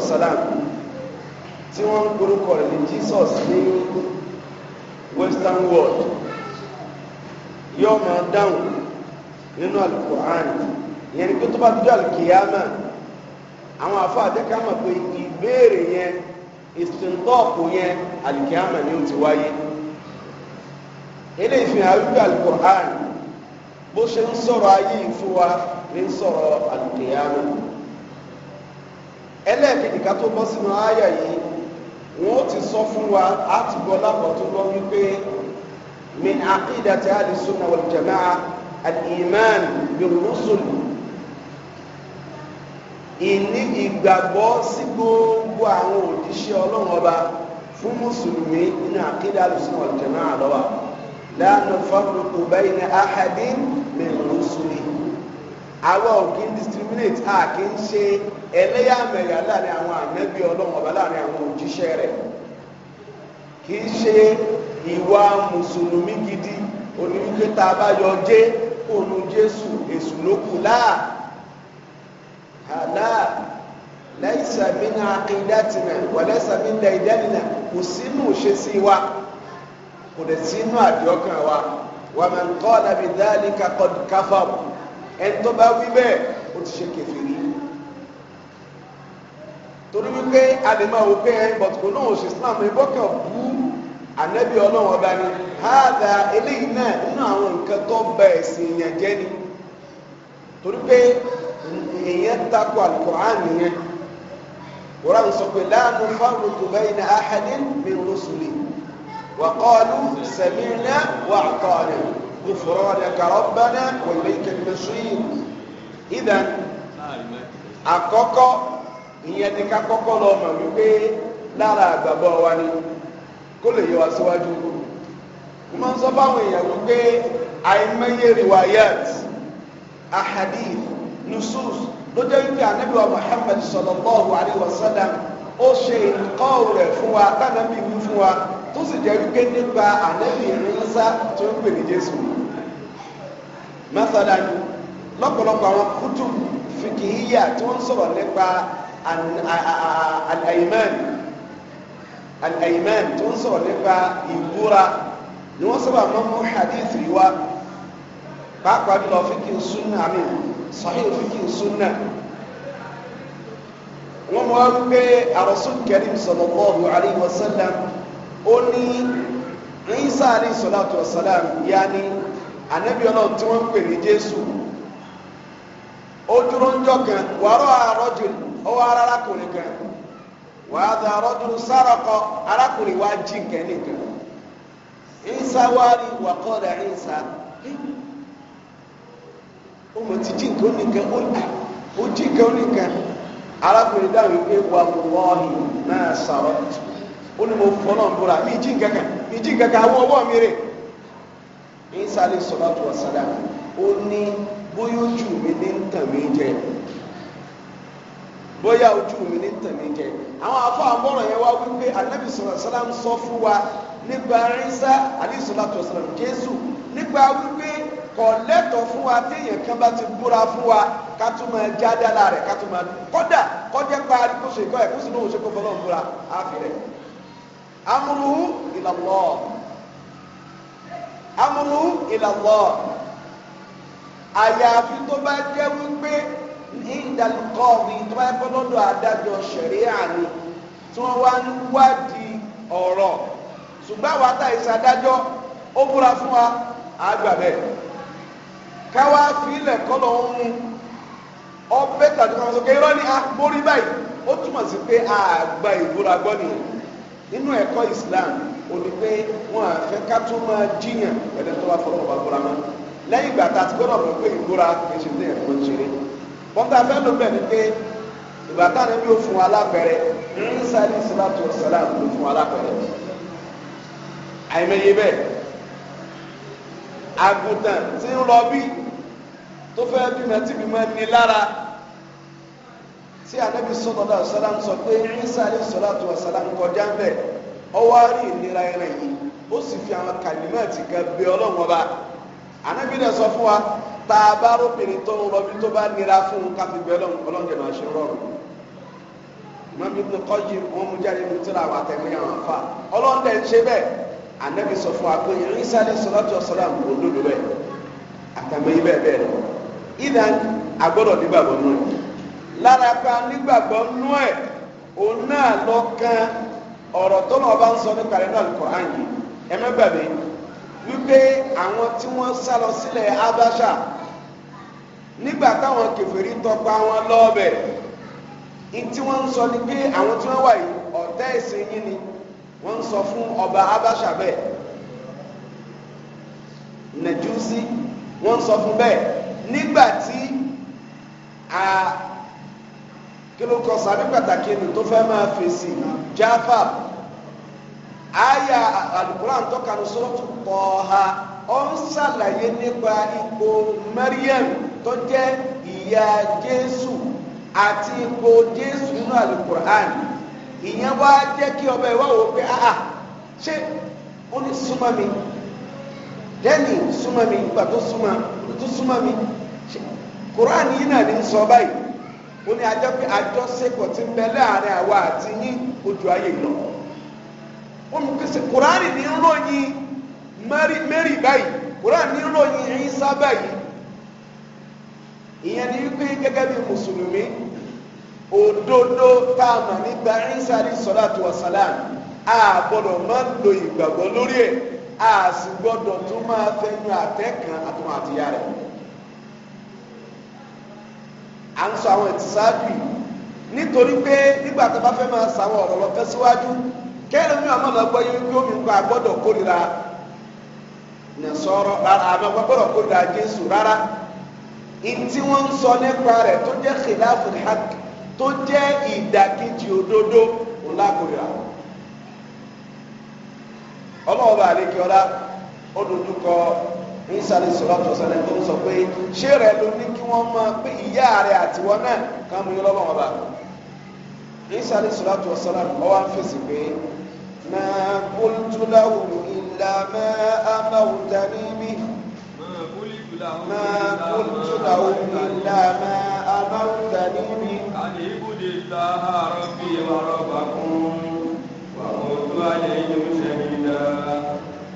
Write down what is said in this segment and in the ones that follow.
Salam. tí wọ́n ń gborúkọ rẹ̀ ní Jesus ní western world yóò máa dáhùn nínú alukur'an ìyẹn ni pé tó bá dúdú alukiyama àwọn afọ àdékámà pé ìbéèrè yẹn ìsìntọ́ọ̀kù yẹn alukiyama ni ó ti wáyé eléyìí fi hàn wípé alukur'an bó ṣe ń sọ̀rọ̀ ayé ìfúwa ní ń sọ̀rọ̀ alukiyama ẹlẹ́ẹ̀kejì ká tó bọ́ sínú àyà yìí wọ́n ó ti sọ fún wa á ti gbọ́ lápọ̀ tó lọ wípé min aqidati ahli sunna wal jamaa al-iman bir rusul ìní ìgbàgbọ́ sí gbogbo àwọn òjíṣẹ́ ọlọ́run ọba fún mùsùlùmí nínú aqidati ahli sunna wal jamaa àlọ́wà la nufarriqu bayna ahadin àwa ò kí ń discriminate a kì í ṣe ẹlẹ́yàmẹ̀yà láàrin àwọn ànábì ọlọ́run ọba láàrin àwọn òjíṣẹ́ rẹ̀ kì í ṣe ìwà mùsùlùmí gidi oníwípé tá a bá yọ jẹ́ ònu jésù èṣù ló kù láà àlá lẹ́yìnsà mi ní akéńdátìnà wọ̀lẹ́sà mi ní ẹ̀dẹ́nìnà kò sínú ìṣesí wa kò dẹ̀ sínú àdìọ́kàn wa wàmẹ̀ńkọ́ nàbìdálì kakọ́ káfọ́ọ̀mù ẹni tó bá wí bẹ́ẹ̀ ó ti ṣe kèfèrí torí wípé àdèmọ òkè bọtùkù náà ò ṣe islam ìbọkàn bú ànábì Ọlọ́run ọba ni hádà eléyìí náà nínú àwọn nǹkan tó bà ẹ̀sìn èèyàn jẹ́ ni torí pé èèyàn takò alukur'an nìyẹn wọ́n sọ pé láàánú fáwọn kò bẹ́yìn ní ahadin min rusuli wa qalu sami'na wa ata'na. بفرادك ربنا وإليك المصير إذا àkọ́kọ́ ìyẹn ni ká kọ́kọ́ lọ mọ̀ wípé lára àgbàbọ̀ wa ni kó lè yẹ wá síwájú mo máa ń sọ fáwọn èèyàn wípé àìmọye riwayat ahadith nusus ló jẹ́ wípé anabi wa muhammad sallallahu alayhi wa sallam ó ṣe ìkọ́ rẹ̀ fún wa tánàbí wí fún wa tó sì jẹ́ wípé nípa anabi ìrìnsá tó ń pè ní jésù mẹ́tàlá ni lọ́pọ̀lọpọ̀ àwọn kútù fìkìhíyà tí wọ́n ń sọ̀rọ̀ nípa al-ayman al-ayman tí wọ́n ń sọ̀rọ̀ nípa ìbúra ni wọ́n sábà máa ń mú hadith yìí wá pàápàá jùlọ fíkì sunna àmì sahih fíkì sunna wọ́n mọ̀ wọ́n pé ar-rasul karim sallallahu alayhi wa sallam ó ní Isa alayhi salatu wa salam yaani. ànábì ọlọ́run tí wọ́n ń pè ní jésù ó dúró kan arákùnrin kan wàá arákùnrin jí ó ti jí nǹkan nìkan ó là ó jí nǹkan nìkan arákùnrin dáhùn wípé wà wọ́ọ̀hì náà sàrọ̀ ó ní mo fọ́nà ń búra mi jí nǹkan kan mi jí nǹkan kan àwọn ọwọ́ mi rè Isa alayhi salatu wa salam ó ní bóyá ojú mi ní tàn mí jẹ bóyá ojú mi ní tàn mí jẹ àwọn afọ àmọ́ràn yẹn wá wípé anabi sọ̀rọ̀ sálám sọ fún wa nípa Isa alayhi salatu wa salam Jésù nípa wípé kò lẹ́tọ̀ọ́ fún wa téèyàn kan bá ti búra fún wa ká tún máa já dára rẹ̀ ká máa dùn kódà kọjá parí kó ṣe kó sì ní òun ṣe kó fọlọ́ọ̀ búra àfẹ́rẹ́ amúrú ìlànà amúrú ìlàwọ̀ àyàfi tó bá jẹ́ wípé ní ìdálùkọ́ mi tó bá yẹ lọ́dọ̀ adájọ́ ṣẹ̀ríà ni tí wọ́n wá ń wádìí ọ̀rọ̀ ṣùgbọ́n àwọn àtàyèsí adájọ́ ó búra fún wa àgbà bẹ́ẹ̀ káwá fílẹ̀ kọ́lọ̀ ń mú tàbí kan sọ pé irọ́ ni báyìí ó túmọ̀ sí pé àgbà ìbúra gbọ́ nìyẹn nínú ẹ̀kọ́ Islam òní pé wọn àfẹ́ ká tó máa jiyàn ẹ̀dẹ́ tó wá fọlọ́ ọba búra mọ́ lẹ́yìn ìgbà tá a ti gbọ́dọ̀ fẹ́ pé ìbúra kì í ṣe ní ẹ̀fọ́ ṣeré bọ́tà fẹ́ ló bẹ̀ ni pé ìgbà tá ni yóò fún alápẹ̀rẹ̀ nsàlẹ̀ sàlátù sàlám ló fún alápẹ̀rẹ̀ àìmọye bẹ́ẹ̀ àgùntàn tí ń lọ bí tó fẹ́ bímọ tí bímọ ní lára tí anabi sọ̀tọ̀ dà sàlám sọ pé nsàlẹ̀ sàlátù sàlám kọjá ń ọwọ́ àárí ìnira ẹran yìí ó sì fi àwọn kàlímẹ́ẹ̀tì kan bẹ ọlọ́run ọba ànábì náà sọ fún wa tá a bá rúbìnrin tó ń rọbí tó bá nira fún un ká fi bẹ ọlọ́run ọlọ́run jẹ̀ máa ṣe rọrùn mọ́mí ibn Qayyim wọn mú jáde ní tíra àwọn àtẹ̀mí àwọn afa ọlọ́run ń ṣe bẹ́ẹ̀ ànábì sọ fún wa pé Ìsá alayhi salatu wa salam òdodo bẹ́ẹ̀ àtàmì bẹ́ẹ̀ bẹ́ẹ̀ lọ ìdá agbọ́dọ̀ nígbàgbọ́ nù ẹ̀ lára pa nígbàgbọ́ nù ẹ̀ òun náà lọ kan ọ̀rọ̀ tó náà bá ń sọ nípa rẹ̀ náà Al-Qur'an yìí ẹ mẹ́gbàgbé wípé àwọn tí wọ́n sá lọ sílẹ̀ Abasha nígbà táwọn kèfèrí tọpa wọn lọ́ọ̀bẹ̀ tí wọ́n ń sọ ni pé àwọn tí wọ́n wà yìí ọ̀tá ẹ̀sìn yín ni wọ́n ń sọ fún ọba Abasha bẹ́ẹ̀ Nàjúsí wọ́n ń sọ fún bẹ́ẹ̀ nígbà tí kí ló kọ sàbí pàtàkì ẹni tó fẹ́ máa fèsì náà. Jafar àyà alukuran tọ́ka ní sọ́ọ̀tù Tọ́ha ó ń ṣàlàyé nípa ipò Mariam tó jẹ́ ìyá Jésù àti ipò Jésù nínú alukuran ìyẹn wá jẹ́ kí ọba ìwà wò pé ah, ah ṣé ó ní súnmọ́ mi lẹ́nu súnmọ́ mi ìgbà tó súnmọ́ mi kuran yìí náà ní sọ báyìí ó ní ajẹ́ pé àjọṣepọ̀ ti ń bẹ láàrin àwa àti yín ojú ayé lọ wọ́n mú pèsè kuraani ní ròyìn mary báyìí kuraani ní ròyìn Ìsá báyìí ìyẹn ni wípé gẹ́gẹ́ bí mùsùlùmí òdodo tá a mà nígbà Ìsá ní sọ́láàtù wàsálàm a gbọ́dọ̀ máa ń lo ìgbàgbọ́ lórí ẹ̀ a sì gbọ́dọ̀ tún máa fẹ́ nu àtẹ́kàn àtúmọ̀ àtìyá rẹ̀ à ń sọ àwọn ìtìsáájú yìí nítorí pé nígbà tó bá fẹ́ máa sàwọn ọ̀rọ̀ lọ fẹ́ síwájú kẹ́rin mi àmọ́ lọ gbọ́ yín yóò mi kọ́ àgbọ́dọ̀ kórìíra nàṣọ́rọ́ rárá àmọ́ gbọ́dọ̀ kórìíra Jésù rárá ìtí wọ́n ń sọ nípa rẹ̀ tó jẹ́ khilafu haq tó jẹ́ ìdàkejì òdodo ńlá kórìíra ọlọ́wọ́ bá àlekí ọlá ó dojú kọ isa alayhi salatu wasalam tó ń sọ pé ṣé rẹ ló ní kí wọ́n mọ̀ pé ìyá rẹ àtiwọ́ náà kàn mú yín lọ́wọ́ wọn bá isa alayhi salatu wasalam ọwọ́ ń fèsì pé ma qultu lahum illa ma amartani bihi ma qultu lahum illa ma amartani bihi. an ibudu Allaha rabbi wa rabbakum wa qultu alayhim shahida.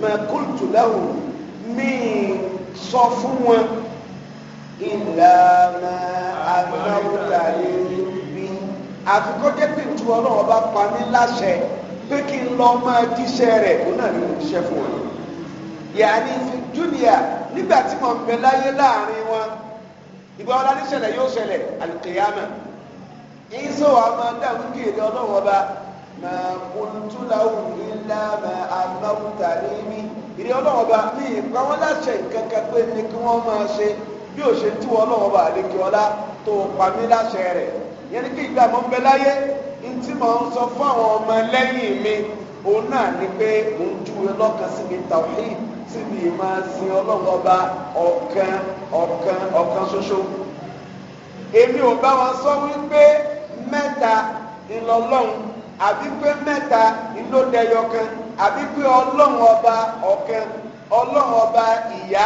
mà kúlùtù láwù mí sọ fún wọn ìlànà àgbàwùdà níbi àfikọ́ jẹ́ pé ìtura náà bá pa mí láṣẹ pé kí n lọ máa jíṣẹ́ rẹ̀ kó náà ní jíṣẹ́ fún wọn yàní júnìyà nígbà tí mo ń bẹ láyé láàrin wọn ìgbà wọn láti ṣẹlẹ̀ yóò ṣẹlẹ̀ àlùkìyàmà ìṣòwò àmọ́ dáhùn kí èdè ọlọ́wọ́ bá ma kuntu lahum illa ma amartani mi ìrì ọlọ́wọ́ bá mi ìpa wọn láṣẹ nǹkan kan pé ní kí wọ́n máa ṣe bí ó ṣe tú ọlọ́wọ́ bá àlejò ọlá tó pa mí láṣẹ rẹ̀ yẹn ni kí ìgbà mọ́ bẹ láyé ntí mò ń sọ fún àwọn ọmọ lẹ́yìn mi òun náà ni pé mò ń ju ọlọ́kan síbi tawhid síbi máa sin ọlọ́wọ́ bá ọ̀kan ọ̀kan ọ̀kan ṣoṣo èmi ò bá wọn sọ wípé mẹ́ta ìlọlọ́run àbí pé mẹ́ta ló dẹyọ kan àbí pé ọlọ́run ọba ọ̀kan ọlọ́run ọba ìyá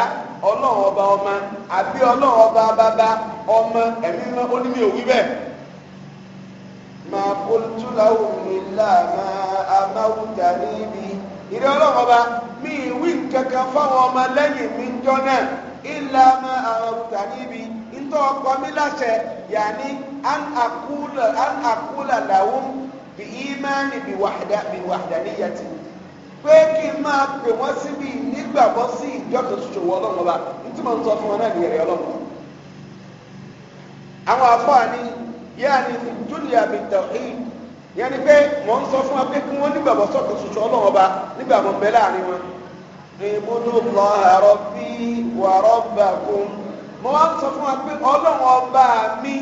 ọlọ́run ọba ọmọ àbí ọlọ́run ọba bàbá ọmọ ẹ̀mí ńlá ó ní mi ò wí bẹ́ẹ̀. màá kó túláwò mi láàmà amáwùdà níbi. ìrẹ́ ọlọ́run ọba mi ìwí kankan fáwọn ọmọ lẹ́yìn mi ń jọ náà ìlànà àwùjọ níbi ntọ́ ọkọ mi láṣẹ yàní an àkúlà làwọn bí ìmánì bí wàhádà bí wàhádà níyàtì pé kí n máa pè wọ́n síbi nígbàgbọ́ sí ìjọ́kọ̀ ṣoṣo wọ ọlọ́run ọba nítorí mo ń sọ fún wọn náà nìyẹn ọlọ́run àwọn afọ́ani yáà ní júlíà bí tawhid yẹn ni pé wọ́n ń sọ fún wa pé kí wọ́n nígbàgbọ́ sọ̀kọ̀ ṣoṣo ọlọ́run ọba nígbàgbọ́ bẹ́ẹ̀ láàrin wọn. ìbúdó lọ́hà rọ́bí wà rọ́bà kún mo wá ń sọ fún wa pé ọlọ́run ọba mi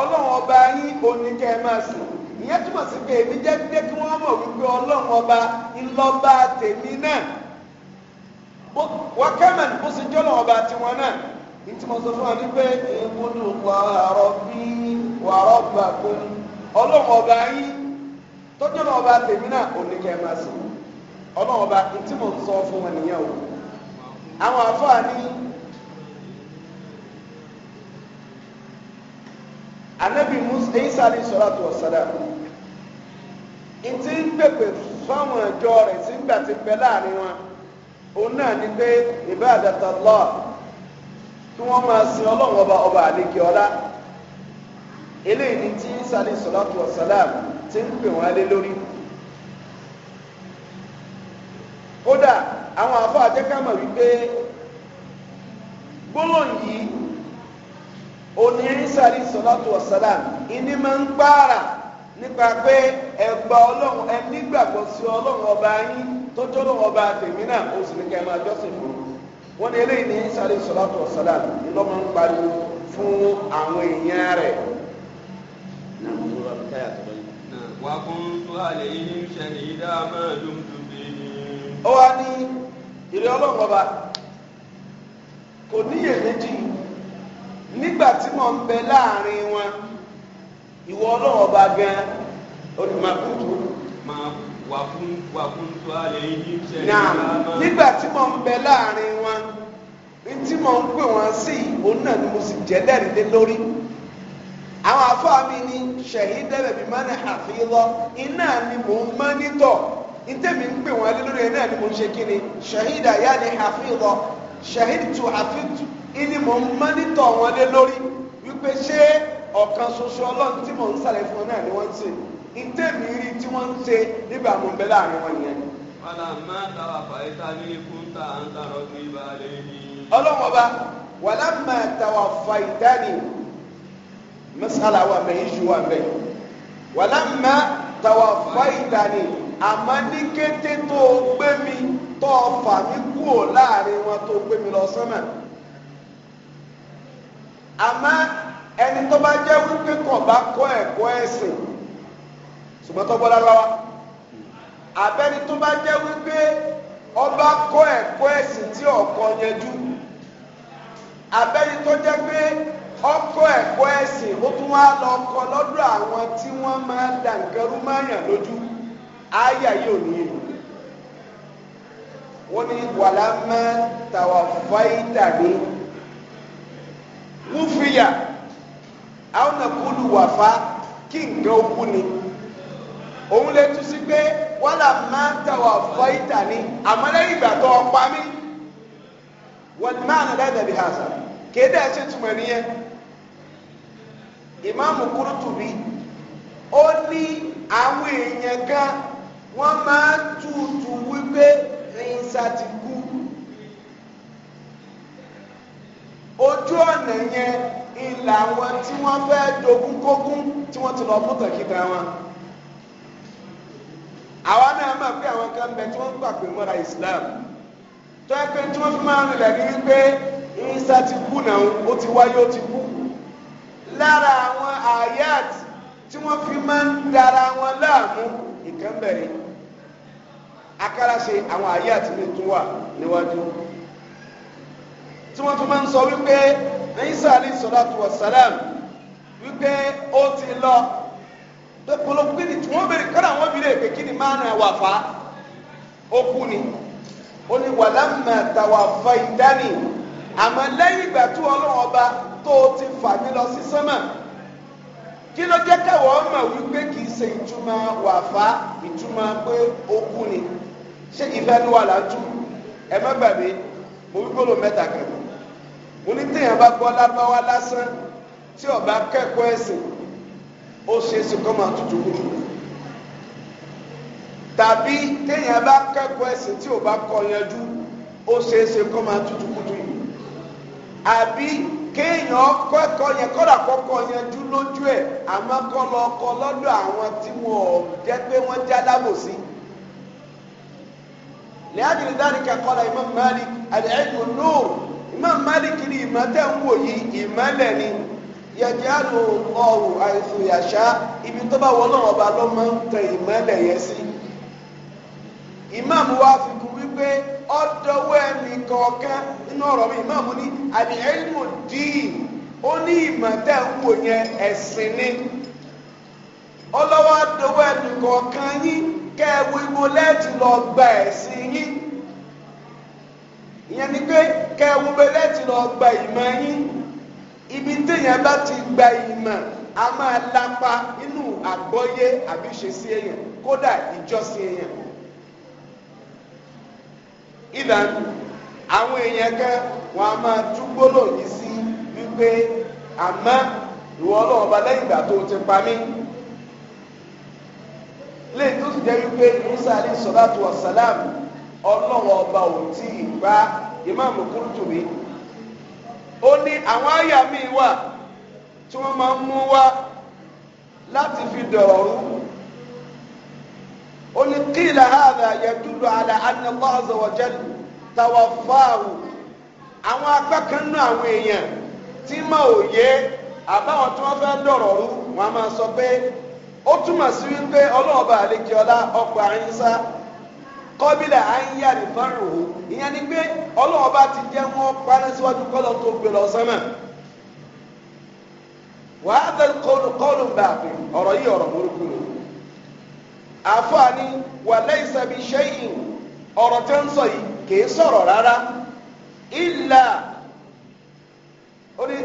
ọlọ́run ọba yín oníkẹ́ máa sìn ìyẹn túmọ̀ sí pé èmi jẹ́ pé kí wọ́n mọ̀ wípé ọlọ́run ọba ńlọ́ba tèmi náà wọ́n kẹ́mẹ̀n bó ṣe jọ́ lọ́wọ́ ọba tiwọn náà ní sọ fún wa ní pé èkúndù wà rọ́bí ọlọ́run ọba yín tọ́jú lọ́wọ́ ọba tèmi náà anabi musa isa ali sọlátù wasalam ntí ń pèpè fáwọn ẹjọ rẹ̀ tí ń gbà ti pẹ láàrin wọn òun náà ni pé ìbádàtà Allah kí wọn máa sin Ọlọ́run ọba ọba àlekè ọlá eléyìí ni tí isa ali sọlátù wasalam ti ń pè wọn lé lórí kódà àwọn afọ àjẹkámọ wípé gbólóhùn yìí onírísà rí sọlátù ọ̀sálàm ìní máa ń gbára nípa pé ẹgbà ọlọ́run ẹni gbàgbọ́ sí ọlọ́run ọba yín tó jọ́lọ́ ọba tèmi náà ó sì ní ká ẹ máa jọ́sìn fún un wọ́n ní eléyìí ní sáré sọlátù ọ̀sálàm ló máa ń pariwo fún àwọn èèyàn rẹ̀. wà á kún tó àlẹ́ yìí ń ṣẹlẹ̀ yìí dáa máa ló ń dùbí. ó wá ní ìrẹ́ ọlọ́run ọba kò níyèméjì yìí nígbà tí mò ń bẹ láàrin wọn ìwọ ọlọ́run ọba gan olùmọ̀kútù máa wà fún wà fún tó a lè yí sẹ́yìn. náà nígbà tí mò ń bẹ láàrin wọn tí mò ń pè wọ́n sí òun náà ni mo sì jẹ́ lẹ́rìí lé lórí àwọn afáàmì ni ṣẹ̀yìn dẹ́rẹ̀ bí mọ́nà àfihàn iná ni mò ń mọ́ nítọ̀ ìtẹ̀mí ń pè wọ́n lórí ẹ̀ náà ni mo ń ṣe kí ni ṣẹ̀yìn dàyà ni àfihàn ṣẹ̀yìn tù àfihàn ìdí mò ń mọ́nítọ̀ wọn lé lórí wípé ṣé ọ̀kan ṣoṣo ọlọ́run tí mò ń sàlẹ̀ fún náà ni wọ́n ń ṣe ìtẹ̀mí rí tí wọ́n ń ṣe nígbà mò ń bẹ láàrin wọn yẹn. falamma tawaffaytani kunta anta raqiba alayhi. ọlọ́run ọba walamma tawaffaytani masala wa mẹ́ iṣu wa mẹ́ walamma tawaffaytani àmọ́ ní kété tó gbé mi tó fà mí kúrò láàrin wọn tó gbé mi lọ sánmà àmọ́ ẹni tó bá jẹ́ wípé kàn bá kọ́ ẹ̀kọ́ ẹ̀sìn ṣùgbọ́n tó gbọ́ lárúbáwá àbẹ́ni tó bá jẹ́ wípé ọba kọ́ ẹ̀kọ́ ẹ̀sìn tí ọ̀kan yẹjú àbẹ́ni tó jẹ́ pé ọkọ̀ ẹ̀kọ́ ẹ̀sìn ó tún wá lọ kọ́ lọ́dọ̀ àwọn tí wọ́n máa dà nǹkan rú máyàn lójú ayà yìí ò ní wọ́n ní wàlámẹ́ tàwà fáyítà ní wúfìyà àwọn nàkúlù wàfá kí nǹkan okú ni òun lè tú sí pé wàlà máa ń tàwà fọ́ ìtà ni àmọ́ lẹ́yìn ìgbà tó ọ̀pá mi wọ́n máa nà dáadáa bí hàṣà kéde ẹ̀ ṣe túmọ̀ nìyẹn ìmáàmù Kúrútùbí ó ní àwọn èèyàn kan wọ́n máa ń wípé ìrìnsà ti kú. ojú ọ̀nà yẹn ilà àwọn tí wọ́n fẹ́ dogun kógún tí wọ́n ti lọ fún tàkìtà wọn àwa náà máa pé àwọn kan bẹ tí wọ́n ń gbà pé mọ́ra Islam tó yẹ pé tí wọ́n fi máa ń rìnlẹ̀ ní wípé Ìsá ti kú náà ó ti wáyé ó ti kú lára àwọn ayat tí wọ́n fi máa ń dara wọn láàmú ìkànnbẹ̀rẹ̀ akáràṣe àwọn ayat mi tún wà níwájú tí wọ́n tún máa ń sọ wípé Isa alayhi salatu wa salam wípé ó ti lọ pọ̀lọpọ̀ kí ni wọ́n bèrè kọ́dà wọ́n bèrè pé kí ni máa nà wà fà á ó kú ni ó ní wàlá mà tàwà fà ìdání àmọ́ lẹ́yìn ìgbà tí ọlọ́run ọba tó ti fà mí lọ sí sánmà kí ló jẹ́ káwọ́ ọmọ wípé kì í ṣe ìtumọ̀ wà fà á ìtumọ̀ pé ó ni ṣé ìfẹ́ ni wà látú ẹ má gbàgbé mo wí gbọ́dọ̀ mẹ́ta kẹ́kọ̀ọ́ onítẹ̀yàn bá gbọ́ lárúbáwá lásán tí ó bá kẹ́kọ̀ọ́ ẹ̀sìn ó ṣe é ṣe kọ́ máa tutù kúrú tàbí téèyàn bá kẹ́kọ̀ọ́ ẹ̀sìn tí ò bá kọ́ yanjú ó ṣe é ṣe kọ́ máa tutù kúrú yìí àbí kéèyàn kọ́ ẹ̀kọ́ yẹn kọ́dà kọ́kọ́ yanjú lójú ẹ̀ àmọ́ kọ́ lọ kọ́ lọ́dọ̀ àwọn tí wọn jẹ́ pé wọ́n já lábòsí. لأجل ذلك قال الإمام مالك العلم نور Imam maliki ni ìmọ̀tẹ́ ń wò yí ni yàjálù ọ̀hún ibi tó bá wọlé ọba lọ máa ń tẹ ìmọ̀lẹ̀ yẹn sí. wa fi wípé ọdọwọ ẹni kọ̀ọ̀kan nínú mi Imam ni àdìhẹ́lmù di ó ní ìmọ̀tẹ́ ń wò yẹn ni ọlọ́wọ́ àdọ́wọ́ ẹni yi yín lọ ìyẹn ni pé kẹwù bẹ́lẹ̀ ti lọ gba ìmọ̀ yín ibi téèyàn bá ti gba ìmọ̀ a máa lapa inú àgbọ́yé àbí ìṣesí èèyàn kódà ìjọsìn èèyàn. Ìlànà àwọn èèyàn kan wọn a máa dúgbò yìí sí wípé àmọ́ ìwọ ọlọ́wọ́ bá lẹ́yìn ìgbà tó ti pa mí. lẹ́yìn tó sì jẹ́ wípé musa alayhi salatu wa salam. ọlọ́wọ́ ọba ò tí ì bá ìmáàmù Qurtubi ó ní àwọn àyà míì wà tí wọ́n máa ń mú wá láti fi dọ̀rọ̀ rú ó ní ala anna Allah azza wa jalla tawaffahu àwọn apá àwọn èèyàn tí mà ò yé àbáwọn tí wọ́n fẹ́ dọ̀rọ̀ rú wọ́n á máa sọ pé ó túmọ̀ sí wípé ọlọ́ọ̀bà kọ́bílà à ń yàrá ìfọ́nrún o ìyẹn ni pé ọlọ́wọ́ bá ti jẹ́ wọn paná síwájú kọ́lọ́ tó gbé lọ sánmà wàá bẹ kọ́lù kọ́lù bàbí ọ̀rọ̀ yìí ọ̀rọ̀ burúkú ni àfọ̀àní wà lẹ́yìn sẹ́bi ṣẹ́yìn ọ̀rọ̀ tẹ́ ń sọ yìí kì í sọ̀rọ̀ rárá ìlà orí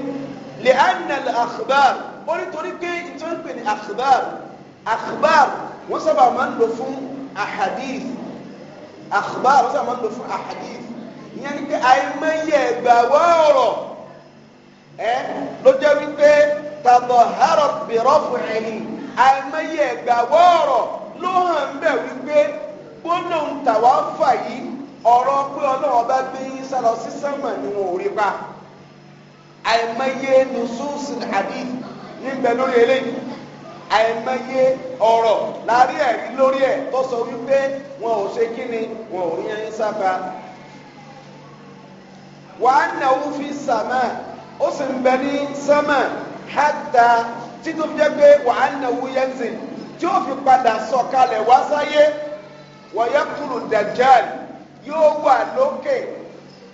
lè ànà àkùbár orí torí pé ìtọ́ ń pè ní àkùbár àkùbár wọ́n sábà máa ń lò fún àhàdíìsì àkùbá àwọn sábà máa ń lò fún àhàdìs ìyẹn ni pé àìmọye ẹgbà wọ́ọ̀rọ̀ ẹ ló jẹ́ wípé tàbọ̀ hárọ̀ bẹ̀rọ̀ fún ẹ̀yìn àìmọye ẹgbà wọ́ọ̀rọ̀ ló hàn bẹ́ẹ̀ wípé gbólóhùn tàwa fà yìí ọ̀rọ̀ pé ọlọ́run ọba gbé yín sá sí sánmà ni wọn ò rí pa àìmọye nùsùsùn àdìs níbẹ̀ lórí eléyìí àìmọye ọ̀rọ̀ láàrí ẹ̀rí lórí ẹ̀ tó sọ wípé wọn ò ṣe kí ni wọn ò rí ẹyin sábà. wàá náwó fi sàmà ó sì ń bẹ ní sàmà hàtà títún jẹ́ pé wàá náwó yẹn sìn tí ó fi padà sọ̀kalẹ̀ wá sáyé wọ̀nyẹ́ kúrò dajjal yóò wà lókè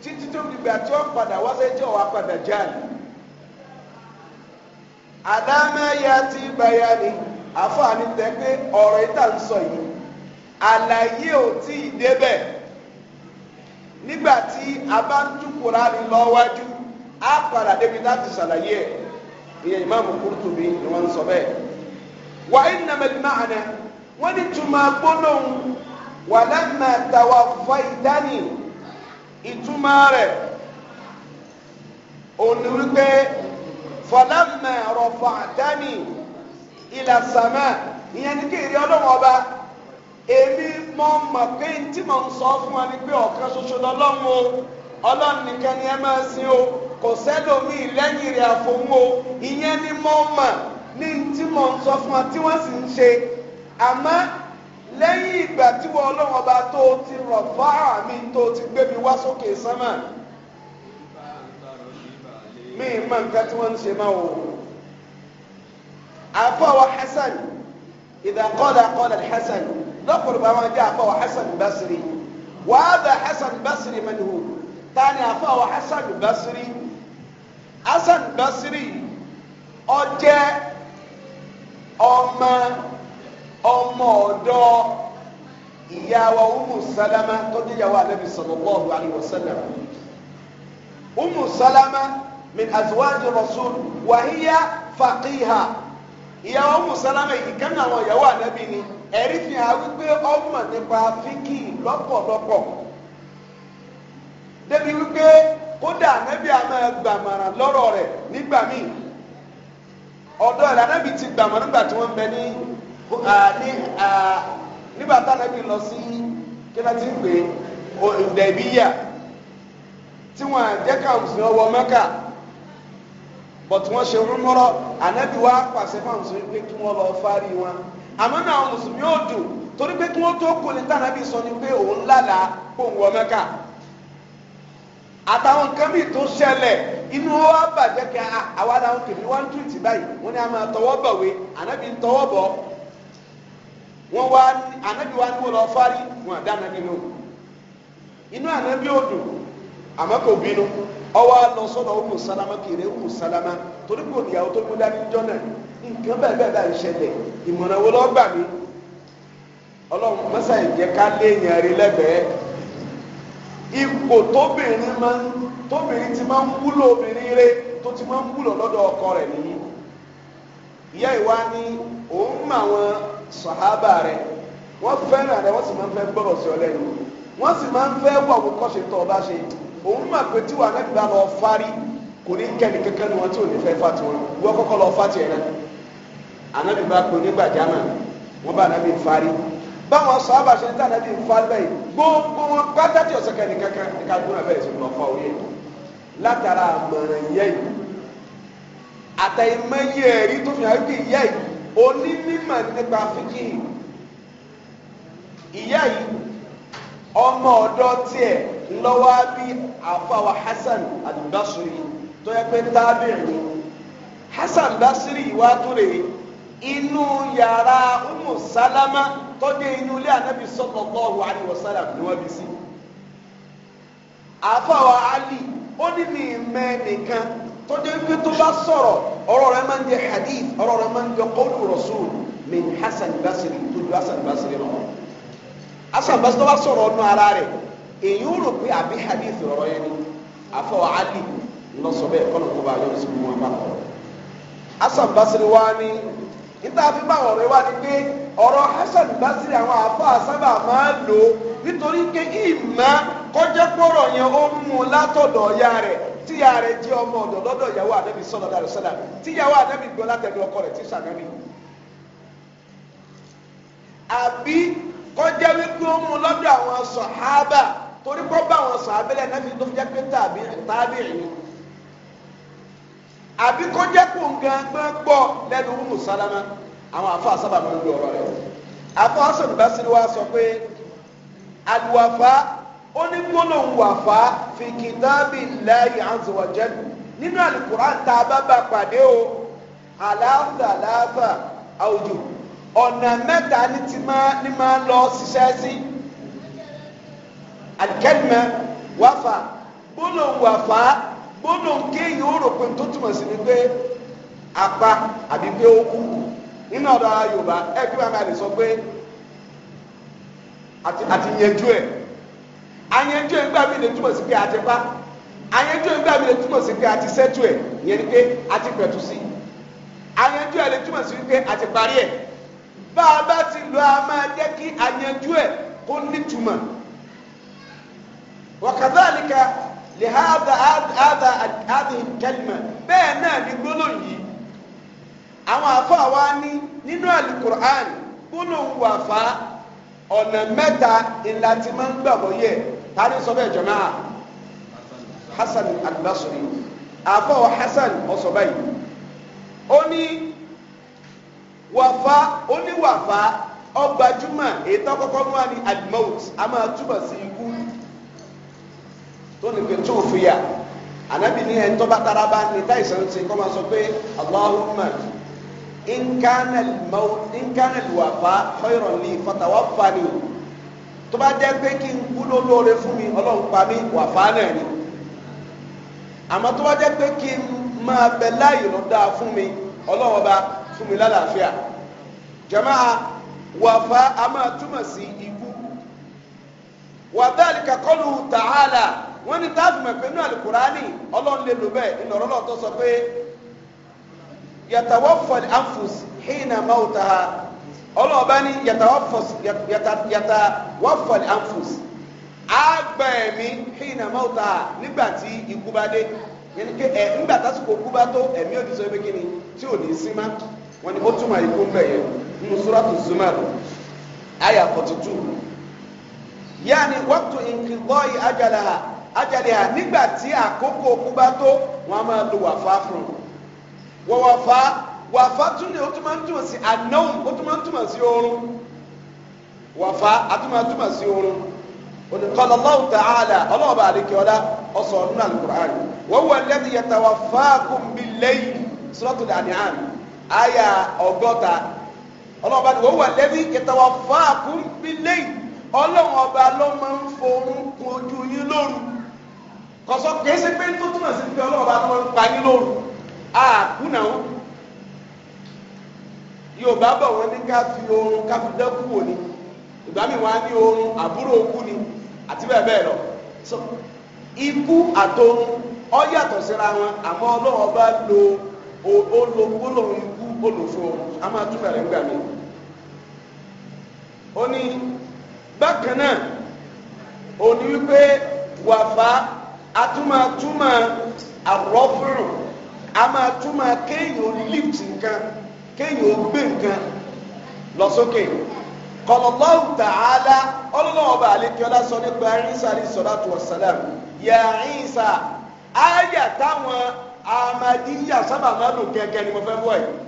títí tó fi gbà tí ó padà wá sáyé tí ó wà padà dajjal. alámẹ́yà ti ni àfààní tẹ ọ̀rọ̀ yìí ń sọ yìí àlàyé ò tí ì débẹ̀ nígbà tí a bá ń tú Kùránì lọ́wájú á padà débi láti ṣàlàyé ẹ̀ ìyẹn ìmáàmù Qurtubi ni wọ́n ń sọ bẹ́ẹ̀. wà á wọ́n ní túmọ̀ gbólóhùn wà fọlámẹ rọfà dání ilà sàmà ìyẹn ní kí èrè ọlọ́wọ́n ọba èmi mọ mọ̀ pé tí mò ń sọ fún wa ni pé ọ̀kan ṣoṣo lọ́lọ́run o ọlọ́run nìkan ni ẹ máa sin o kò sẹ́lòmíì lẹ́yìn rẹ̀ àfòun o ìyẹn ni mọ mọ̀ ní tí mò ń sọ fún wa tí wọ́n sì ń ṣe àmọ́ lẹ́yìn ìgbà tí wọ́n ọlọ́run ọba tó ti rọ̀fà mi tó ti gbé mi wá sókè sánmà míì máa nǹkan tí wọ́n ń ṣe máa wò ó. àfọwọ́ hasan ìdàkọ́dà kọ́dà hasan lọ́kùnrin bá wọn jẹ́ àfọwọ́ hasan basiri wàhálà hasan basiri mẹ́nuhu tani àfọwọ́ hasan basiri hasan basiri ó jẹ́ ọmọ ọmọ ọ̀dọ́ ìyàwó umu salama tó jẹ́ ìyàwó anabi sallallahu alayhi wa sallam umu salama. من أزواج الرسول وهي فقيها ìyàwó mùsàlámà yìí kánà àwọn ìyàwó ànábì ni ẹ̀rí fi hàn wípé lọpọlọpọ nípa fíkì lọ́pọ̀lọpọ̀ débi wípé kódà gbàmàrà ọdọ rẹ̀ ti gbàmàrà nígbà tí bẹ but wọ́n ṣe umrah ànábì wa pàṣẹ fún àwọn mùsùlùmí pé kí wọ́n lọ fárí wọn àmọ́ náà àwọn mùsùlùmí ò dùn torí pé kí wọ́n tó kú ní tànàbí sọ ni pé òun lálàá kó ń wọ Mẹ́kà àtàwọn nǹkan míì tó ṣẹlẹ̀ inú wa bàjẹ́ kí àwa làwọn kèmí wá ń túwìtì báyìí wọ́n ní a máa tọwọ́ bọ̀wé ànábì ń tọwọ́ bọ̀ wọ́n wá ànábì wa ni wọ́n lọ fárí wọn àdá ànábì lóhùn inú ànábì ò dùn àmọ́ kò bínú ọwọ́ lọ sọ́dọ̀ ọmọ sálámà kiri ọmọ sálámà torí kò níyàwó tó gbódà ní jọ́nà nǹkan bẹ́ẹ̀ bẹ́ẹ̀ báyìí ṣẹlẹ̀ ìmọ̀ràn wo lọ́ọ́ gbà mí ọlọ́run mọ́sá ìjẹ́ ká léèyàn rí lẹ́bẹ̀ẹ́ ipò tóbìnrin máa ń tóbìnrin ti máa ń wúlò obìnrin rẹ tó ti máa ń wúlò lọ́dọ̀ ọkọ rẹ̀ nìyí ìyá ìwá ni òun mọ wọ́n fẹ́ràn rẹ̀ wọ́n sì máa ń fẹ́ gbọ́rọ̀ sí ọ lẹ́nu wọ́n sì máa ń fẹ́ wọ̀ wọ́n kọ́ṣe ọba ṣe òun mà pé tí wàá nẹ́bí bá lọ fárí kò ní kẹ́ni kankan ni wọ́n tí ò ní fẹ́ fà tí wọ́n wọ́n kọ́kọ́ lọ fà tiẹ̀ náà ànábì bá pé onígbàjámà wọ́n bá ànábì fárí báwọn sọ abàṣẹ níta ànábì fárí báyìí gbogbo wọn pátákì ọ̀sẹ̀ kẹ́ni kankan ní ká gbóná bẹ́ẹ̀ sì lọ fọ òye látara àmọ̀ràn yẹ́ yìí àtẹ̀yìnmẹ́yẹ ẹ̀rí tó fi hàn kí ìyá yìí onímọ̀ nípa fíkì ìyá yìí ọmọ ọ̀dọ̀ tiẹ̀ ńlọ́wọ́ bí àfàwà Hasan al-Basri tó yẹ pé tábìrì Hasan Basri wá tó rè inú yàrá Umu Salama tó dé inú ilé Ànábì sallallahu alaihi wasallam ni wọ́n bí sí àfàwà Ali ó ní mi mẹ́ nìkan tó dé pé tó bá sọ̀rọ̀ ọ̀rọ̀ rẹ̀ máa ń jẹ hadith ọ̀rọ̀ rẹ̀ máa ń jẹ qawlu rasul min Hasan Basri tó ju Hasan Basri lọ́wọ́ asan basi tó bá sọ̀rọ̀ ọnu ara rẹ̀ èyí ó rò pé àbí hadith ọ̀rọ̀ yẹn ni afọ ali lọsọbẹ kọlọ kọba yọ sí mu apá kọ asan basiri wa ni níta fi bá ọ̀rọ̀ yẹn wá ni pé ọ̀rọ̀ hasan basiri àwọn afa sábà máa ń lò nítorí pé ìmọ̀ kọjá pọ̀rọ̀ yẹn ó mú un látọ̀dọ̀ ọ̀ya rẹ̀ tíya rẹ̀ jẹ́ ọmọ ọ̀dọ̀ lọ́dọ̀ ìyàwó ànábì sọ̀rọ̀ dàrú sọ̀rọ̀ tíyàwó ànábì gbọ́ látẹ̀dọ̀ ọkọ rẹ̀ tí sànábì àbí kọjá wípé ó mú lọ́dọ̀ àwọn sọ̀hábà torí kọ́ bá àwọn sọ̀hábà lẹ́yìn náà fi tó jẹ́ pé tàbí tàbí ìlú àbí kọjá kó nǹkan gbọ́n gbọ́ lẹ́nu Ummu Salama àwọn àfọ àsábà máa ń lo ọ̀rọ̀ rẹ̀ àfọ Hasan Basiri wa sọ pé àlùwàfà ó ní gbólóhùn fi kitabillahi azza wa jalla nínú àlùkùrán tá a bá bá pàdé o àlàáfà àlàáfà àwùjọ ọ̀nà mẹ́ta ni ti máa ni máa lọ ṣiṣẹ́ sí alikẹ́lìmẹ́ wàfà gbólóhùn wàfà gbólóhùn kéèyàn ó rò pé tó túmọ̀ sí ni pé apá àbí pé ó kú nínú ọ̀dọ̀ ara yorùbá ẹbí wa máa lè sọ pé àti yanjú ẹ̀ àyanjú ẹ̀ nígbà míì lè túmọ̀ sí pé àti pa àyanjú ẹ̀ nígbà lè túmọ̀ sí pé àti sẹ́tù ẹ̀ yẹn ni pé àti pẹ̀tù sí àyanjú ẹ̀ lè túmọ̀ sí pé àti parí ẹ̀ bá a bá ti lọ a máa jẹ́ kí àyànjú ẹ̀ kó nítumọ̀ wàkàtàlíkà lè ha àdà àdà àdìhì kẹlìmà bẹ́ẹ̀ náà ni gbólóhùn yìí àwọn àfáà wa ní nínú àlùkùránì gbólóhùn wà fà ọ̀nà mẹ́ta ìlà tí máa ń gbàgbọ́ yẹ tani sọ bẹ́ẹ̀ jọ Hasan al-Basri Hasan ọ̀sọ̀ báyìí ó ní wàfà oníwàfà ọgbàjúmọ̀ èyí tó kọ́kọ́ mú wa ní admout a máa túbọ̀ sí ikú tó nìkan tó fi yà anabi ní ẹni tó bá tara bá ní táìsàn ti kọ́ máa sọ pé Allahumma nkánà lùwàfà khayran li fatawaffani o tó bá jẹ́ pé kí n kú lólóore fún mi ọlọ́run pa mí wàfà náà ni àmọ́ tó bá jẹ́ pé kí n máa bẹ láàyè lọ́dà fún mi ọlọ́run bá. fún mi lálàáfíà jama'a wàfà a túmọ̀ sí ikú wàdálì kakọ́lù tàhálà wọ́n ní táàbù pé ní alukurani ọlọ́run lè lò bẹ́ẹ̀ sọ pé anfus hina mautaha ọlọ́ọ̀bá ní yatawaffal anfus àgbà ẹ̀mí hina mautaha nígbà tí ikú bá dé nígbà tásìkò ikú bá tó ẹ̀mí tí ò ní í wọ́n ní ó túmọ̀ ikú ń bẹ̀ yẹn nínú suratu zumar aya forty two yaani waqtu inqidai ajalaha ajalaha nígbà tí àkókò òkú bá tó wọ́n á máa lo wàfá fún un wọ́n wàfá wàfá tún ní ó tún máa ń túmọ̀ sí anáwó ó tún máa ń túmọ̀ sí oorun wàfá á túmọ̀ sí oorun olùkọ́lọ́láwù tààlà ọlọ́ọ̀bà àdékẹ́ọ́lá ọ̀sọ̀ ọ̀nà àlùkùrán wọ́n wọ̀ lẹ́nu yẹtàwá fáàkùn bíi lẹ́yìn suratul An'am Aya ọgọta ọlọ́ọ̀bá ni wọ́n wà lẹ́bí ìtawà fáàkùn bílẹ̀ ọlọ́run ọba ló máa ń forún ojú yín lóru pé tó túmọ̀ sí pé ọlọ́ọ̀bá ló máa ń pa yín lóru àkúnà ó yorùbá bọ̀ wọ́n ní ká fi ìgbà mi ní oorun àbúrò òkú ni àti bẹ́ẹ̀ bẹ́ẹ̀ lọ so ikú ọ yàtọ̀ síra wọn olùfún a máa túbà gbà mí ó ní bákan náà ó ní wípé wàfà atúmọ̀túmọ̀ àrọ́fùrù a kéèyàn lift nǹkan kéèyàn gbé nǹkan lọ sókè tààlà ọlọ́wọ́ bá àlékiọ́lá sọ nípa Ìsá ní sọ́dátù wàsálàm yà Ìsá ayà táwọn amadíyà sábà máa lò gẹ́gẹ́ ni mo fẹ́ bọ́ yìí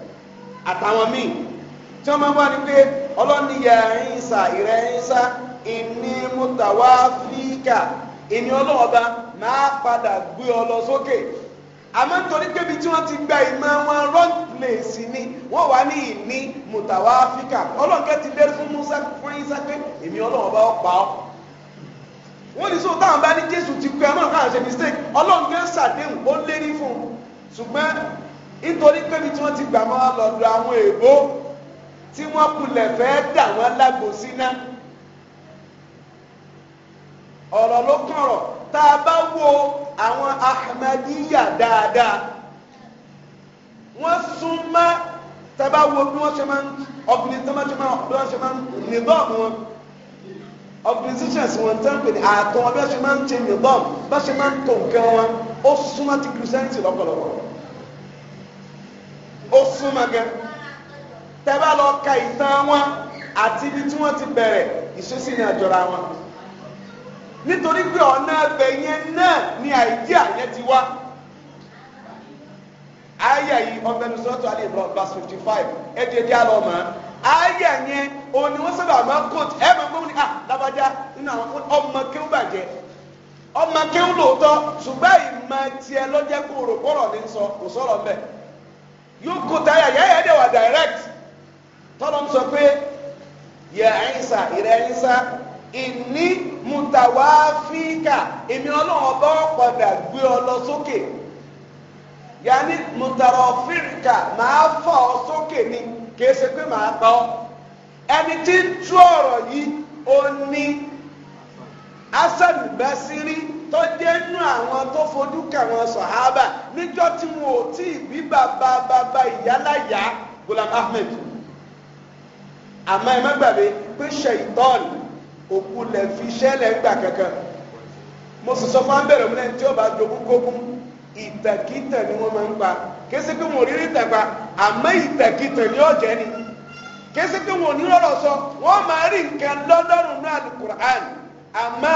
àtàwọn míì tí wọ́n máa ń wá ní pé ọlọ́ni ya ẹ̀yìnsà ìrẹ́ ẹ̀yìnsà ìní mutawa fíkà ìní ọlọ́ọ̀ba máa padà gbé ọ lọ sókè àmọ́ nítorí pé ibi tí wọ́n ti gba ìmọ̀ wọn wrong place ni wọ́n wà ní ìní mutawa fíkà ọlọ́ọ̀kẹ́ ti lérí fún Musa fún ẹ̀yìnsà pé èmi ọlọ́ọ̀ba ọ̀pá ọ́ wọ́n ní sọ táwọn bá ní Jésù ti kú ẹ mọ̀ káà mistake Ọlọ́run ń ṣàdéhùn ó lérí fún ṣùgbọ́n nítorí pé bí tí wọ́n ti gbà máa lọ́dọ̀ àwọn èèbó tí wọ́n kulẹ̀ fẹ́ dà wọ́n lágbo síná ọ̀rọ̀ ló kọ̀rọ̀ tá a bá wo àwọn ahmadiyya dáadáa wọ́n sún mọ́ tá a bá wo bí wọ́n ṣe máa ń ọkùnrin tó máa ṣe máa bí wọ́n ṣe máa ń nìbọ́ọ̀mù wọn organizations wọn tán pè ní àtọ̀ wọn bí wọ́n ṣe máa ń ṣe nìbọ́ọ̀mù bí ṣe máa ń tó nǹkan wọn ó súnmọ́ ti kìrìsẹ́ńtì lọ́pọ̀lọpọ̀ ó súnmọ́ gan tẹ́ bá lọ ka ìtàn wọn àti ibi tí wọ́n ti bẹ̀rẹ̀ ìṣesí ni àjọra wọn nítorí pé ọ̀nà ẹgbẹ́ yẹn náà ni àìdíà yẹn ti wá ayé yìí ọgbẹnusọ́tò alẹ́ ìbọn verse fifty five ẹ̀jẹ̀ díà lọ mọ́ ayé yẹn òní wọ́n sábà máa kóòtù ẹ̀ máa gbóhùn ní à ah, lábàjá nínú àwọn ọmọ kéwù bàjẹ́ ọmọ kéwù lóòótọ́ ṣùgbọ́n ìmọ̀ tiẹ̀ lọ́jẹ́ kó rò ní sọ kò sọ̀rọ̀ bẹ́ẹ̀ yóò kó táyà yáyà dẹ̀ wà direct tọ́lọ́m sọ pé yẹ ẹ̀yìnsá ìrẹ̀ ẹ̀yìnsá ìní mutawáfíkà èmi ọlọ́run ọba padà gbé ọ lọ sókè yanni mutarọ̀fíkà máa fà ọ sókè ni kìí ṣe pé máa bá ọ ẹni tí ń tú ọ̀rọ̀ yìí ó ní asẹ́nubẹ́sírí tó dénú àwọn tó fojú kàwọn sọ̀hábà níjọ́ tí wọn ò tí ì bí bàbá bàbá ìyáláyà Ghulam Ahmed àmọ́ ẹ má gbàgbé pé ṣèyítọ́ọ̀nù òkú lẹ̀ fi ṣẹlẹ̀ gbà kankan mo sì sọ fún abẹ́rẹ́ mi lẹ́yìn tí ó bá jogún kókún ìtẹ̀kítẹ̀ ni wọ́n máa ń pa kése pé wọn ò rírí tẹ̀pa àmọ́ ìtẹ̀kítẹ̀ ni ó jẹ́ ni kése pé wọn ò ní lọ́rọ̀ sọ wọ́n máa rí nǹkan lọ́dọ́rùn-ún náà ní Qur'an àmọ́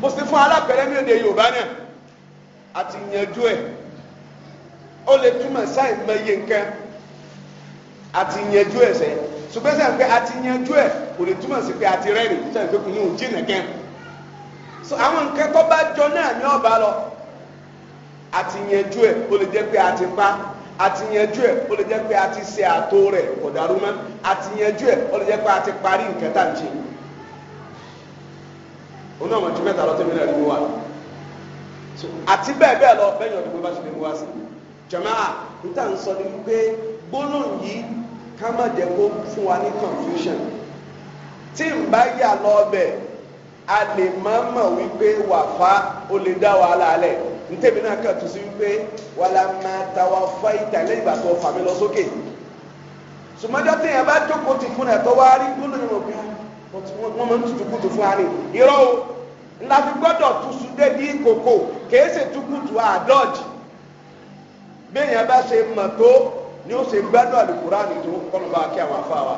mo sì fún alápẹ̀rẹ́ ní èdè yorùbá náà àti yanjú ẹ̀ ó lè túmọ̀ sáì mẹyẹ nǹkan àti yanjú ẹ̀ sẹ́ ṣùgbọ́n sẹ́yìn pé àti yanjú ẹ̀ kò lè túmọ̀ sí pé àti rẹ́rìn sẹ́yìn pé kò ní òun jìnnà kẹ́ so àwọn nǹkan tó bá jọ náà ní ọba lọ àti yanjú ẹ̀ ó lè jẹ́ pé àti pa àti yanjú ẹ̀ ó lè jẹ́ pé àti ṣe àtò rẹ̀ kò àti yanjú ẹ̀ ó lè jẹ́ pé àti parí nǹkan tá à ń ṣe yìí òun náà mọ̀ ju mẹ́ta lọ tẹ́mi náà rí wá àti bẹ́ẹ̀ bẹ́ẹ̀ lọ bẹ́ẹ̀ yọ̀ ọ̀dùnkún bá ṣe lè mú wá sí jàmáà níta ń sọ ni wípé gbólóhùn yìí ká má jẹ́ kó fún wa ní confusion tí n bá yà lọ ọbẹ̀ a lè má mọ̀ wípé wàfá ó lè dá wàhálà alẹ̀ ntẹ̀mí náà kà tù sí wípé wàhálà máa ta wà fá ìtàlẹ́ ìgbà tó fà lọ sókè sùmọ́jọ́ tẹ̀yìn bá jókòó ti fún ẹ̀ tó wá rí gbólóhùn yìí wọ́n máa ń tutù kùtù fún wa ni irọ́ o ńlá fi gbọ́dọ̀ tuṣu débi kòkò kèé ṣe tukùtù àdọ́jì béèyàn bá ṣe mọ̀ tó ni ó ṣe gbádùn àlùkùránì tó kọ́nù bá kí àwọn afá wa.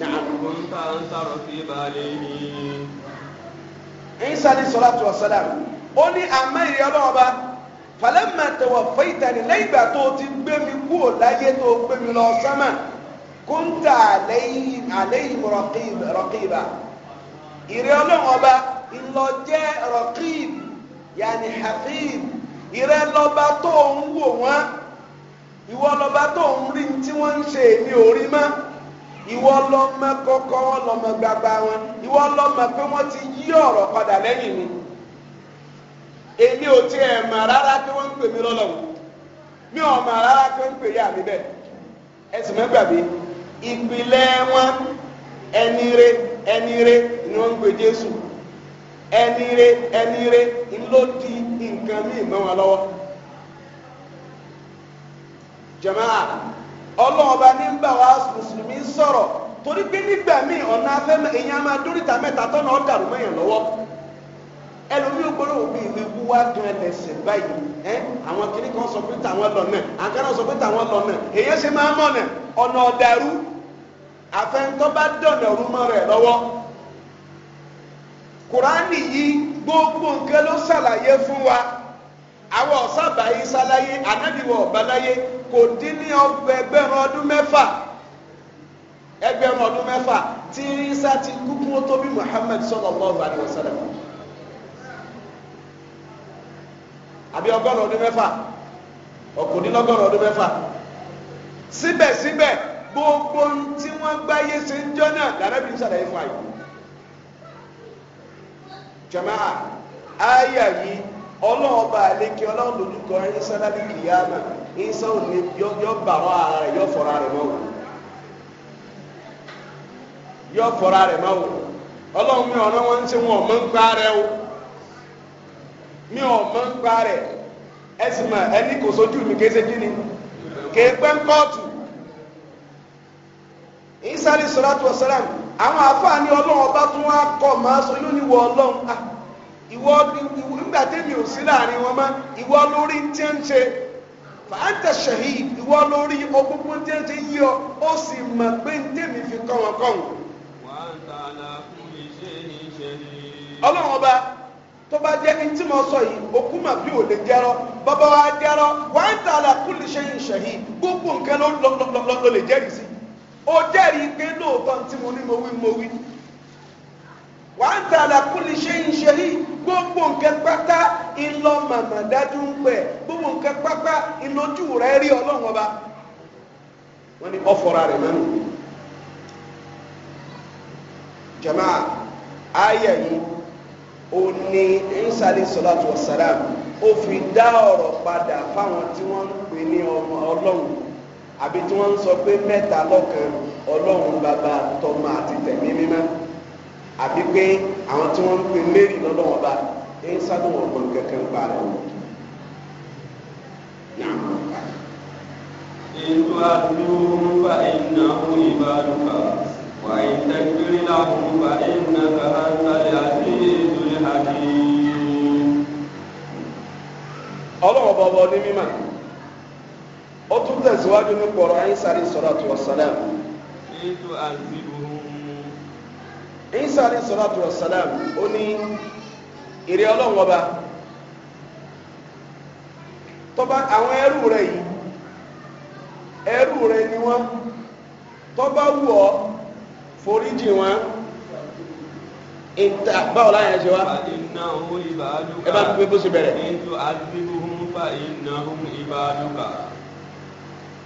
Nàbùkún ta ń sọ̀rọ̀ sí balẹ̀ yìí. Ìsá ní salatu wa salam. Ó ní àmọ́ ìrìn ọlọ́wọ́ bá. Falamma tawaffaytani lẹ́yìn ìgbà tó ti gbé mi kúrò láyé tó gbé lọ sánmà. kúńtà àlẹ́yìn àlẹ́yìn rọ̀kìbà ire ọlọ́run ọba jẹ rọ̀kìb yàní hafib ire lọba tó ń wò wọn ìwọ lọba tó ń rí tí wọ́n ń ṣe èmi ò rí ìwọ lọ́mọ kọkọ wọn lọ́mọ gbagba wọn ìwọ lọ́mọ pé wọn ti yí ọrọ mi èmi ò rárá pé ń ìpìlẹ̀ wọn ẹnire ẹnire ni wọ́n ń pè Jésù ẹnire ẹnire ló di nǹkan mọ́ wọn lọ́wọ́ jamaa ọlọ́ọ̀ba ní ń bá wa mùsùlùmí sọ̀rọ̀ torí pé nígbà míì ọ̀nà afẹ́mẹ́ èèyàn máa dóríta mẹ́ta tọ́nà ọ̀dàrú mẹ́yàn lọ́wọ́. ẹlòmíì ògbólóhùn bíi ìwé wúwá gan lẹsẹ báyìí ẹ àwọn kiri kan sọ pé tàwọn lọ náà àkàrà sọ pé tàwọn lọ náà èyí ṣe máa mọ náà ọ̀nà ọ̀dàrú àfẹnutọ́ bá dọ̀nà ọ̀rúmọ rẹ̀ lọ́wọ́ kùránì yìí gbogbo nǹkan ló ṣàlàyé fún wa àwọn ọ̀sàbà yìí ṣàlàyé ànábìwọ̀ ọ̀bàláyé kò dín ní ẹgbẹ̀rún ọdún mẹ́fà ẹgbẹ̀rún ọdún mẹ́fà tí isa ti kúkú tó bí Muhammad sallallahu alaihi wasallam. àbí ọgọ́rùn ọdún mẹ́fà ọ̀kùnrinlọ́gọ́rùn ọdún mẹ́fà síbẹ̀síbẹ̀ gbogbo tí wọ́n gbáyé ṣe ń jọ́ náà làrẹ́bí ṣàlàyé fún àyè jama'a aya yìí ọlọ́ọ̀ba àlékè ọlọ́run lójúkọ ẹni sálábì kìyàmà ìsá òní yọ bàrọ̀ ara rẹ̀ yọ fọ̀rọ̀ rẹ̀ mọ́wò yọ fọ̀rọ̀ rẹ̀ mọ́wò ọlọ́run mi ọ̀nà wọn ń ṣe wọn ọ̀mọ́ ń gbá rẹ̀ o. mi ò mọ̀ ń gba ẹ sì mọ̀ ẹni kò sójú mi kì í ṣe kíni kì í pẹ́ ń kóòtù àwọn àfáàní ọlọ́run ọba tún wá kọ̀ máa sọ yóò ní wọ ọlọ́run ah, ìwọ nígbà tẹ́mi ò sí láàrin wọn mọ́ ìwọ lórí tí ń ṣe ìwọ lórí tí ń ṣe yí ọ ó sì tó bá jẹ́ ní tí mo sọ yìí òkú mà bí ò lè jẹ́rọ bàbá wa jẹ́rọ wà á ta àlà kúlì ṣẹ́yìn ṣẹ̀yìn gbogbo nǹkan ló lè jẹ́rìí sí ó jẹ́rìí pé lóòótọ́ tí mo ní mo wí mo wí wà á ta àlà kúlì ṣẹ́yìn ṣẹ̀yìn gbogbo nǹkan pátá ìlọ màmá dájú ń pẹ̀ gbogbo nǹkan pátá ìlójú rẹ̀ rí ọlọ́run ọba wọ́n ní ọ̀fọ̀ra rẹ̀ mẹ́nu jama ayẹyẹ. ó ní Isa alayhi salatu wa salam ó fi dá ọ̀rọ̀ padà fáwọn tí wọ́n ń pè ní ọmọ ọlọ́run àbí tí wọ́n ń sọ pé mẹ́ta lọ́kan ọlọ́run bàbá tọmọ àti tẹ̀mí mímọ́ àbí pé àwọn tí wọ́n ń pè mary lọ́lọ́wọ́ bá ẹ̀ ń sádùn ọ̀gbọ̀n kankan gbà rẹ̀ وإن تغفر لهم فإنك أنت العزيز الحكيم ọlọ́wọ́ bọ̀ bọ̀ ní mímà ó tún tẹ̀síwájú ní pọ̀rọ̀ ayísàrí sọ́dọ̀tù ọ̀sálàm. ètò àzìbò. ayísàrí sọ́dọ̀tù ọ̀sálàm ó ní ìrẹ́ àwọn ẹrú yìí ẹrú ni wù foríjì wọn ìta báwo láyé ṣe wá. ẹ bá gbé bó ṣe bẹ̀rẹ̀.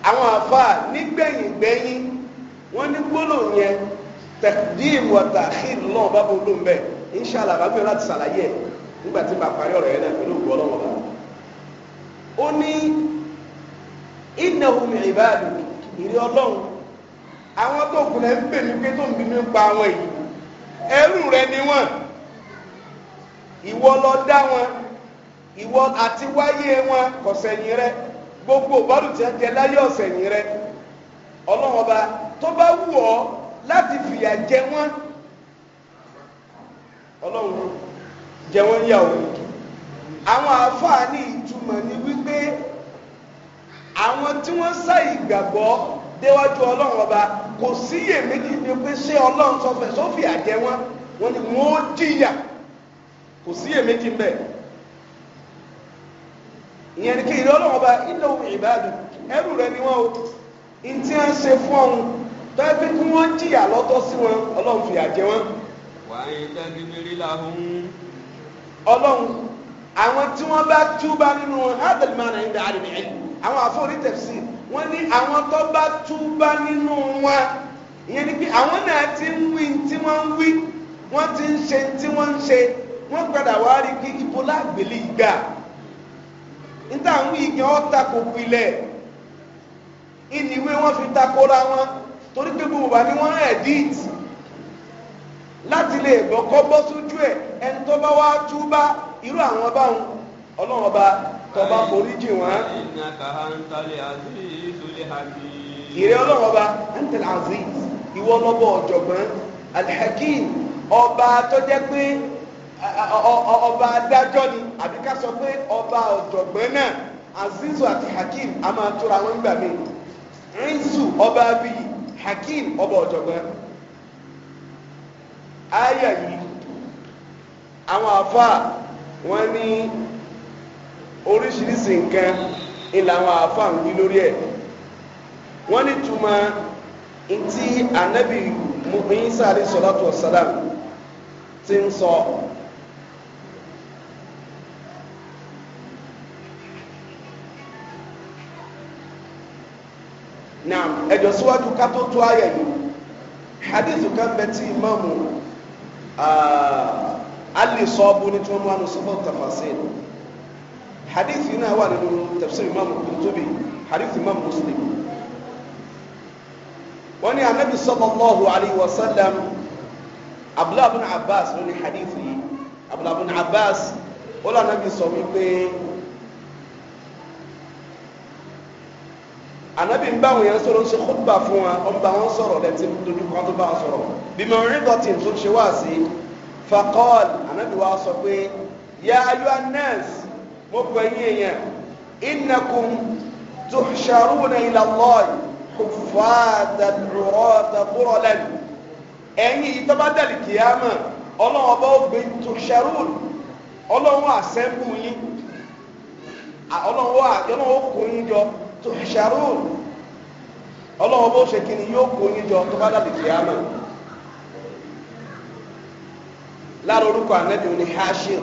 àwọn àfáà nígbẹ̀yìngbẹ̀yìn wọ́n ní gbólóhùn yẹn tẹ̀díìmù ọ̀tà hìlù náà bá bọ̀ lóun bẹ́ẹ̀ inṣàlá bá gbẹ̀rẹ̀ láti ṣàlàyé ẹ̀ nígbà tí bá parí ọ̀rọ̀ yẹn náà pẹ̀lú ògbó ọlọ́wọ́ bá. ó ní ìnáwó mi ìbáàdùn ìrí ọlọ́run àwọn tó kù lẹ́ ń bèmí pé tó ń bínú pa àwọn yìí ẹrú rẹ ni wọ́n ìwọ ló dá wọn ìwọ àti wáyé wọn kọ̀sẹ̀yìn rẹ gbogbo bọ́ọ̀lù tí wọ́n jẹ láyé ọ̀sẹ̀yìn rẹ ọlọ́run ọba tó bá wù ọ́ láti fìyà jẹ wọ́n ọlọ́run jẹ wọ́n yà wọ́n àwọn àfáà ní ìtumọ̀ ni wípé àwọn tí wọ́n sá ìgbàgbọ́ déwájú ọlọ́run ọba kò síyè méjì ní pé ṣé ọlọ́run sọfẹ̀ sófì àjẹ wọn wọn ni wọn ó jìyà kò síyè méjì ń bẹ̀. ìyẹn ni kí ìrẹ́ ọlọ́run ọba iná òun ìbáàdù ẹrù rẹ ni wọn o ntí wọn ṣe fún ọhún tó ẹbí kí wọn jìyà lọ́tọ̀ sí wọn ọlọ́run fìyà jẹ wọn. wàá yẹ dájú mérí làwọn. ọlọ́run àwọn tí wọ́n bá túbá nínú wọn hádàlímánà ń bẹ àdìmí àwọn àfọ̀rí tẹ̀síì wọ́n ní àwọn tó bá túbá nínú wọn ìyẹn ni pé àwọn náà ti ń wí tí wọ́n ń wí wọ́n ti ń ṣe tí wọ́n ń ṣe wọ́n padà wá rí pé ibo lágbèlè ìgbà níta ń wí ìgbà ọ́ takò pilẹ̀ ìníwé wọ́n fi takora wọn torí pé gbogbo wa ni wọ́n edit láti lè gbọ́ kọ́ bọ́ sójú ẹ̀ ẹni tó bá wá túbá irú àwọn báwọn ọlọ́run ọba tọba foríjì wọn. ìrẹ́ ọlọ́run ọba antel aziz ìwọ lọ́bọ̀ ọ̀jọ̀gbọ́n alhakim ọba tó jẹ́ pé ọba adájọ́ ni àbí ká sọ pé ọba ọ̀jọ̀gbọ́n náà azizu àti hakim a máa tóra wọn gbà mí rinsu ọba abiy hakim ọba ọ̀jọ̀gbọ́n ayà àwọn àfa wọn ní. oríṣiríṣi nǹkan ìlànà àáfàá ń wí lórí ẹ̀ wọ́n ní túmọ̀ ntí anabi Isa salatu wassalam ti ń sọ. naam ẹjọ síwájú ká tó tó ayẹ yìí hadith kan bẹ tí imaamu ali sọ ọbú tí wọn mú sọfọ hadith yìí náà wà nínú tafsir imam Qurtubi hadith imam Muslim wọ́n ní anabi sallallahu alayhi wa sallam abdullahi bin abbas ló ní hadith yìí abdullahi bin abbas ó lọ anabi sọ wípé anabi ń bá àwọn yẹn sọ̀rọ̀ ń ṣe khutba fún wa ó ń bá wọn sọ̀rọ̀ lẹ́tí dojú kan tó bá wọn sọ̀rọ̀ bí mo rí dọ̀tí tó ń ṣe wá sí faqal anabi wa sọ pé ya ayyuhan nas mo pè yín èèyàn innakum tuhsharuna ila Allah hufada urata buralan ẹ̀yin ìtọ́bádàlì kìámà ọlọ́run ọba ògbé tuhsharun ọlọ́run àṣẹ́bù yín ọlọ́run ó kó yín jọ tuhsharun ọlọ́run ọba òṣèkì ni yóò kó yín jọ tọ́bádàlì kìámà lára orúkọ ànábì òní hashir.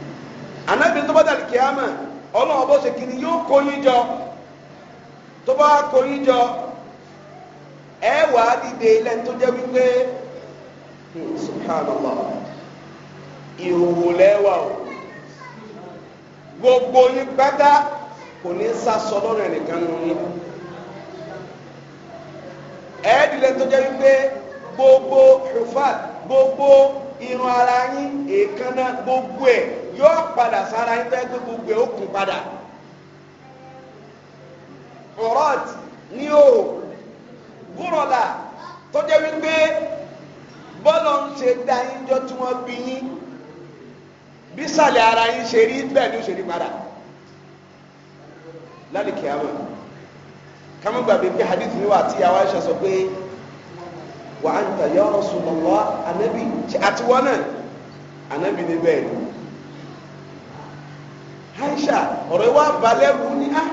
anabi tó bá dàlí kíámà ọlọ́run bó ṣe kiri yóò kó yín jọ tó bá kó yín jọ ẹ wàá dìde lẹ́nu tó jẹ́ wípé subhanallah ìhòòhò lẹ́wà o gbogbo yín pátá kò ní sásọ lọ́rùn ẹnìkan nù yín ẹ̀ẹ́dì lẹ́nu tó jẹ́ wípé gbogbo hufat gbogbo irun ara yín èékánná gbogbo ẹ̀ yóò padà sára yín fẹ́ pé gbogbo ẹ̀ ó kún padà ọ̀rọ̀t ní o búrọ̀là tó jẹ́ wípé bọ́lọ̀ ń ṣe dá yín jọ tí wọ́n bí yín bísàlẹ̀ ara yín ṣe rí bẹ́ẹ̀ ló ṣe rí padà lálẹ́ kìámà kámúgbàgbé pé hadith ni wà tí àwa ṣe sọ pé wa anta ya Rasulullah ànábì àtiwọ́n náà ànábì ní bẹ́ẹ̀ Aisha ọ̀rọ̀ ìwà balẹ̀ wù ní á ah,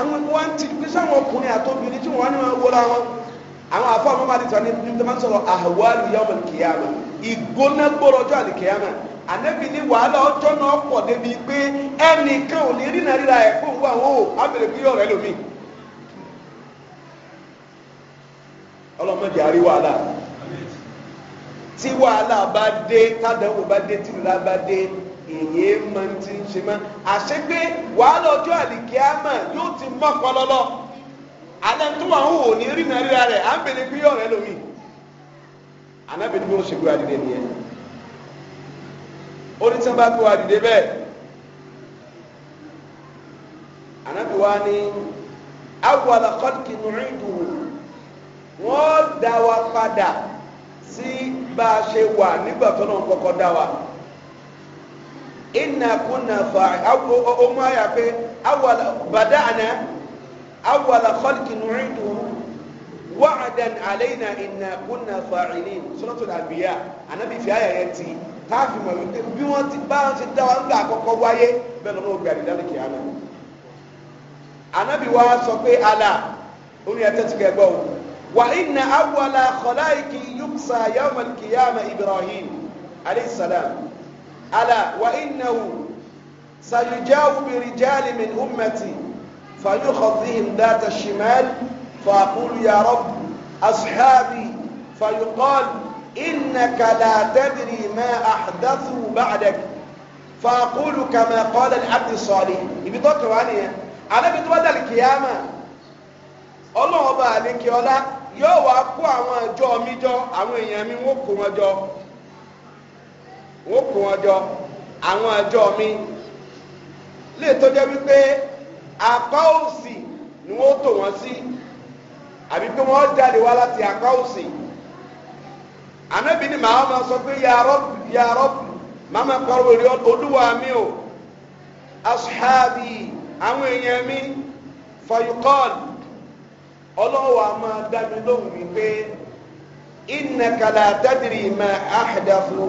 àwọn ni wọ́n ti gbé sáwọn ọkùnrin àtọ́bìnrin tí wọ́n ní wọn wọra wọn àwọn afọ àwọn máa di tọ́ ní níbi máa ń sọ̀rọ̀ àhàwá àlùyáwó kìyàmà ìgbóná gbòòrò ọjọ́ àlùkìyàmà ànábì ní wàhálà ọjọ́ náà pọ̀ débi pé ẹnìkan ò ní rìnà ríra ẹ̀ fún òwú àwọn ò ábẹ̀rẹ̀ bí ọ̀rẹ́ lómi. ọlọ́mọdé àrí wàhálà tí wàhálà bá dé tádàwọ̀ bá dé tìrìlá bá dé èyí máa ń ti ń ṣe mọ́ àṣẹ pé wàhálà ọjọ́ àlìkíámà yóò ti mọ́ pọlọ́lọ́ alẹ́ tó wà ń wò ní rí nàríra rẹ̀ à ń bèrè pé ọ̀rẹ́ lomi anábìrin bí wọ́n ṣe gbé wa dìde nìyẹn oníṣẹ́ bá gbé wa dìde bẹ́ẹ̀ anábìrin wa ní awwala khalqi nu'iduhu wọ́n dá wa padà sí bá a ṣe wà nígbà tó náà kọ́kọ́ dá wa inna kunna fa'i awo ọmọ ayà pé awala bada'na awala khalqin nu'idu wa'adan alayna inna kunna fa'ilin suratul anbiya anabi fi ayà yẹn ti káàfin mọ̀ wípé bí wọ́n ti bá wọn ti dá wọn gbà àkọ́kọ́ wáyé bẹ́ẹ̀ lọ́nà ògbà àdìdá lókè àná anabi wa sọ pé ala oní ẹtẹ ti kẹgbọ́ o wa inna awala khalqin yuksa yawmal qiyamah ibrahim alayhi salam. ألا وإنه سيجاو برجال من أمتي فيخذهم ذات الشمال فأقول يا رب أصحابي فيقال إنك لا تدري ما أحدثوا بعدك فأقول كما قال العبد الصالح ibi tó kẹwàá nìyẹn anábì tó bá dàlí kìyàmà ọlọ́run ọba àlekè ọlá yóò wá kó àwọn àjọ mi jọ àwọn èèyàn mi wọn kó wọn jọ àwọn àjọ mi lè tó jẹ́ wípé apá òsì ni wọ́n tò wọ́n sí àbí pé wọ́n jáde wá láti apá òsì ànábì ni màá ma sọ pé ya Rabb ya Rabb màá ma kọ́ orí olúwa mi o asuhabi àwọn èèyàn mi fayuqal ọlọ́wọ́ a máa dá mi lóhùn mi pé. innaka la tadri ma ahdathu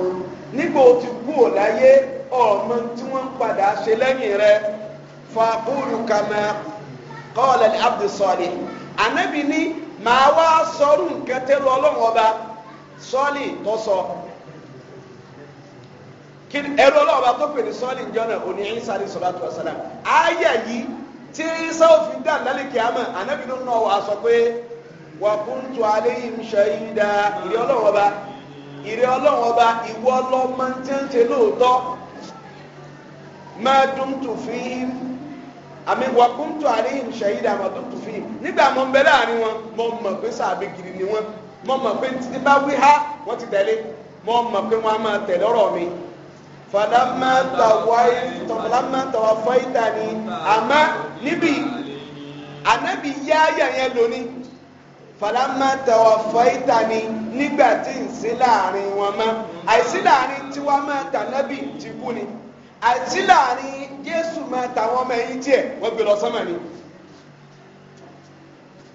nígbà ó ti kú ò láyé ọmọ tí wọ́n ń padà ṣe lẹ́yìn rẹ̀ faqulu kama qala li abdi salih ànábì ní màá wá sọrú nǹkan tẹ́lu ọlọ́run ọba sọ́ọ̀lì tó sọ ẹrú ọlọ́ọ̀bá tó pè ní sọ́ọ̀lì jọ́nà òní Ìsá ní sọ́lá tó sálà ayé yìí tí Ìsá òfin dà lálẹ́ kìámà ànábì ló ń náwó aṣọ pé wà kúntù aléyìn ṣẹ́yìndà ìrẹ́ ọlọ́run ọba ìrẹ́ ọlọ́run ọba ìwọ lọ́mọ tí ń ṣe lóòótọ́ máa dùn tù fi àmì wà kúntù aléyìn ṣẹ́yìndà máa dùn tù fi nígbà mọ̀ ń bẹ láàrin wọn mọ̀ mọ̀ pé sàbẹ̀ gidi ni wọn mọ̀ mọ̀ pé títí bá wí há wọ́n ti tẹ̀lé mọ̀ mọ̀ pé wọ́n á máa tẹ̀lé ọ̀rọ̀ mi fàlámà tàwa fáìtà ni àmọ́ níbi ànábì yáyà yẹn lónìí fàlámà tàwàfáìtà ni nígbà tí ń sí láàrin wọn mọ́ àìsí láàrin tiwa máa tànábì ti kú ni àìsí láàrin Jésù máa tàwọn ọmọ ẹ̀yìn tiẹ̀ wọ́n gbé lọ sọ́mọ̀ ni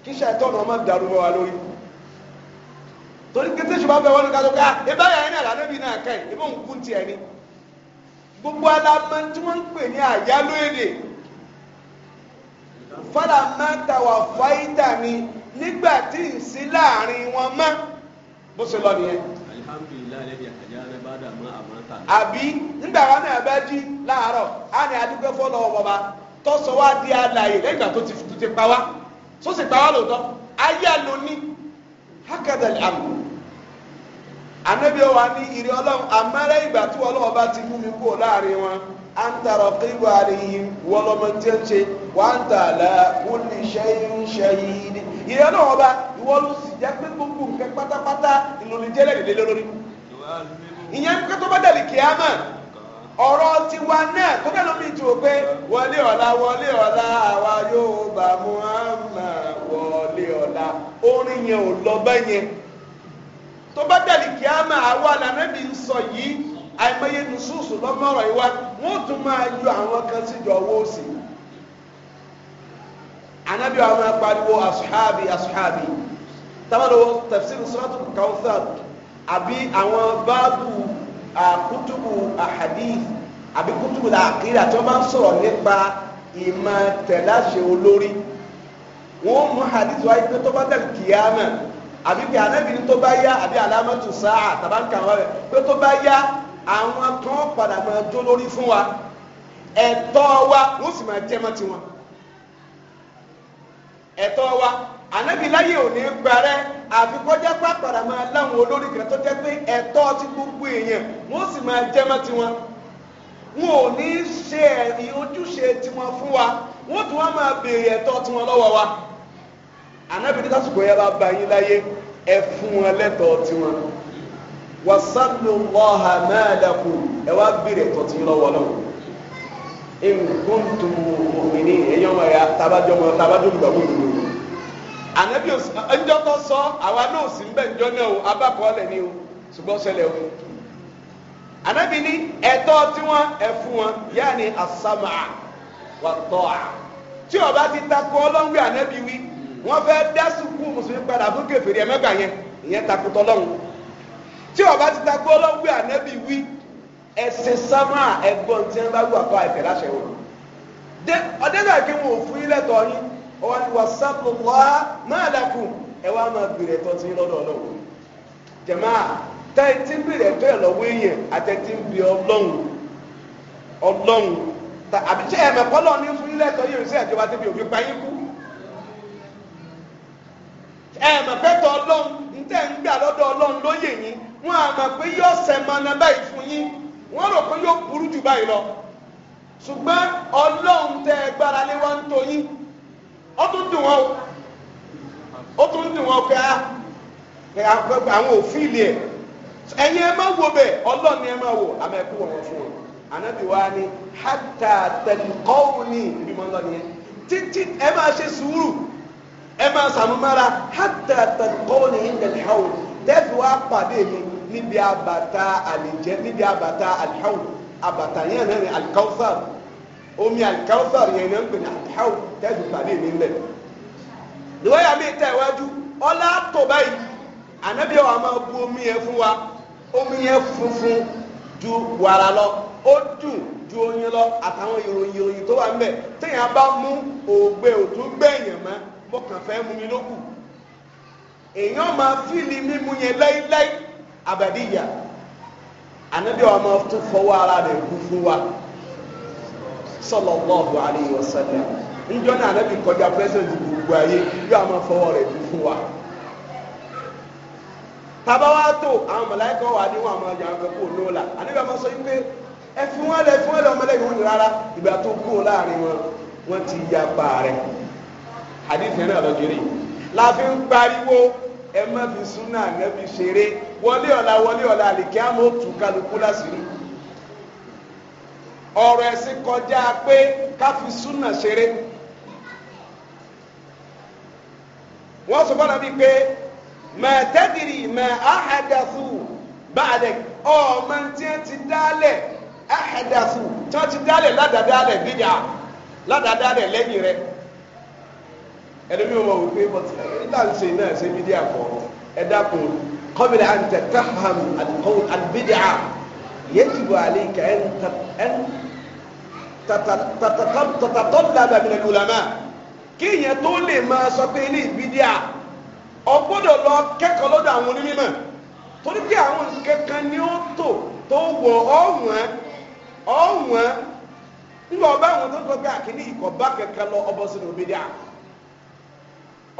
kí ṣàìtọ́nù ọmọ dàrúbọ wa lórí torí kété ṣùgbọ́n bẹ wọ́n ká tó ká ibà yẹn náà lànàbí náà ká yìí ibà ń kú tiẹ̀ ni gbogbo alamọ tí wọ́n ń pè ní àyálò èdè fàlámà tàwàfáìtà ni nígbà tí ń sí láàrin wọn mọ́ bó ṣe lọ nìyẹn. alihamdulilayi lẹbi àkàjáde bá dà mọ àmọta. àbí nígbà wọn náà bá jí láàárọ̀ á ní adúgbò fọlọ ọbọba tó sọ wá di alàyè lẹ́yìn ìgbà tó ti pa wá tó sì pa wá lóòótọ́ ayé àlóní hákàdàlì àmì anabi wa ni ìrì ọlọ́run amẹ́rẹ́ ìgbà tí ọlọ́run bá ti mú mi kúrò láàrin wọn à ń tara kíkọ́ àríyìn wọlọ́mọ tí wà ń tà lá kúlì ṣẹ́yìn ṣẹ́yìn ìrẹ́ ọlọ́run ọba ìwọ ló sì pé gbogbo nǹkan pátápátá ìlòlè jẹ́lẹ̀ lè lé lórí. ìyẹn pé tó bá dàlí kíámà ọ̀rọ̀ tiwa náà tó bẹ́ẹ̀ mi jù ú pé wọlé ọ̀la wọlé ọ̀la àwa yóò bá Muhammad wọlé ọ̀la orin yẹn ò lọ tó bá dàlí ń sọ yìí anabi wa máa pariwo asuhabi asuhabi tamalo tafsir suratul kawthar àbí àwọn báàbù kutubu ahadith àbí kutubu làkìrà tí wọ́n máa ń sọ̀rọ̀ nípa ìmọ̀ tẹ̀láṣẹ olórí wọ́n mú hadith wáyé pé tó bá dẹ̀ kíyámà àbí pé anabi ni tó bá yá àbí alámọ̀tò sáà tàbá ń kàn wá rẹ̀ pé tó bá yá àwọn kan padà máa jó lórí fún wa ẹ̀tọ́ wa wọ́n sì tiwọn. ẹ̀tọ́ wa ànábì láyé òní gbarẹ́ àfikọ́jẹ́ ma máa láwọn olórí kan tó jẹ́ pé ẹ̀tọ́ ti gbogbo èèyàn wọ́n sì máa jẹ́ mọ́ tiwọn wọn ò ní ṣe ẹ̀rí ojúṣe tiwọn fún wa wọ́n tún wọ́n máa béèrè ẹ̀tọ́ tiwọn lọ́wọ́ wa yẹn bá ba yín láyé ẹ fún wọn lẹ́tọ̀ọ́ tiwọn nkuntu mọmìnì ẹyọ ọmọ ya tabajọ ọmọ tabajọ olùgbàgbọ́ olùgbò anabi njọtọ sọ àwa náà sì ń bẹ njọ náà o abakọ ọlẹ ni o ṣùgbọ́n ṣẹlẹ̀ o anabi ni ẹ̀tọ́ tiwọn ẹfun yanni asama wa tọ́a tí o bá ti takò ọlọ́wí anabi wí wọ́n fẹ́ dá sùkú mùsùlùmí padà fún kèfèrí ẹ̀mẹ́gbà yẹn ìyẹn takò tọ́lọ́wù tí o bá ti takò ọlọ́wí anabi wí. ẹ̀sìn sámà ẹ̀gbọ́n tí wọ́n bá wù àkọ́ àìfẹ́ láṣẹ wọn. ọ̀dẹ́gbà kí wọn ò fún ilẹ̀ tọ́ yín ọ̀wọ́n ni wàsápù wá máa dàkú ẹ wá máa gbèrè tí lọ́dọ̀ ọlọ́run. jẹ̀má táyì tí gbèrè ẹ̀tọ́ ẹ̀ lọ́wọ́ èèyàn lọ ní fún sí àjọba òfin kú. wọ́n rò pé yóò burú jù báyìí lọ ṣùgbọ́n ọlọ́run tẹ gbára lé wá ń toyín ó tún dùn wọn ó tún dùn wọn ah, pé àwọn òfin ilé ẹ̀ ẹ̀yin ẹ máa wo bẹ́ẹ̀ ọlọ́run ni ẹ máa wò àmọ́ ẹ wọn fún wọn anabi wa ni hata tẹlikọ́wùnì bí mo ń títí ẹ máa ṣe sùúrù ẹ máa sàmúmára hata tẹlikọ́wùnì ń dẹ̀lẹ́hàwù tẹ́ẹ̀fì wa pàdé mi níbi abàtà àlìjẹ níbi abàtà alḥawl abàtà yẹn náà ni alikawusar omi alikawusar yẹn náà ń pè ní alḥawl tẹ́sí pàdé mi lẹ̀ níwáyà mi tẹ̀ wájú ọlá tó báyìí ànábì wa máa bu omi yẹn fún wa omi yẹn funfun ju wàrà lọ ó dùn ju oyin lọ àtàwọn ìròyìn ìròyìn tó wà ń bẹ téèyàn bá mú ògbé òtún gbẹ̀yìn mọ́ mo kàn fẹ́ mú mi lókù èèyàn máa fìlì mímu yẹn láíláí abadiya anabi wa ma tó fọwọ́ ara rẹ̀ wa sallallahu alayhi wa sallam na anabi kọjá pẹ́sẹ̀ntì gbogbo ma fọwọ rẹ̀ kú wa tabawa to àwọn mọ̀láyìkà wà ní wọn àwọn àjàn àgbẹ̀kọ̀ lóla anabi sọ yìí wọn ti ya ẹ má fi súnà nẹ́bi ṣeré wọlé ọ̀la wọlé ọ̀la àlìkí àmọ́ òtún kálukú lásìrí ọ̀rọ̀ ẹ̀sìn kọjá pé ká fi súnà ṣeré wọ́n sọ fọ́nà bíi pé mà tẹ́gìrì mà áhàdàfù báàdẹ̀ ọ̀ọ́mọ tí wọ́n ti dálẹ̀ áhàdàfù tí wọ́n ti dálẹ̀ ládàdálẹ̀ bídà ládàdálẹ̀ lẹ́yìn rẹ̀. ẹlẹ́mi ò mọ̀ wípé bọ́tí nígbà ń ṣe náà ṣe bí díà kọ́ ẹ dákun kọ́mìnà à ń tẹ táhàm àdìkọ́wò àdìbídìá yajibu alayka ẹn tatatọ́ dàbà min al-ulama kéèyàn tó lè máa sọ pé ilé ìbídìá ó gbọ́dọ̀ lọ kẹ́kọ̀ọ́ lọ́dọ̀ àwọn onímọ̀ torí pé àwọn kankan ni ó tò tó wọ ọ̀wọ́n ọ̀wọ́n nígbà ọba àwọn tó ń pé àkíní ìkọ̀bá kankan lọ ọbọ̀ sínú ìbídìá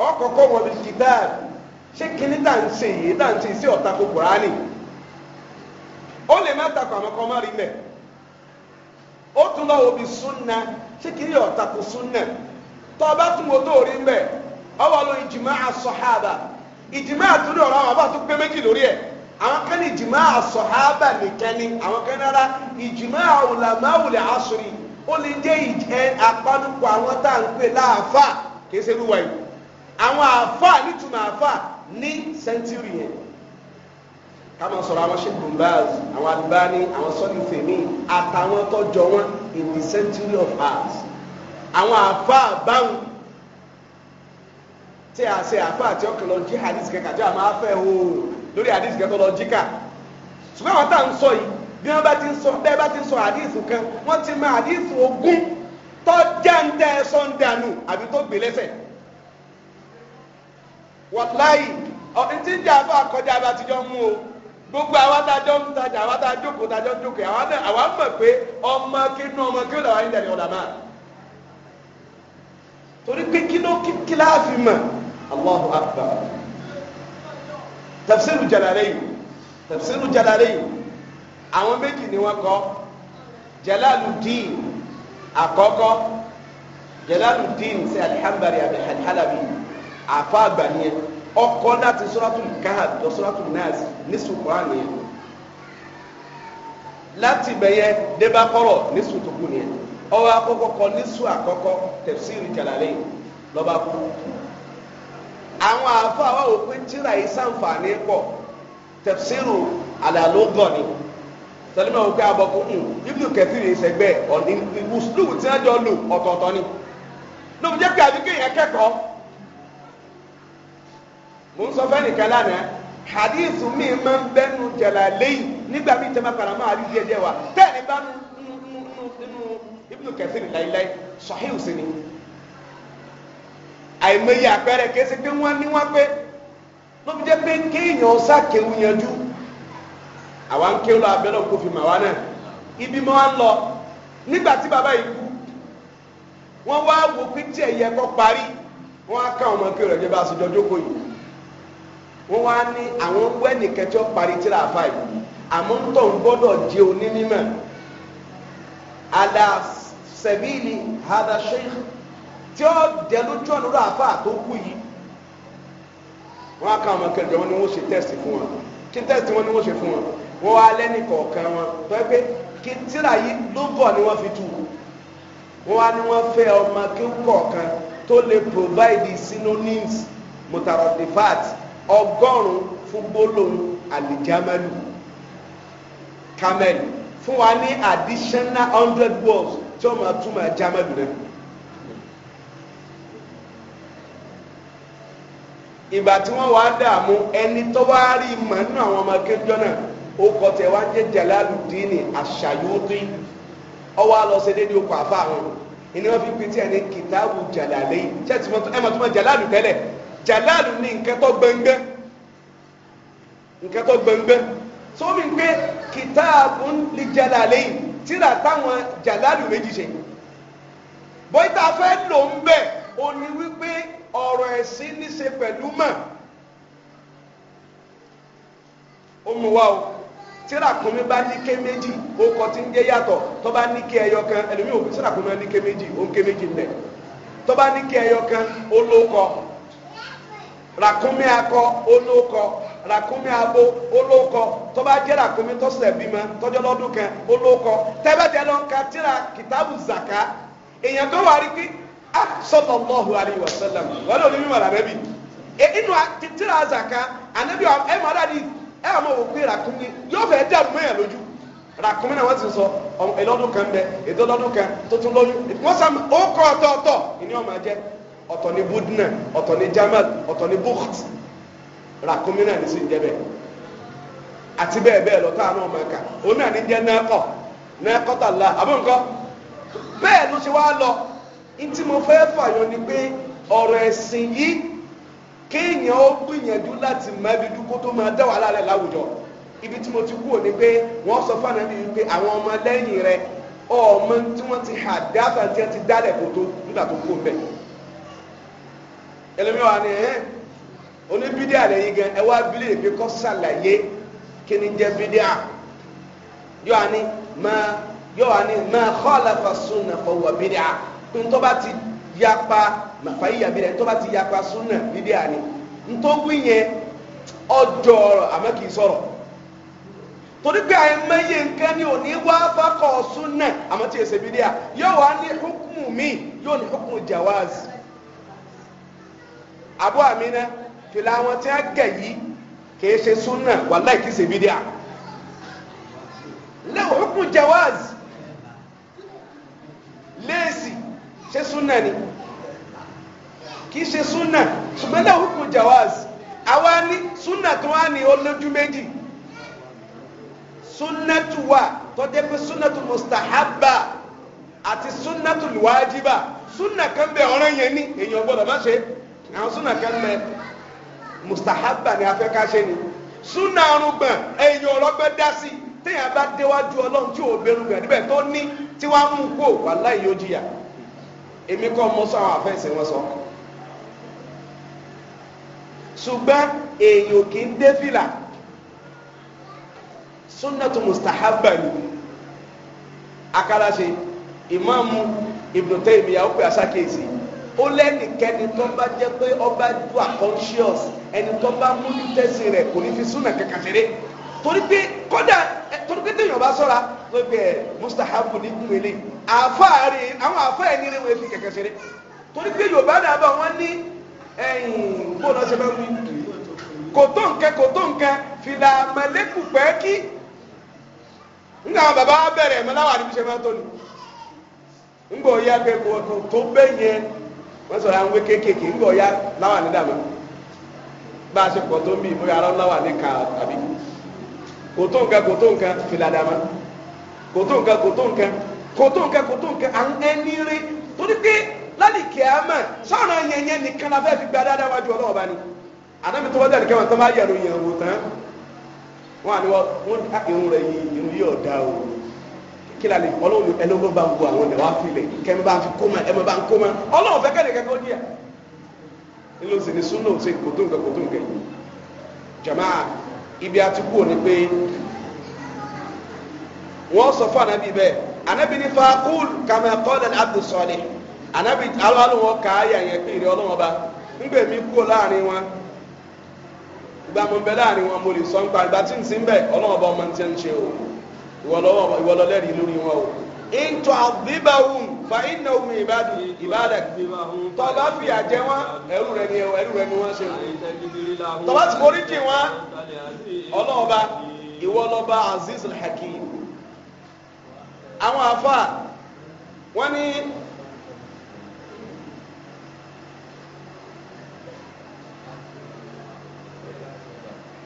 ọkọ̀ọ̀kọ̀ wọ̀ bí kìtáàbù ṣé kíní tá à ń ṣe yìí tá à ń ṣe sí ọ̀tà kò kùránì ó lè má takò àmọ́ kọ́ má rí mẹ́ ó tún lọ wo bí súnà ṣé kíní ọ̀tà kò súnà tó o bá tún wo tó o rí mẹ́ ọwọ́ lọ ìjìmá àsọ̀hábà ìjìmá àtúndì ọ̀rọ̀ àwọn àbá tún pé méjì lórí ẹ̀ àwọn kan ní ìjìmá àsọ̀hábà nìkan ni àwọn kan nára ìjìmá àwùlàmáwùlà àṣírí ó lè jẹ́ apánupọ̀ àwọn tá ń pè láàfà kì ṣe irú wa yìí àwọn àáfàá nítumọ̀ àáfàá ní sẹ́ńtúrì yẹn ká máa sọ̀rọ̀ àwọn sheikh bumbaz àwọn Albani àwọn sọ́ọ̀lì fèmí àtàwọn tọ́jọ wọn in the century of ours àwọn àáfàá báwọn tí a ṣe àáfàá tí ọkàn lọ jí hadith kẹkà tí a máa fẹ́ o lórí hadith kẹkà lọ jí kà ṣùgbọ́n àwọn tá à ń sọ yìí bí wọ́n bá ti ń sọ bẹ́ẹ̀ bá ti ń sọ hadith kan wọ́n ti mọ hadith ogún tó jẹ́ ń tẹ́ ẹ sọ́ńdàánù àbí tó gbé lẹ́sẹ̀ wàláyì ọtí ń jà bá kọjá bá ti jọ mú o gbogbo àwa tá a jọ ń tajà àwa tá a jókòó tá a jọ ń jókòó àwa náà àwa mọ̀ pé ọmọ kínú ọmọ kí ó làwọn ayé dàrí ọ̀dà máa torí pé kínú kíláàfì mọ̀ Allahu akbar tafsiru Jalalayn tafsiru Jalalayn àwọn méjì ni wọ́n kọ Jalaluddin àkọ́kọ́ Jalaluddin sí Al-Hanbali àbí al àfa àgbà nìyẹn ọkọ láti sọ́ràtù káàdì lọ sọ́ràtù náàsì nísù kúrán nìyẹn láti bẹ̀yẹ débàkọ́rọ̀ nísù tó kù nìyẹn ọwọ́ akọ́kọ́ kọ nísù àkọ́kọ́ tafsiri Jalalayn lọ́ba kú àwọn àfa wa ò pé tíra yìí sàǹfààní pọ̀ tafsiru àlàlógọ̀ ni sọlẹ́mọ̀ wò pé abọ́kú ń hmm, Ibnu Kathir ìṣẹ̀gbẹ́ ọ̀nì ìwùsùlùmù tí wọ́n jọ lò ọ̀tọ̀ọ̀tọ̀ ni lóbi jẹ́ pé àbíkẹ́ yẹn kẹ́kọ̀ọ́ mo ń sọ fẹ́ nìkan lánàá hadith mi máa ń bẹ́nu jẹ̀lá lẹ́yìn nígbà mi tẹ́ máa padà máa rí díẹ̀ díẹ̀ wa tẹ́ẹ̀ni bá nínú ibùdó kẹsì ní láíláí sọ̀hìn sí ni àìmọye àpẹẹrẹ kìí ṣe pé wọ́n ní wọ́n pé ló fi jẹ́ pé kéèyàn sá kéwù yanjú àwa ń kéwù lọ abẹ́rẹ́ òkú fi mà wá náà ibi máa ń lọ nígbà tí bàbá yìí kú wọ́n wá wò pé tí ẹ̀yẹ kọ́ parí wọ́n á ká ọmọ kéwù rẹ̀ jẹ́ bá a ṣe jọjọ́ kó yìí wọ́n wá ní àwọn wẹ́nìkan tí wọ́n parí tíra àfa yìí àmọ́ ń tọ̀ ń gbọ́dọ̀ jẹ́ onímọ̀ àdá sẹ̀bíìlì àdá sheikh tí ó dẹ lójú ọ̀nà lórí àfa tó kú yìí wọ́n á ká àwọn akẹ́kọ̀ọ́ wọn ni wọ́n ṣe tẹ́sì fún wọn kí tẹ́sì wọn ni wọ́n ṣe fún wọn wọ́n wá lẹ́nì kọ̀ọ̀kan wọn tó kí tíra yìí ló bọ̀ ni wọ́n fi tú wọ́n wá ní wọ́n fẹ́ ọmọ kí kọ̀ọ̀kan tó lè provide synonyms mutarodifat ọgọ́rùn fún gbólóhùn alijamalu kamel fún wa ní additional hundred words tí wọ́n máa túmọ̀ jamalu rẹ̀. ìgbà tí wọ́n wá dààmú ẹni tó wá rí mọ̀ nínú àwọn ọmọ akéjọ́ náà ó kọ́ tẹ̀ wá jẹ́ Jalaluddin Aṣayuti ọwọ́ àlọ́ ṣe déédéé okò àfa àwọn ìní wọn fi pété ẹni kìtàbù Jalalayn ṣé ẹ mọ̀ tó mọ̀ Jalalu tẹ́lẹ̀ jàláàlù ní nǹkan tó gbẹngbẹ gbẹngbẹ pé kìtáàbùn lè jàláàlẹ́yìn tíra táwọn jàláàlù méjì ṣe bóyá fẹ́ lò ń bẹ̀ ó wípé ọ̀rọ̀ ẹ̀sìn ní ṣe pẹ̀lú o tíra kún bá ní ké méjì ó kọ tí ń ní ké ẹyọ kan tíra bá ní ké méjì o ń Rakumi akọ olókọ Rakumi abo olókọ tó bá jẹ́ ràkúnmí tó ṣẹ̀ bímọ tọ́jọ́ lọ́dún kan olókọ kitabu lọ ka tíra kìtàbù zaka èèyàn tó wà rí pé a ah, sallallahu alaihi wasallam wọn lòdì mímọ E inú tíra zaka ànábi ẹ mọ adádi ẹ àmọ wò pé ràkúnmí yóò fẹ́ dẹ́ àdúmọ̀ yẹn lójú ràkúnmí náà wọ́n ti sọ ẹlọ́dún kan bẹ èdè ọlọ́dún kan tó tún lóyún wọ́n ó kọ́ ọ̀tọ̀ọ̀tọ̀ ìní ọmọ ajẹ́ ọ̀tọ̀ ni budna ọ̀tọ̀ ni jamal ọ̀tọ̀ ni bukht ràkúnmí náà ní sí jẹ́bẹ̀ àti bẹ́ẹ̀ bẹ́ẹ̀ lọ́tọ́ àánú ọmọ ẹ̀ka òun náà ní jẹ́ nẹ́ẹ̀kọ́ nẹ́ẹ̀kọ́ tàlá àbúrúkọ bẹ́ẹ̀ ló ṣe wá lọ ntí mo fẹ́ fàyọ ni pé ọ̀rọ̀ ẹ̀sìn yìí kéèyàn ó gbìyànjú láti má ibi dúkó tó máa dá wàhálà rẹ̀ láwùjọ ibi tí mo ti kú òní pé wọ́n sọ fáwọn ẹni pé àwọn ọmọ lẹ́yìn rẹ̀ ọmọ tí wọ́n ti hà dáfà tí wọ́n ti dálẹ̀ kótó nígbà tó kú bẹ́ẹ̀ ẹlòmíràn wà ní ẹ eh, oníbídíà lẹ́yìn gan ẹ wá bílẹ̀ èmi kọ́ sàlàyé kí ni jẹ́ bídíà yọ wà ní ma yọ wà ní ma khalafa sunna fa huwa bídíà pé ntọ́ bá ti yapa màfà yíyà bídíà ntọ́ bá ti yapa sunna bídíà ni ntọ́ wí yẹn ọjọ́ ọ̀rọ̀ àmọ́ kì í sọ̀rọ̀ torí pé àìmọye nǹkan ni òní wá fákọ̀ sunna àmọ́ tí èsè bídíà yóò wá ní hukumu mi yóò ní hukumu jawaz abu amina fìlà àwọn tí wọ́n gẹ̀ yìí kìí ṣe súnà wàláì kìí ṣe bídíà lẹ́wọ̀ hukmu jawaz léèsì ṣe súnà ni kìí ṣe súnà ṣùgbọ́n lẹ́wọ̀ hukmu jawaz àwa ní súnà tó wà ní olójú méjì súnàtù wà tọ́jú pé súnàtù mustahabba àti súnàtù wájibà súnà kan bẹ ọ̀ràn yẹn ní èèyàn gbọ́dọ̀ má ṣe é àwọn súnà kan mẹ mustahaba ni afẹ́ ká ṣe ni súnà arúgbọ̀n ẹ̀yìn ọlọ́gbẹ́ dá sí téèyàn bá déwájú ọlọ́run tí ò bẹ̀rù gbẹ̀ níbẹ̀ tó ní tí wàá mú kó wàhálà yóò jìyà èmi kọ́ mọ́ sọ àwọn àfẹ́sẹ̀ wọn sọ ṣùgbọ́n èèyàn kì í dé fìlà sunnatu mustahaba ni akálàṣe ìmáàmù Ibn Taymiyyah ó pè àṣà kéèsì yìí ó lẹ́nìkẹ́ni tó bá jẹ́ pé ọba dùà conscious ẹni tó bá mú ní tẹ́sí rẹ̀ kò ní fi súnà kankan ṣeré torí pé kódà torí pé téèyàn bá sọ́ra wọ́n bẹ̀ eh, mustahabu ní kúmẹ́lẹ́ àfáàrí àwọn àfáà ẹni rẹ̀ wọ́n fi kankan ṣeré torí pé yorùbá náà bá wọn ní ẹ̀yìn bóòdù ọ̀sẹ̀ máa ń wí kò tó nǹkan kò tó fìlà mọ̀lẹ́kù pẹ́ẹ́kì nígbà bàbá bẹ̀rẹ̀ mọ́láwà níbi ṣe máa tó ni ńgbà òye àgbẹ̀kọ̀ tó bẹ́yẹn wọ́n sọ̀rọ̀ àwọn kéékèèké ń gbọ̀ ya láwà ní dàmọ́ bá a ṣe pọ̀ tó ń bì bóyá arọ́ láwà ní kà tàbí kò tó nǹkan kò tó nǹkan fìlà dàmọ́ kò tó nǹkan kò tó nǹkan kò tó nǹkan kò tó nǹkan à ń ẹni rí torí pé láti kíámà sọ̀rọ̀ yẹnyẹn nìkan la fẹ́ fi gba dáadáa wájú ọlọ́wọ́ bá ní àdàbí tó wọ́n dẹ̀ nìkan wọn tó bá yẹ̀rù yẹ̀rù tán wọn àni wọn irun rẹ̀ yìí irun yìí ọ̀dà kila le ọlọ́run ẹlọ́gbọ́n bá ń bu àwọn ẹ̀wá filẹ̀ kẹ́mi bá ń fi kóma ẹ̀mi bá ń kóma ọlọ́run fẹ́ kẹ́ni kẹ́kọ́ díẹ̀ ilé ọ̀sẹ̀ ni súnà ọ̀sẹ̀ kòtó nǹkan kòtó nǹkan yìí jama ibi àti kúrò ni pé wọ́n sọ fún anabi bẹ́ẹ̀ anabi ní fàákùl kàmẹ́ kọ́lẹ̀ abdul sọ́ọ̀lì anabi alọ́ọ̀lù wọn kà á yà yẹn pé ìrẹ ọlọ́wọ́n bá ń gbè mí kúrò láàrin wọn ìgbà mo ń bẹ láàrin wọn mo lè sọ ń ìgbà tí ń sin bẹ́ẹ̀ ọlọ́wọ́n bá ọmọ ń ìwọ ló lẹ́rìí lórí wọn o ntọ́ àdìbàwùn fa iná omi ìbàdí ìbàdàk tọ́ba fìyà jẹ wọn ẹrú rẹ ni ẹrú rẹ ni wọn ṣe tọ́ba ti forí jì wọn ọlọ́ọ̀ba ìwọ lọ́ba aziz al àwọn afa wọn ni.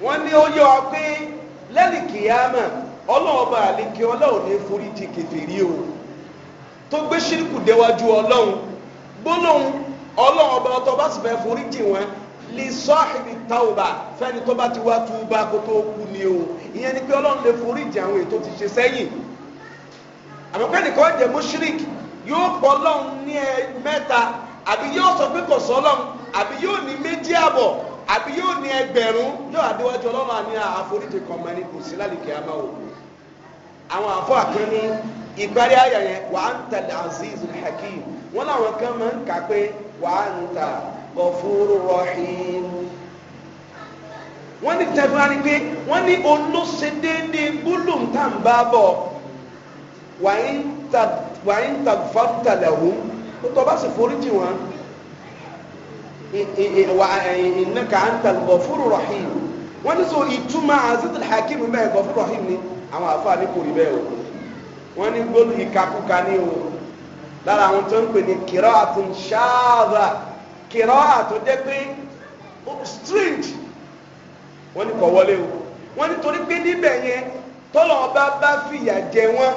wọ́n ní ó yọ ọ pé lẹ́lì ọlọ́ọ̀ba àlekè ọlọ́run ní foríjì kèfèrí o tó gbé ṣírìkù déwájú ọlọ́run gbólóhùn ọlọ́ọ̀ba ọtọ́ bá sì fẹ́ foríjì wọn lè sọ àhìbì tàwùbà fẹ́ni tó bá ti wá túbà kó tó kú ni o ìyẹn ni pé ọlọ́run lè foríjì àwọn ètò ti ṣe sẹ́yìn àmọ́pẹ́ nìkan jẹ́ mushrik yóò pọ̀ ọlọ́run ní ẹ mẹ́ta àbí yóò sọ pé kò sọ ọlọ́run àbí yóò ní méjì àbọ̀ àbí yóò ní ẹgbẹ̀rún yóò àdéwájú ọlọ́run àní àforíjì kan mọ́ kò sí lálẹ́ kìá máa wò àwọn àfọ àkàn ní ìparí àyà yẹn wà á ń tẹ̀lé aziz hakim wọn làwọn kan máa ń kà pé wà á ń ta gọfúrú rọhìn wọn ní tẹ̀gbọ́n ni pé wọn ní olóṣèdéédé gbólóhùn tá à ń bá bọ̀ wà á ń ta fàtàlẹ̀hù tó bá sì foríjì wọn ìnáka à ń ta gọfúrú rọhìn wọn ní sọ ìtumọ̀ aziz hakim bẹ́ẹ̀ gọfúrú rọhìn ni àwọn àfáà ní kò rí bẹ́ẹ̀ o wọ́n ní gbólù ìkakúka ní o lára àwọn tó ń pè ní kìrọ́ àtún ṣáàbà kìrọ́ àtún jẹ́ pé strange wọ́n ní kò wọlé o wọ́n ní torí pé níbẹ̀ yẹn tọ́lọ̀ ọba bá fìyà jẹ wọ́n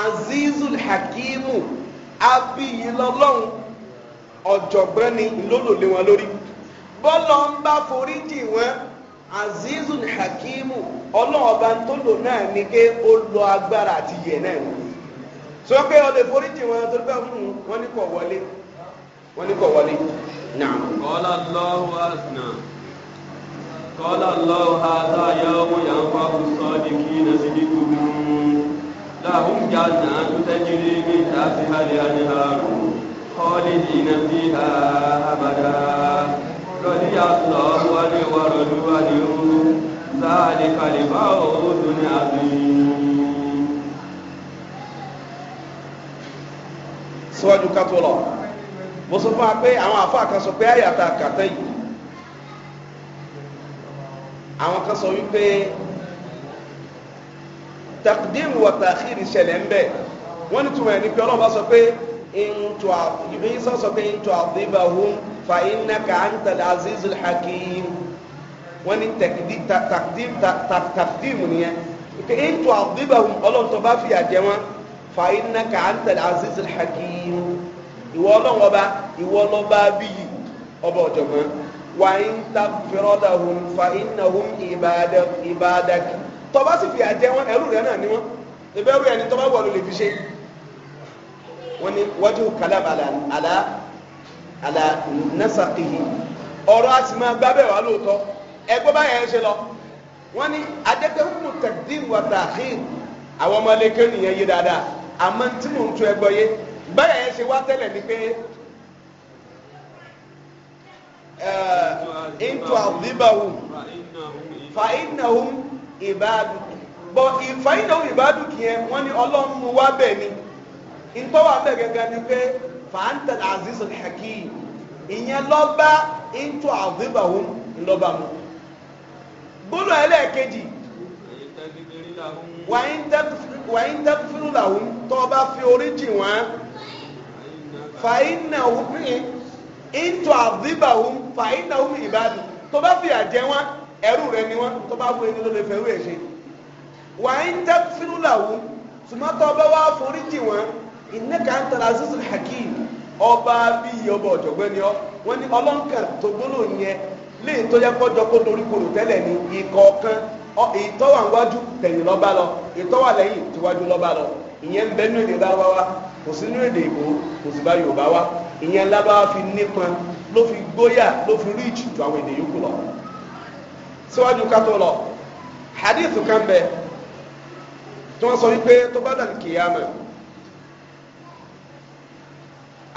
azizul hakimu abiyi lọ́lọ́run ọ̀jọ̀gbọ́n ni ńlọ́lọ́lé wọn lórí bọ́lọ̀ ń bá foríjì wọn azizun hakimu ọlọ́run ọba tó lò náà ni pé ó lọ agbára àti yẹ náà ni sọ pé ó lè foríjì wọn tó bá fún wọn ní kò wọlé wọn ní kò wọlé náà. kọ́lá lọ́wọ́ àsìnà kọ́lá lọ́wọ́ àtà yẹ́wò yàn fà sọ́ di kí iná sí ní gbogbo láhùn jà náà tó tẹ́jú ní ní ìdásí hàlẹ́ àdìhàrù kọ́lé dì iná sí ha abàdá. رضي الله عنه ورضوا عنه ذلك لفوز عظيم síwájú ká tó lọ mo sọ fún wa pé àwọn àfa kan sọ pé àyàtà kàtẹ́ yìí àwọn kan sọ wípé takdim wa takhir ṣẹlẹ̀ ń bẹ̀ wọ́n ní túmọ̀ ẹ̀ pé ọlọ́run sọ pé ìbí sọ sọ pé ìntò àbí hùn fa innaka antal azizul hakim wọ́n ní takdim nìyẹn nke ètò àdìbàhùn ọlọ́ntọ́ bá fìyà jẹ wọn fa innaka antal azizul hakim ìwọ ọlọ́wọ́ba ìwọ ọlọ́ba bíyì ọba ọ̀jọ̀gbọ́n wa in tagfiradahum fa innahum ibadak tó bá sì fìyà jẹ wọn ẹrú rẹ náà ni wọn ìbẹ̀rù ẹni tó bá wọ̀ ló lè fi ṣe wọ́n ní wajhu kalam àlà nasakihi ọ̀rọ̀ a sì máa gbábẹ́ wà lóòótọ́ ẹgbẹ́ báyẹn ṣe lọ wọ́n ní adẹ́tẹ́ hukumu takdir wa ta'khir àwọn ọmọ ẹlẹ́kẹ́ nìyẹn yé dáadáa àmọ́ tí mò ń tún ẹgbọ́ yé báyẹn ṣe wá tẹ́lẹ̀ ni pé into abdulbawu fa ibadu bọ fa ibadu kìí yẹn wọ́n ní ọlọ́run mu wá bẹ́ẹ̀ ni ntọ́wà bẹ́ẹ̀ ni pé fàǹtà aziz hakim ìyẹn lọ́ba into azibahum ńlọ́ba mu gbọ́dọ̀ ẹlẹ́ẹ̀kejì wà ń tẹ́kùfínú làwọn tó bá fi orí jì wọ́n fàyínà òfin into azibahum fàyínà òfin ìbàdàn tó bá fìyà jẹ wọ́n ẹrú rẹ ni wọ́n tó bá wọ ẹni ló lè fẹ́ wíwẹ̀ ṣe wà ń tẹ́kùfínú làwọn tùmọ́tò ọba wa forí jì wọ́n ìnẹ́ka ń tara azizul hakim ọba bíyì ọba ọ̀jọ̀gbẹ́ni ọ wọ́n ní ọlọ́nkà tó gbóló yẹn léè tó yẹ kọjọ kó dorí koro tẹ́lẹ̀ ní ìkọ̀ọ̀kan ìtọ́wà wájú tẹ̀yìn lọ́ba lọ ìtọ́wà lẹ́yìn tíwájú lọ́ba lọ ìyẹn ń bẹ nínú èdè lárúbáwá kò sí nínú èdè ìbò kò sì bá yorùbá wá ìyẹn lárúbáwá fi nípọn ló fi gbóyà ló fi ríjì ju àwọn èdè yòókù lọ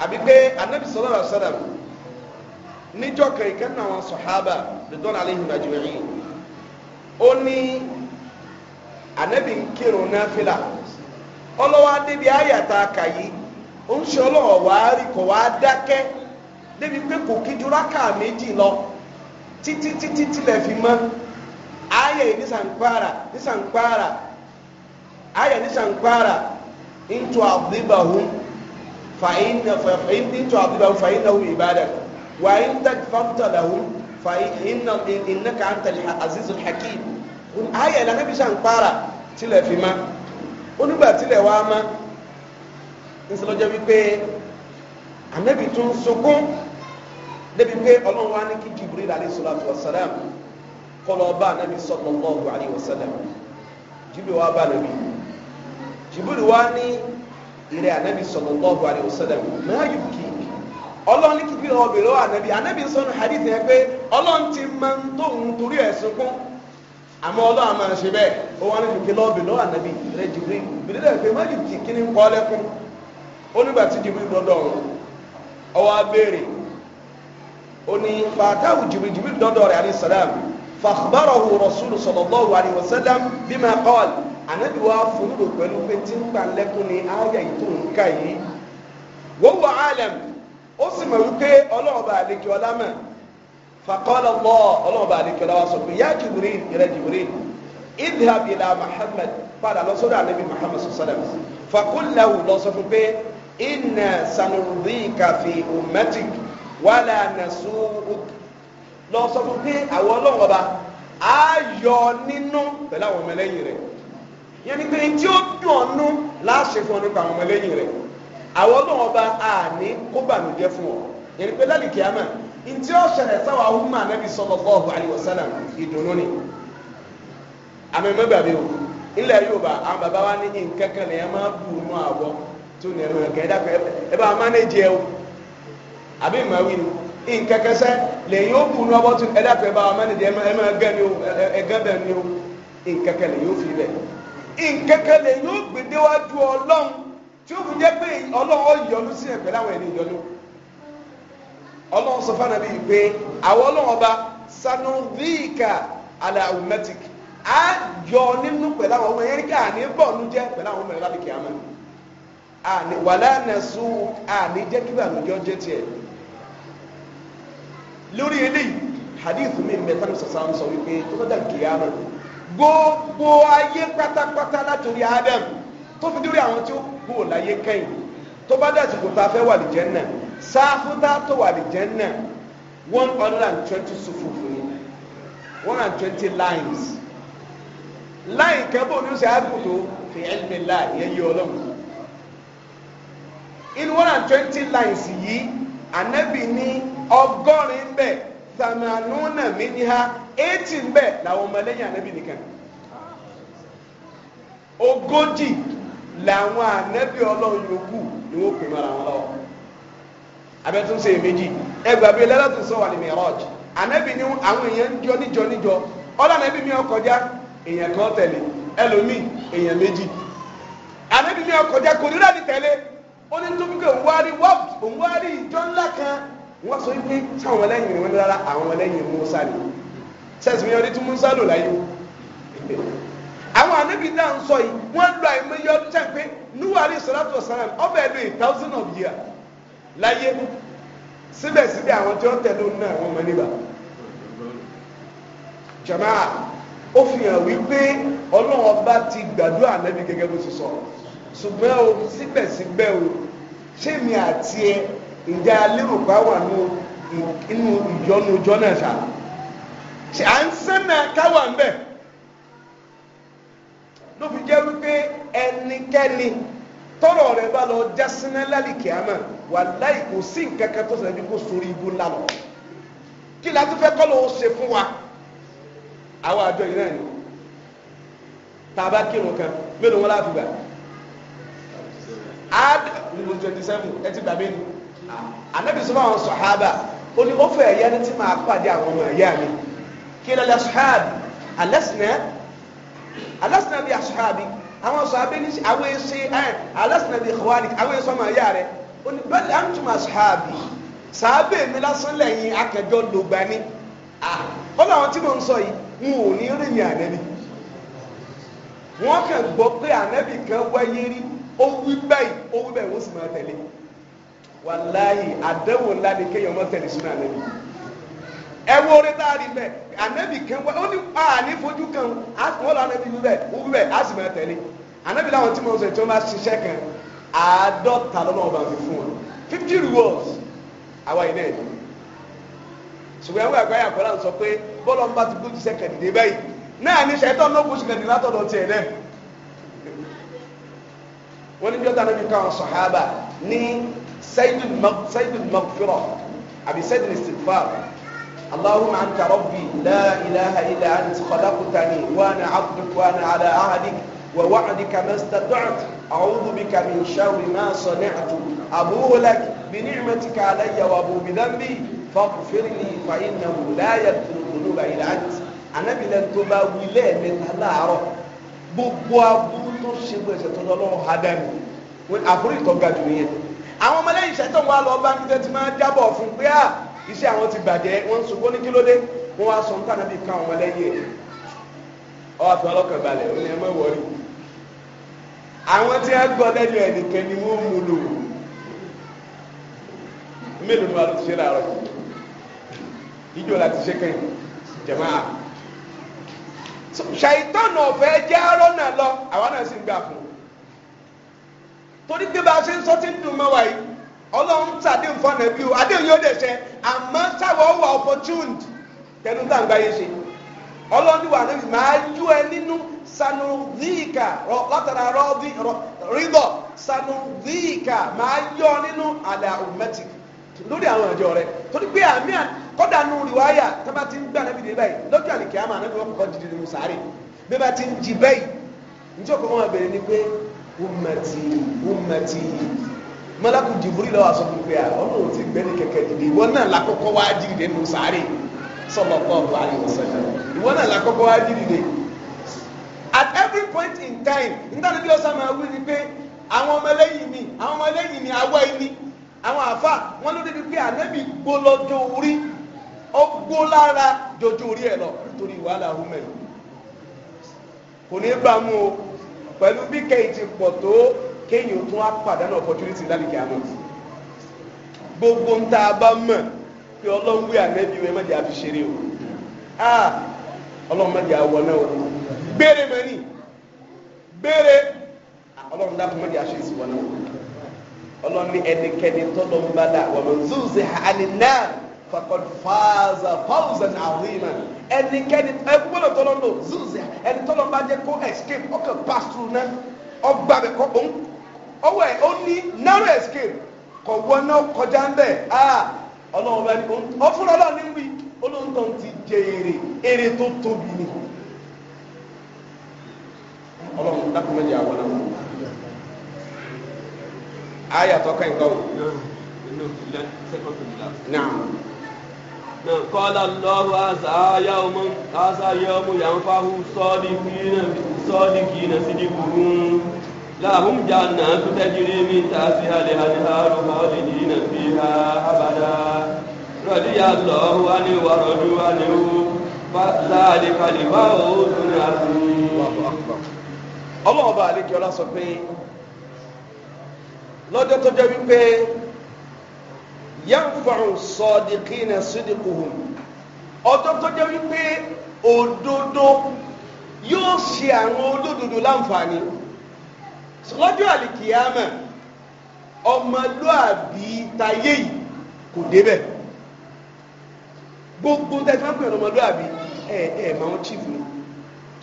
àbí pé anabi sallallahu alaihi wasallam níjọ́ kan ìkànnì àwọn sọ̀hábà ridwan alaihim ajma'in ó ní anabi ń kírun náfìlà ọlọ́wọ́ adébi ayàtà kàyí ó ń ṣe ọlọ́wọ́ wàá rí kò wàá dákẹ́ débi pé kò kí ju rákà méjì lọ títí títí tilẹ̀ fi mọ́ ayẹ̀ nísàǹkpara nísàǹkpara ayẹ̀ nísàǹkpara ń tu àbúrò ìbàwọ́. فإن فإن تعذبهم فإنه عبادك وإن تكفرت له فإن إنك أنت العزيز الحكيم ayé la Nábì sàn para tilẹ̀ fi ma onígbà tilẹ̀ wá ma nsọlọ́jọ́ wípé Ànábì tún sunkún débi pé ọlọ́run wa kí Jibril alayhi salatu wa salam kọlọ ọba Ànábì sallallahu alayhi wa salam Jibril wa bá Ànábì Jibril wa ìrẹ́ ànábì sallallahu alaihi wasallam máa yù kí ọlọ́run ní kíkiri ọbẹ̀ lọ́wọ́ ànábì ànábì sọnù hadith yẹn pé ọlọ́run ti máa ń tóun torí ẹ̀ sunkún àmọ́ ọlọ́run àmọ́ ṣe bẹ́ẹ̀ ó wọn ní kíkiri ọbẹ̀ lọ́wọ́ ànábì rẹ̀ jìbìrì jìbìrì rẹ̀ alayhi salam fa akhbarahu rasulu sallallahu alaihi wasallam bima ànábì wa fúnrò pẹ̀lú pé tí ń gbà lẹ́kùn ní àyà ètò nǹka yìí wọ́n wọ àlẹ́m ó sì mọ̀ wípé ọlọ́ọ̀bà àlekè ọlá mọ̀ faqala Allah ọlọ́ọ̀bà àlekè ọlá wa sọ pé yá Jibril ìrẹ Jibril idhhab ila Muhammad padà lọ sọ́dọ̀ ànábì Muhammad sọ́dọ̀ faqul lahu lọ sọ fún pé inna sanurdika fi ummatik wala nasuuk lọ sọ fún pé àwọn ọlọ́ọ̀bà á nínú pẹ̀lú àwọn ọmọlẹ́yìn rẹ̀ yẹn ni pé tí ó dùn ọ́nú láṣẹ fún ọ nípa àwọn ọmọlẹ́yìn rẹ̀ àwọn ọlọ́wọ́n ọba àní kó bànújẹ́ fún ọ yẹn pé lálẹ́ kíámà ntí ó ṣẹlẹ̀ sáwọn ahúmọ̀ anábì sallallahu alaihi wasallam ìdùnnú ni àmì mẹ́bàbí o ilẹ̀ Yorùbá àwọn bàbá wa ní nǹkan kan lè máa bù nù àwọ̀ tó ní ẹnu ẹ̀kẹ́ ẹ̀dá kan ẹ bá máa ní jẹ o àbí màwí ni nǹkan kan sẹ́ lè yóò bù nù àwọ̀ tó ẹ̀dá kan ẹ bá máa ní jẹ ẹ máa gẹ́ ni o ẹ̀gẹ́ bẹ́ẹ̀ ni o nǹkan kan lè yóò fi bẹ́ẹ̀. nǹkan kan lè yóò gbé déwájú tí o fi pé ọlọ́run ó yọnu sí ẹ̀pẹ́ láwọn ẹni yọnu sọ fún anabi ọba sanudika ala umetic a yọ nínú pẹ̀lú àwọn ọmọ yẹn ká ní bọ́ọ̀lù jẹ́ pẹ̀lú àwọn ọmọ yẹn lábìkì àmọ́ kí bàbá lórí eléyìí hadith mi ní sọ wípé tó bá dà gbogbo ayé pátápátá látòrí Adam tó fi dúró àwọn tí ó kú ò láyé kẹ́yìn tó bá dà sìkò tá a fẹ́ wà lè náà sáfútà tó wà lè náà one hundred and twenty sufufu ni one hundred and twenty lines line kẹ́bọ̀ ní sẹ́ àgùntò fi ẹ̀mí láì yẹ yí ọlọ́run in one hundred and twenty lines yìí ànábì ní ọgọ́rin bẹ́ẹ̀ tàmánú nàmí ní ha. eighteen ti làwọn na ànábì nìkan ogójì làwọn ànábì ọlọ́run yòókù ni wọ́n pè mọ́ra wọn lọ́wọ́ abẹ́tún ṣe èméjì ẹgbẹ́ bíi sọ ni àwọn èèyàn níjọ níjọ mi ó èèyàn kan tẹ̀lé ẹlòmíì èèyàn méjì anabi mi ó kọjá kò ní láti tẹ̀lé ó ní ìjọ ńlá kan sọ ni sẹ́sìn mi ọdún tí musa lò láyé àwọn anabi dá ń sọ yìí wọ́n lọ àìmọye ọdún tẹ̀ pé nuwari salatu wasalam ọbẹ̀ ẹ̀dùn eight thousand of year láyé síbẹ̀síbẹ̀ àwọn tí wọ́n tẹ̀lé òun náà wọ́n mọ níbà jamaa ó fi hàn wípé ọlọ́run ọba ti gbàdúrà anabi gẹ́gẹ́ bó ti sọ ṣùgbọ́n o síbẹ̀síbẹ̀ o ṣé mi àti ẹ ǹjẹ́ alérò bá wà nínú ìyọnu ọjọ́ náà ṣáà ansa na ká wà ń bẹ ló fi jẹ́ wípé ẹnikẹ́ni tọ́rọ̀ rẹ̀ bá lọ jásínà lálìkì àmà wàláhì kò sí nǹkan kan tó ṣẹlẹ̀ bí kò sórí ibú ńlá lọ kí la tún fẹ́ kọ́ ló ṣe fún wa àwọn àjọ yìí náà ni tá a bá kírun kan mélòó wọn láàfin ad nínú twenty seven ẹ ti gbà mí ni ànábìsọ fún àwọn sọ̀hábà ó ní ó fẹ́ ẹ̀yá ní tí màá pàdé àwọn ọmọ ẹ̀yá mi kílẹ̀ lẹ́sùhábì alẹ́sìnà alẹ́sìnà bíi àṣùhábì àwọn sàhábì ní àwọn ẹsẹ alẹ́sìnà bíi ìkọ̀wáni àwọn ẹsẹ ọmọ ẹ̀yà rẹ̀ oníbẹ̀lẹ̀ àǹtùmọ̀ àṣùhábì sàhábì mi lásán lẹ́yìn akẹjọ lògbà ni ó láwọn tí mò ń sọ yìí n ò ní rìn ní ànẹ́bí wọ́n kàn gbọ́ pé ànẹ́bí kan wáyé rí ó wí báyìí ó wí báyìí wọ́n sì máa tẹ̀lé wàláyé àdéhùn ńlá ni kéèyàn mọ́ tẹ̀lé sínú ànẹ́bí ẹ wo orí tá a rí bẹ anabi kan wá ó ní a ní fojú kan a sì wọ́n lọ anabi wí bẹ́ẹ̀ wú bẹ́ẹ̀ a sì máa tẹ̀lé anabi làwọn tí mo sọ tí wọ́n bá ṣiṣẹ́ kan àádọ́ta lọ́nà ọba mi fún wọn fifty rewards àwa yìí náà yìí ṣùgbọ́n ẹ̀wọ̀n àgbáyà kọ́lá sọ pé bọ́lá ń bá ti gbójú sẹ́kẹ̀ dìde báyìí náà ní sẹ́tọ́ náà kó sùkẹ̀ dìde látọ̀dọ̀ tiẹ̀ náà wọ́n ní jọ́ta níbi káwọn sàhábà ní sayyidul maghfirah àbí sayyidul istighfar اللهم أنت ربي لا إله إلا أنت خلقتني وأنا عبدك وأنا على عهدك ووعدك ما استطعت أعوذ بك من شر ما صنعت أبوء لك بنعمتك علي وأبوء بذنبي فاغفر لي فإنه لا يغفر الذنوب إلا أنت Ànábì lẹni tó bá wí lẹ́ẹ̀mẹ́ta láàárọ̀ gbogbo aburú tó ṣe bó ẹsẹ̀ tó lọ́wọ́ hadani àbúrò ìtọ́gàjù nìyẹn àwọn ọmọlẹ́yìn ṣẹ́tọ̀ wa lọ bá ń tí máa jábọ̀ fún pé à iṣẹ́ àwọn ti bàjẹ́ wọ́n ń sunkún ní kí ló dé wọ́n wá sọ nǹkan níbi kan ọmọ lẹ́yìn ẹ̀ ọwọ́ àti ọlọ́kàn balẹ̀ ó ní ẹ mọ̀ wọ́rí àwọn tí wọ́n gbọ́ lẹ́yìn ẹ̀ nìkan ni wọ́n mú lò mélòó ni wàá ló ti ṣe láàárọ̀ ìjọ la ti ṣe kẹ́yìn jẹ̀mọ́ à ṣàìtàn ọ̀fẹ́ jẹ́ arọ́nà lọ àwọn náà sì ń gbà fún un torí pé bá a ṣe ń sọ ti ń dùn mọ́ wáyé ọlọ́run sàdé nǹkan nàbí o àdéhùn yóò dẹ̀ ṣẹ àmọ́ sáwọ́ wà opportunity tẹnu tá à ń gbáyé ṣe ọlọ́run wà níbi máa yú ẹ nínú sanudíìkà látara rídọ̀ sanudíìkà máa yọ nínú àlà òmẹ́tì lórí àwọn àjọ rẹ torí pé àmì kọ́dà nù rìwáyà tó bá ti ń gbà nàbí dé báyìí lójú àlìkè àmà nàbí wọn kọ́kọ́ dìde nínú sàárè bí ti ń jí báyìí níjọ́ wọn bẹ̀rẹ̀ ni pé ummati ummati mọ́lákù jìbúrí lọ́wọ́ aṣọ ah, gbogbo ọ̀nà ò ti gbẹ́ni kẹ̀kẹ́ dìde ìwọ náà lakọ́kọ́ wá jìdìde nù sáré sallallahu alaihi wasallam ìwọ náà lakọ́kọ́ wá jìdìde at every point in time nítorí bí ọ̀sán máa wí ni pé àwọn ọmọ ẹlẹ́yìn mi àwọn ọmọ ẹlẹ́yìn mi awọ́ ẹni àwọn àfa wọn ló débi pé ànábì gbó lọ́jọ́ orí ó gbó lára jọjọ́ orí ẹ̀ lọ nítorí wàhálà húmẹ̀ kò ní bá mú o pẹ̀lú bí kẹ́hìn ti pọ̀ tó kéèyàn tún á pàdánù opportunity lálùkì àmọ́ gbogbo ń tá a bá mọ̀ pé ọlọ́run wí ànẹ́bí wẹ́n mẹ́jẹ̀ àfi ṣeré o ọlọ́run mẹ́jẹ̀ àwọ̀ náà o béèrè mẹ́ni béèrè ọlọ́run dákun mẹ́jẹ̀ àṣẹ ìsìnwọ̀n náà ọlọ́run ní ẹnikẹ́ni tọ́lọ́ ń bá dà wọ́n zúzẹ̀ àníná fakọd fàáza fawzan àwìmá ẹnikẹ́ni ẹgbọ́n tọ́lọ́ ń lò zúzẹ̀ ẹni tọ́lọ́ bá jẹ́ kó escape ọkọ̀ pass through náà ọgbà bẹ̀ kọ́ ọwọ́ ẹ̀ ó ní narrow escape kọ̀ wọná kọjá ń bẹ̀ ah ọlọ́run bá ní ó fún ọlọ́run ní wí olóńtọ́ ti jẹ èrè èrè tó tóbi ni ọlọ́run dákun méjì àwọn náà ayé àtọ́ka ìgbà wò. naam. قال الله هذا يوم هذا يوم ينفع الصادقين الصادقين صدقهم لهم جنات تجري من تحتها الأنهار خالدين فيها أبدا رضي الله عنه ورضوا عنه ذلك الفوز العظيم ọlọ́ọ̀bá àlekíọ́lá sọ pé lọ́jọ́ tó jẹ́ wípé yanfa'u sadiqina sidquhum ọjọ́ tó jẹ́ wípé òdodo yóò ṣe àwọn olódodo láǹfààní lọ́jọ́ àlìkìyàmẹ̀ ọmọlúàbí tayé yìí kò débẹ̀ gbogbo tẹ́tí wọn pè é ọmọlúàbí ẹ ẹ mọ àwọn chief ni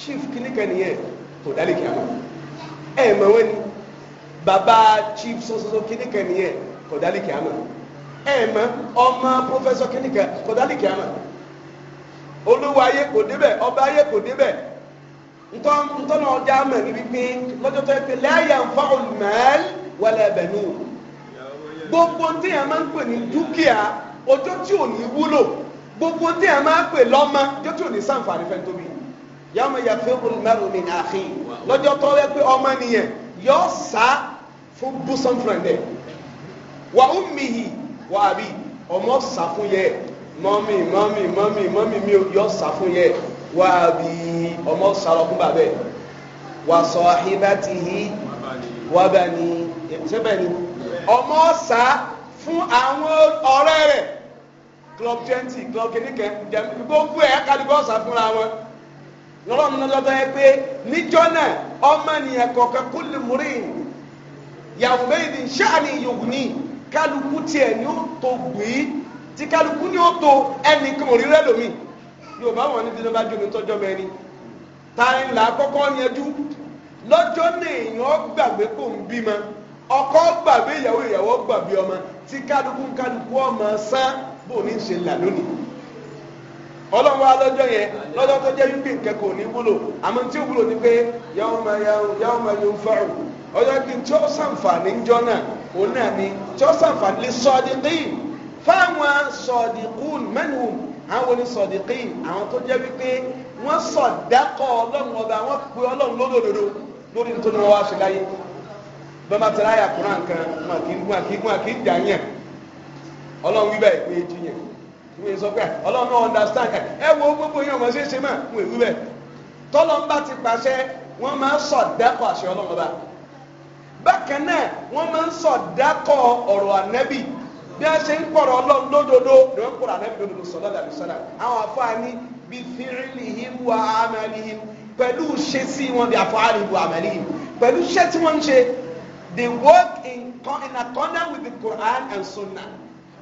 chief kíníkà nìyẹn kò dálé kìyàmẹ̀ ẹ mọ wọn ni bàbá chief sososo kíníkà nìyẹn kò dálé kìyàmẹ̀ ẹ mọ ọmọ professor kíníkà kò dálé kìyàmẹ̀ olówó ayé kò débẹ̀ ọba ayé kò débẹ̀ ntọ́nà ọjà mọ̀ ní wípé lọ́jọ́ tó yẹ pé láyà ń fa olùmọ̀ẹ́lì wọlé ẹbẹ̀ nù. gbogbo téèyàn máa ń pè ní dúkìá ọjọ́ tí ò ní wúlò gbogbo téèyàn máa ń pè lọ́mọ ọjọ́ tí ò ní sàǹfààní fẹ́ tóbi. yàmọ yàfẹ́ olùmọ̀ẹ́lì mi ní àfi lọ́jọ́ tó yẹ pé ọmọ nìyẹn yọ sá fún bùsàn fúnrẹ̀ndẹ̀ wà ó mìhì wà á bí ọmọ sá fún yẹ mọ́mì mọ́mì mọ́mì mọ́mì mi yọ sá fún yẹ wà á bí ọmọ sàrọ̀ fún bàbá ẹ̀ wà sọ ahibatihi wà bá ní ṣẹ́bẹ̀ ni ọmọ sá fún àwọn ọ̀rẹ́ rẹ̀ club twenty club kìnnìkẹ́ gbogbo ẹ̀ kálíbọ̀ sá fúnra wọn lọ́lọ́run náà lọ́dọ̀ ẹ pé níjọ́ náà ọmọnìyàn kọ̀ọ̀kan kó lè múrí yàwó méjì ṣáàní yògùnì kálukú tiẹ̀ ni ó tó gbé tí kálukú ni ó tó ẹnì kan rí rẹ́ lómi yorùbá wọn ní tinubu ajomi tọjọ mẹ́rin táyìn là kọ́kọ́ yẹjú lọ́jọ́ nìyẹn gbàgbé kò ń bímọ ọkọ gbàgbé ìyàwó ìyàwó gbàgbé ọmọ tí kálukú kálukú ọmọ sán bò ní ṣe là lónìí ọlọ́run wa lọ́jọ́ yẹn lọ́jọ́ tó jẹ́ wípé nǹkan kò ní wúlò àmọ́ tí ó wúlò ni pé yàwó ma yàwó ma yóò fà ó ọjọ́ kí tí ó sàǹfààní ń jọ náà òun náà ni tí ó sàǹfààní lè sọ̀dí dín fáwọn sọ̀dí kùn mẹ́nu àwọn onísọ̀dìkì àwọn tó jẹ́ wípé wọ́n sọ̀dákọ̀ ọlọ́run ọba wọ́n pe ọlọ́run lódodo lórí nítorí wọn wá ṣe láyé bẹ́ẹ̀ máa tẹ̀lé àyàkùnrin nǹkan wọn kì í gún àkì í gún àkì í jà yẹn ọlọ́run wíbẹ̀ ìpè é jiyàn wọ́n sọ pé ọlọ́run náà understand ẹ̀ ẹ wo gbogbo yẹn wọ́n ṣe é ṣe mà wọ́n wíbẹ̀ tọ́lọ́ ń bá ti pàṣẹ wọ́n máa ń sọ̀dákọ̀ àṣẹ ọlọ́run ọba bákan náà wọ́n máa ń sọ̀dákọ̀ ọ̀rọ̀ ànẹ́bì bí a ṣe ń pọ̀rọ̀ ọlọ́run lódodo ló ń pọ̀rọ̀ ànábì lódodo sọ̀lá dàbí sọ̀lá àwọn afáàní bíi fíìlìhìm wà wọn bíi afáàní wà àmàlìhìm pẹ̀lú ṣe tí wọ́n ń ṣe they work in, in accordance with the Quran and Sunnah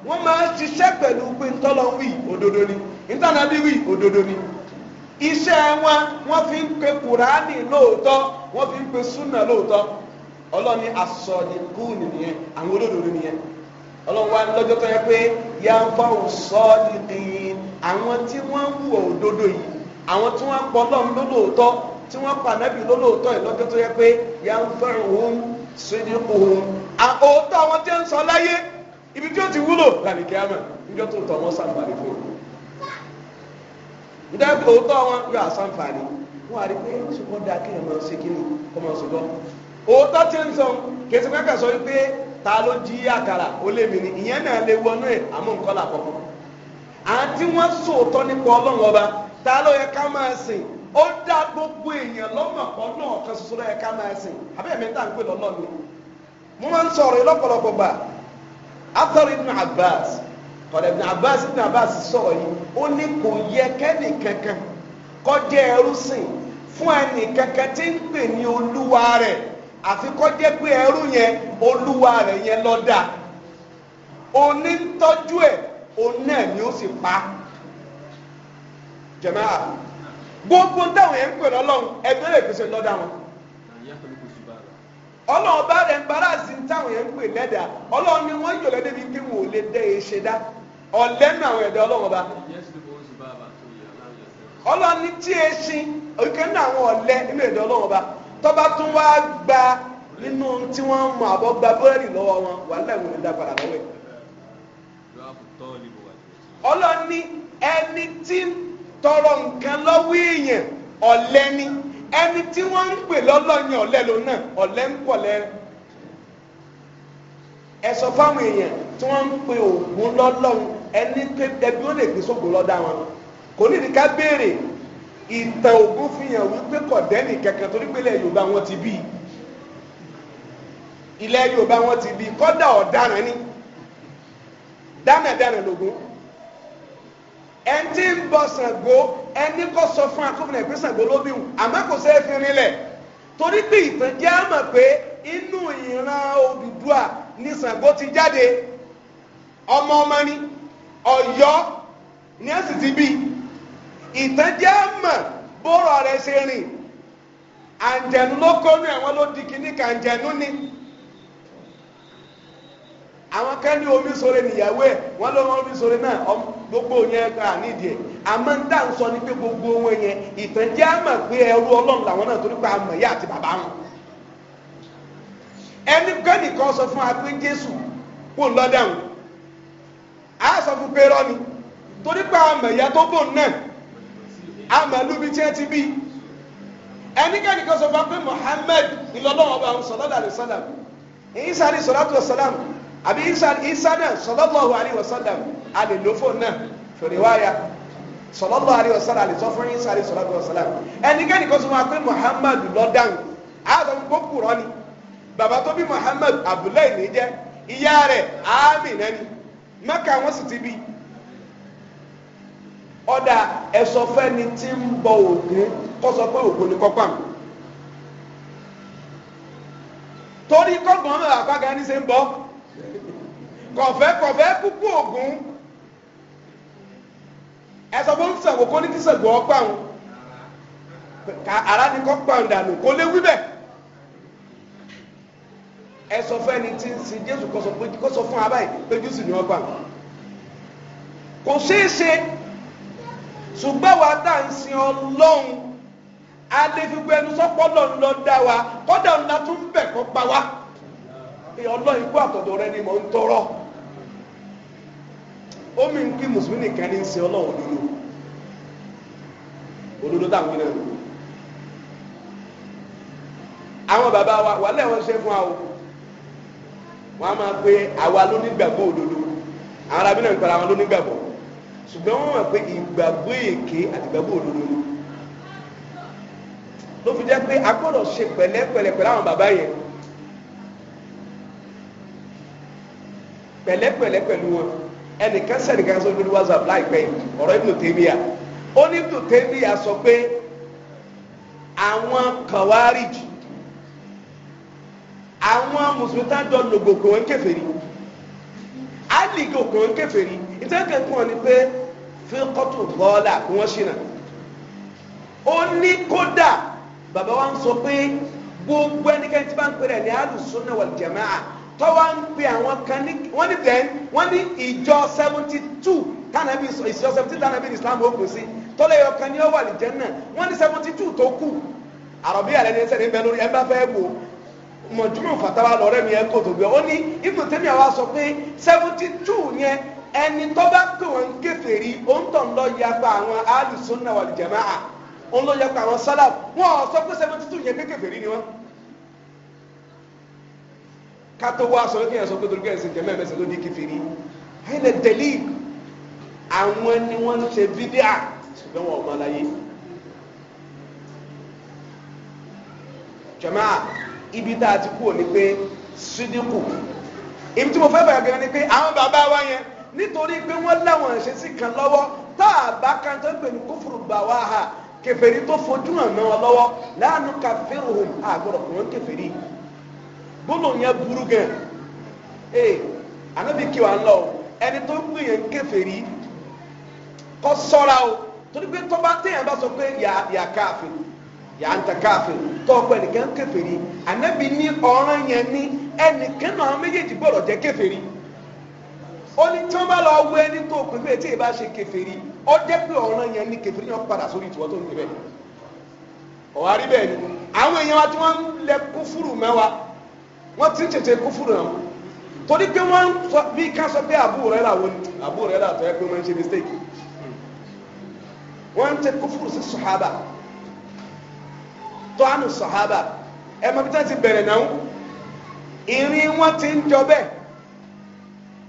wọ́n máa ṣiṣẹ́ pẹ̀lú pé wí òdodo ni wí òdodo ni iṣẹ́ ọlọ́run wá lọ́jọ́ tó yẹ pé yá ń fa òsọ́ọ̀dì dìín àwọn tí wọ́n ń wù òdodo yìí àwọn tí wọ́n pọ̀ lọ́run lólóòótọ́ tí wọ́n pa nẹ́bì lólóòótọ́ yìí lọ́jọ́ tó yẹ pé yá ń fẹ́ òun sídi òun òótọ́ àwọn tí ń sọ láyé ibi tí ó ti wúlò lànìkẹ́ àmà níjọ́ tó tọ̀ wọ́n sàǹfààní fún un nígbà tó wọn yóò àsàǹfààní wọn àrí pé ṣùgbọ́n dáa kéèyàn máa ń ṣe kíni ta ló jí àkàrà ó lé mi ni ìyẹn náà lè wọnú ẹ̀ àmú nǹkan là kọ́kọ́ àti wọ́n sòótọ́ nípa ọlọ́run ọba ta ló yẹ ká máa sìn ó dá gbogbo èèyàn lọ́mọ̀ ọ̀kan ṣoṣo ló ká máa sìn àbẹ́ẹ̀mí tá à ń pè mi mo máa ń sọ̀rọ̀ lọ́pọ̀lọpọ̀ gbà Abbas kọjá ẹrú sìn fún ẹnì kankan tí ń pè ní olúwa àfi kọ́ jẹ́ pé ẹrú yẹn olúwa rẹ̀ yẹn ló dá onítọ́jú ẹ̀ òun náà ni ó sì pa gbogbo táwọn yẹn ń pè lọ́lọ́run ẹgbẹ́ rẹ̀ pèsè lọ́dà wọn ọlọ́run rẹ̀ ń bára sí táwọn yẹn ń pè ni wọ́n yọ̀ lẹ́dẹ̀ẹ́bí kí ò lè dẹ́ ṣe dá ọ̀lẹ́nu àwọn ẹ̀dá ọlọ́run ọlọ́run tọ́ba tún wá gba nínú tí wọ́n mọ àbọ̀ gba búrẹ́dì lọ́wọ́ wọn wàhálà ìwọ̀n ní dàgbàrà lọ́wọ́ ẹ̀. ọlọ́ni ẹni tí ń tọrọ nǹkan lọ́wọ́ èèyàn ọ̀lẹ ni ẹni tí wọ́n ń pè lọ́lọ́yin ọ̀lẹ ló náà ọ̀lẹ ń pọ̀lẹ́ ẹ sọ fáwọn èèyàn tí wọ́n ń pe òògùn lọ́lọ́run ẹni pé ẹbí ó lè gbé sóògùn lọ́dá wọn kò ní ìdíkà béèrè ìtàn Ògún fi hàn wípé kọ̀dẹ́nì kankan torí pé ilẹ̀ Yorùbá wọn ti bí ilẹ̀ Yorùbá wọn ti bí kọ́dà ọ̀daràn ni dánadánà lògún ẹni tí ń bọ Ṣàngó ẹni kò sọ fún akófinà ìpín Ṣàngó lóbi àmọ́ kò sẹ́ fi rinlẹ̀ torí pé ìtàn jẹ́ àmọ̀ pé inú ìran Odùduwà ni Ṣàngó ti jáde ọmọ ọmọ ni Ọ̀yọ́ ni ẹ ti bí ìtànjẹ́ àmà a rẹ̀ ṣe rìn àǹjẹ̀nu ló kọ́nú ẹ̀wọ́n ló di kíní kà ni àwọn kẹ́ni omi sọ̀rọ̀ nìyàwó ẹ̀ wọ́n lọ́wọ́ omi sọ̀rọ̀ náà gbogbo yẹn kà nídìí ẹ̀ àmọ́ ń dá ni pé gbogbo wọn yẹn ìtànjẹ́ pé ẹrú ọlọ́run làwọn náà torí pé àmọ̀ ìyá àti bàbá fún Jésù a sọ fún pé rọ́ni torí pé àmọ̀ tó amalubi tí ẹ ti bí ẹnikẹ́ni kan sọ fún wa pé Muhammad ìlọ́lọ́wọ́ bá ń sallallahu alaihi wasallam Isa ni salatu wasalam àbí Isa náà sallallahu alaihi wasallam àlèlófò náà fèrèwáyà sallallahu alaihi wasallam àlèsọ fún Isa ni salatu wasalam ẹnikẹ́ni kan sọ fún wa pé Muhammad àtọ̀ gbogbo kùrọ̀ ni bàbá tó bí Muhammad Abdullahi jẹ́ ìyá rẹ̀ Amina ni Mẹ́kà wọ́n sì ti bí ọ̀dà ẹ̀sọ́ fẹ́ni tí ń bọ ògún kó sọ pé ògún ni kọ́pà mi. torí kọ́gbọ́n náà àpága ní ṣe ń bọ́ kọ̀fẹ́ kọ̀fẹ́ kúkú ògún ẹ̀sọ́ fún Ṣàngó kó ní kí Ṣàngó ọ̀pá wọn ara ni kọ́pà ń dànù kó lé wí bẹ́ẹ̀ ẹ̀sọ́ ń sin Jésù kó sọ fún abáyé pé Jésù ni ọ̀pá kò ṣeé ṣe. ṣùgbọ́n wa isi à ọlọ́run a lè fi gbé ẹnu lọ dá wa kọ́dà ńlá tún ń bẹ̀ kọ́ pa wa ọlọ́run ikú àtọ̀dọ̀ rẹ ni mò ń tọrọ ó ń kí mùsùlùmí nìkan ní wa wà lẹ́wọ̀n ṣe fún máa pe ṣùgbọ́n wọ́n mọ̀ pé ìgbàgbọ́ èké àti ìgbàgbọ́ òdodo ni ló fi jẹ́ pé a gbọ́dọ̀ ṣe pẹ̀lẹ́pẹ̀lẹ́ pẹ̀lú àwọn bàbá yẹn pẹ̀lẹ́pẹ̀lẹ́ pẹ̀lú wọn ẹnìkan sẹ́nìkan sọ lórí whatsapp láìpẹ́ ọ̀rọ̀ Ibn Taymiyyah ó ní Ibn Taymiyyah sọ pé àwọn kàwárìjì àwọn mùsùlùmí tá a jọ lògòkò wọn kèfèrí á lè gòkò wọn kèfèrí ìtẹ́kẹ̀ kan ni pé fíkọ́tù bọ́ọ̀là kí wọ́n ṣìnà ó ní kódà bàbá wa ń sọ pé gbogbo ẹnikẹ́ni tí bá ń pèrè ní alùsùnà wal jamaa tọ́wọ́ ń pè àwọn kan ní wọ́n ní bẹ́ẹ̀ wọ́n ní ìjọ seventy two tánàbí ìṣọ́ seventy tánàbí islam ó kù sí tọ́lẹ̀ kan ní ọwọ́ àlìjẹ́nà wọ́n ní seventy two tó kù àròbí àlẹ́ ní sẹ́ni bẹ́ẹ̀ lórí ẹ bá fẹ́ wò mọ̀júmọ̀ fatawa lọ́rẹ́ mi ẹ̀ kó tó gbé ọ ní ibùdó tẹ́mi sọ pé seventy two yẹn ẹni tó bá pè wọ́n ń kèfèrí òǹtọ̀ ń lọ yapa àwọn alùsùnà wal jàmáà òun ló yapa àwọn sálàf wọn ò sọ pé seventy two yẹn pé kèfèrí ni wọn. kátó wá sọ kí yẹn sọ pé dorúkọ ẹ̀sìn jẹ́mẹ́ ẹ̀mẹ́sẹ̀ ló di kèfèrí ẹ̀yìnlẹ̀ tẹ̀lé àwọn ni wọ́n ń ṣe bídíà ṣùgbọ́n wọn ò mọ aláyé. jàmáà ibi tá a ti kú ò ní pé sídìkù ibi tí mo fẹ́ bẹ̀rẹ̀ ni pé àwọn bàbá wa yẹn nítorí pé wọ́n láwọn ìṣesí kan lọ́wọ́ tá a bá kan tó ń pè ní kófòrò gbà wá ha kèfèrí tó fojú hàn náà lọ́wọ́ láàánú kàfẹ́rù hùm àgọ́dọ̀ kò ń kèfèrí gbólóhùn yẹn burú gan ee ànábì kí wàá ń lọ ẹni tó ń pè yẹn kèfèrí kó ṣọ́ra o torí pé tọ́ba téèyàn bá sọ pé yà káàfin yà ń ta káàfin tọ́ọ̀pọ̀ ẹnìkan kèfèrí ànábì ní ọ̀ràn yẹn ní ẹnìkan náà méjèèjì gbọ́dọ̀ jẹ́ kèfèrí ó ní tí wọ́n bá lọ wọ ẹni tó pè mí ètí ìbá ṣe ó jẹ́ pé ọ̀ràn yẹn ní kèfèrí yẹn padà sórí ìtúwọ́ tó ń gbé bẹ́ẹ̀ ọ̀wá bẹ́ẹ̀ ni àwọn èèyàn wa tí wọ́n ń lẹ kúfúrú mẹ́wàá wọ́n ti ń tètè kúfúrú náà torí pé wọ́n sọ bí ká sọ pé àbúrò rẹ̀ làwọn àbúrò rẹ̀ làtọ̀ ẹ pé wọ́n ń ṣe mistake wọ́n ń tẹ kúfúrú sí sọ̀hábà tọ́ánù sọ̀hábà ẹ̀ mọ̀ bí tẹ́ ti bẹ̀rẹ̀ náà ìrìn wọn ti ń jọ bẹ́ẹ̀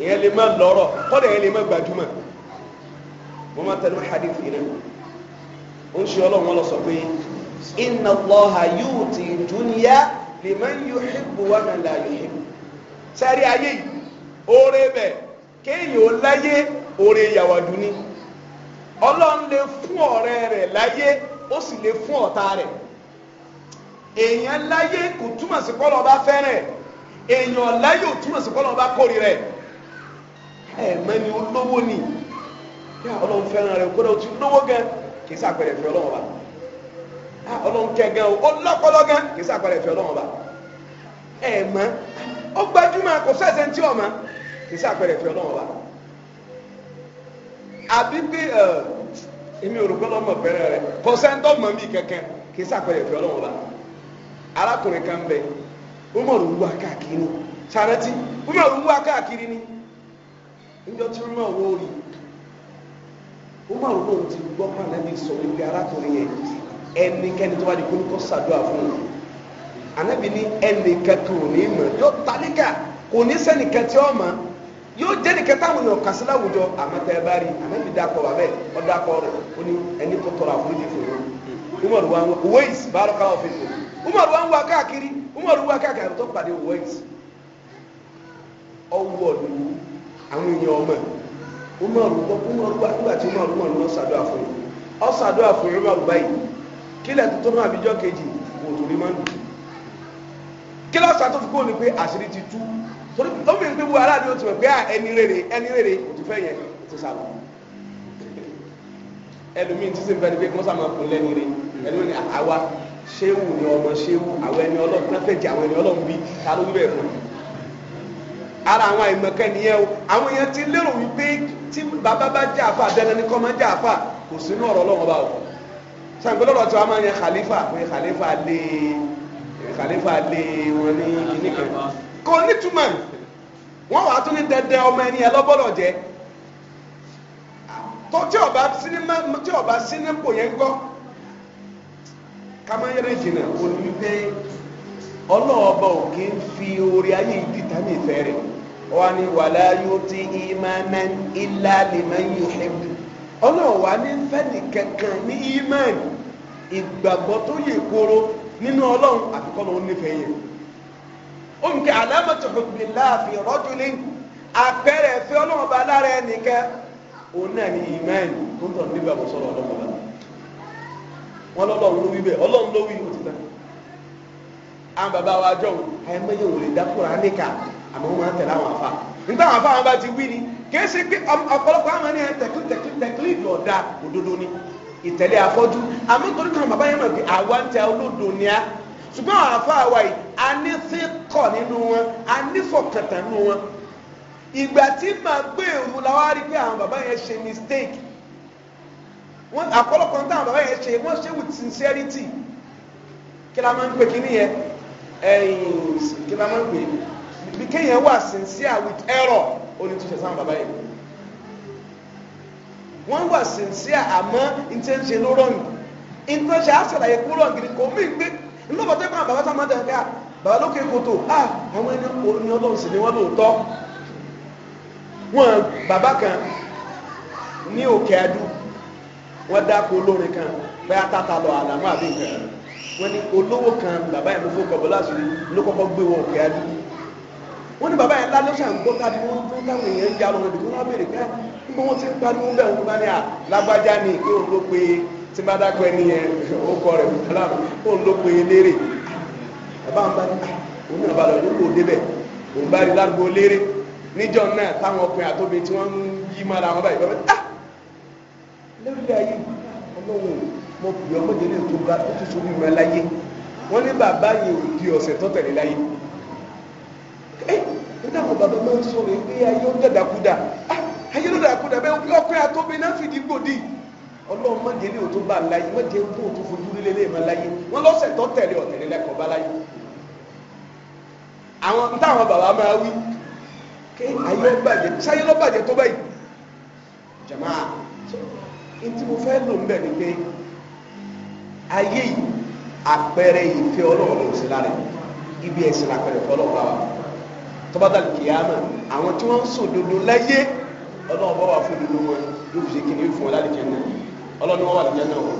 èyàn lè má lọ́rọ̀ kọ́dà èyàn lè má gbajúmọ̀ mo máa tẹnu hadith yìí náà ó ń ṣe ọlọ́run wọn lọ sọ pé inna Allaha yu'ti dunya liman yuhibbu wa man la yuhibbu sẹ́rí ayé yìí oore bẹ̀ kéèyàn ó láyé oore yàwàdù ni ọlọ́run lè fún ọ̀rẹ́ rẹ̀ láyé ó sì lè fún ọ̀tá rẹ̀ èèyàn láyé kò túmọ̀ sí kọ́lọ́ bá fẹ́rẹ̀ èèyàn láyé ò túmọ̀ sí kọ́lọ́ bá kórìíra rẹ̀ ẹ mẹni olówó ni kí Ọlọ́run fẹ́ràn rẹ kódà o ti lówó gan kì í sàpẹrẹ fi Ọlọ́run ba ah, Ọlọ́run kẹ gan o lọpọlọ gan kì í sàpẹrẹ fi Ọlọ́run ba ẹ mọ ó gbajúmọ̀ kò sẹsẹ ntí ọmọ kì í sàpẹrẹ fi Ọlọ́run ba àbí pé ẹ èmi ò rò pé ọlọmọ bẹ̀rẹ̀ rẹ kò sẹńtọ mọ mi kẹkẹ kì í sàpẹrẹ fi Ọlọ́run ba arákùnrin kan bẹ Umaru wá káàkiri sàrẹtì Umaru wá káàkiri ni níjọ́ tí wọ́n wọ́n rí wọ́n máa ń lóun ti gbọ́ pàlẹ́bí sọ wípé arákùnrin yẹn ẹnikẹ́ni tó bá di kúrú kó ṣàdúrà fún un ànábì ní ẹnìkan kan ò ní mọ̀ yóò tálíkà kò ní sẹ́nìkan tí ó mọ̀ yóò jẹ́ nìkan táwọn èèyàn kàsí láwùjọ àmọ́tẹ́ bá rí ànábì dàkọ̀ bàbẹ́ ọ̀dàkọ̀ rẹ̀ ó ní ẹni kò tọrọ àforíjì fún un umaru wa ń wá ways bárọ̀ká wà fún un umaru wa ń káàkiri umaru wa káàkiri àbútọ́ pàdé ways ọwọ́ ọ̀dùnú àwọn èèyàn ọmọ ó mọ̀ rúbọ ó mọ̀ rúbọ nígbà tí ó mọ̀ rúbọ ló ṣàdó àfọyín ọ ṣàdó àfọyín ọmọ àgbà yìí kílẹ̀ tó tó mọ̀ àbíjọ́ kejì kò tó ní máa ń dùn kílẹ̀ ọ̀sán tó fi pé àṣírí ti tú torí ó fi ń gbé bu ó ti mọ̀ pé ah, ẹni rere ẹni rere kò ti fẹ́ yẹn ti sá ẹlòmíì ti sè fẹ́ni pé kí wọ́n sá máa lẹ́ni rè ẹlòmíì ni àwa ṣéwù ni ọmọ ṣéwù àwọn ẹni ọlọ́run ara àwọn àìmọ̀kẹ́ nìyẹn o àwọn èèyàn ti lérò wípé tí bàbá bá jẹ́ àfa dandan ni kọ́ máa jẹ́ àfa kò sínú ọ̀rọ̀ ọlọ́wọ́n bá o sàǹgbẹ́ lọ́rọ̀ tí wàá máa yẹ khalifa pé khalifa lé khalifa lé wọn ní kíní kan kò nítumọ̀ wọ́n wàá tún ní dandan ọmọ ẹni ẹ lọ́bọ̀lọ̀ jẹ́ tó tí ọba sinimá tí ọba sinimá yẹn gbọ́ ká máa yẹrẹ jìnnà ọlọ́ọ̀bọ òkè ń fi orí ayé ìdìtà ní ìfẹ́ rẹ̀ wọ́n ní wàlá yóò ti ìmánà ilá liman yuhibbu ọlọ́ọ̀wá ní fẹ́ẹ̀nì kankan ní ìmánì ìgbàgbọ́ tó yè kóró nínú ọlọ́run àfikọ́ ló ń nífẹ̀ẹ́ yẹn ònkè alámọ̀tò hubbillah fi rajulin àpẹẹrẹ ẹ̀fẹ́ ọlọ́run lára ẹnìkan òun náà ní ìmánì tó ń tọ̀ nígbàgbọ́ sọ̀rọ̀ ọlọ́run wọn àwọn bàbá wa jọ àìmọye wò lè dá Kùránì kà àmọ́ wọn máa ń tẹ̀lé àwọn afa nígbà àwọn afa wọn bá ti wí ni kìí ṣe pé ọ̀pọ̀lọpọ̀ àwọn ẹni tẹ̀kílì tẹ̀kílì tẹ̀kílì ìlú ọ̀dà òdodo ni ìtẹ̀lé afọ́jú àmọ́ nítorí kan bàbá yẹn mọ̀ pé àwa ń tẹ olódo ni a ṣùgbọ́n àwọn afa wa yìí a ní sí kọ̀ nínú wọn a ní fọkàntà nínú wọn ìgbà tí màá gbé èrú la wá rí pé àwọn bàbá yẹn ṣe mistake wọn àpọ̀lọpọ̀ nítorí àwọn bàbá yẹn ṣe wọ́n ṣe with sincerity kí la máa ń pè kí nìyẹn ẹ̀yìn kí ló máa ń pè bí kéèyàn wà sincere with error oní tó ṣe sáwọn bàbá yìí wọ́n wà sincere àmọ́ intention ló rọ̀ǹgì intention á ṣàlàyé kó rọ̀ǹgì ni kò mí gbé ńlọ́bọ̀ tó kàn bàbá tó máa dẹ̀ ká ah, bàbá lókè kòtò ah wọ́n máa ní ọlọ́run sì ni wọ́n lóòótọ́ wọn bàbá kan ní òkè adú wọ́n dáko olórin kan. bẹ́ẹ̀ àtàtà lọ àdàmú àbí nǹkan wọ́n ní olówó kan bàbá yẹn ló fún kọ̀bọ̀ láti rí ló kọ́kọ́ gbé wọn òkè adé wọ́n ní bàbá yẹn lálọ́sà ń gbọ́ káàdì wọ́n tó táwọn èèyàn ń jalọ́ bèrè ká nígbà ti ń bẹ́ẹ̀ bá ní à ah, lágbájá ni ló pe tí bá dákọ̀ ẹni yẹn ó kọ rẹ̀ mo pè ọmọ jẹ́ lẹ́yìn tó ga tó tó sórí ìmọ̀ láyé wọ́n ní bàbá yìí ò di ọ̀sẹ̀ tó tẹ̀lé láyé ẹ nígbà wo bàbá máa ń sọ̀rọ̀ pé ayé ó dàdàkúdà ah, ayé ló dàdàkúdà bẹ́ẹ̀ ọkùnrin àtọ́bí náà fìdí gbòdì ọlọ́run mọ̀jẹ̀ lẹ́yìn tó bá láyé mọ̀jẹ̀ tó tó fojú lélẹ́yìn mọ̀ láyé wọ́n lọ́sẹ̀ tó tẹ̀lé ọ̀tẹ̀lé lẹ́kọ̀ọ́ bá láyé àwọn táwọn bàbá máa wí ké ayé ó bàjẹ́ sáyé ló bàjẹ́ tó báyìí jàmáà ntí mo fẹ́ lò ń bẹ̀ ni ayé yìí àpẹẹrẹ ìfẹ́ ọlọ́run ló ń sí lára ibi ẹ̀sìn àpẹẹrẹ fún ọlọ́run bá wà tọ́bátà kìyàmù àwọn tí wọ́n sọ dodo láyé ọlọ́run bá wà fún dodo wọn yóò fi ṣe kí ni yóò fún wọn láti jẹ náà ọlọ́run wọn wà lójẹ náà wọn.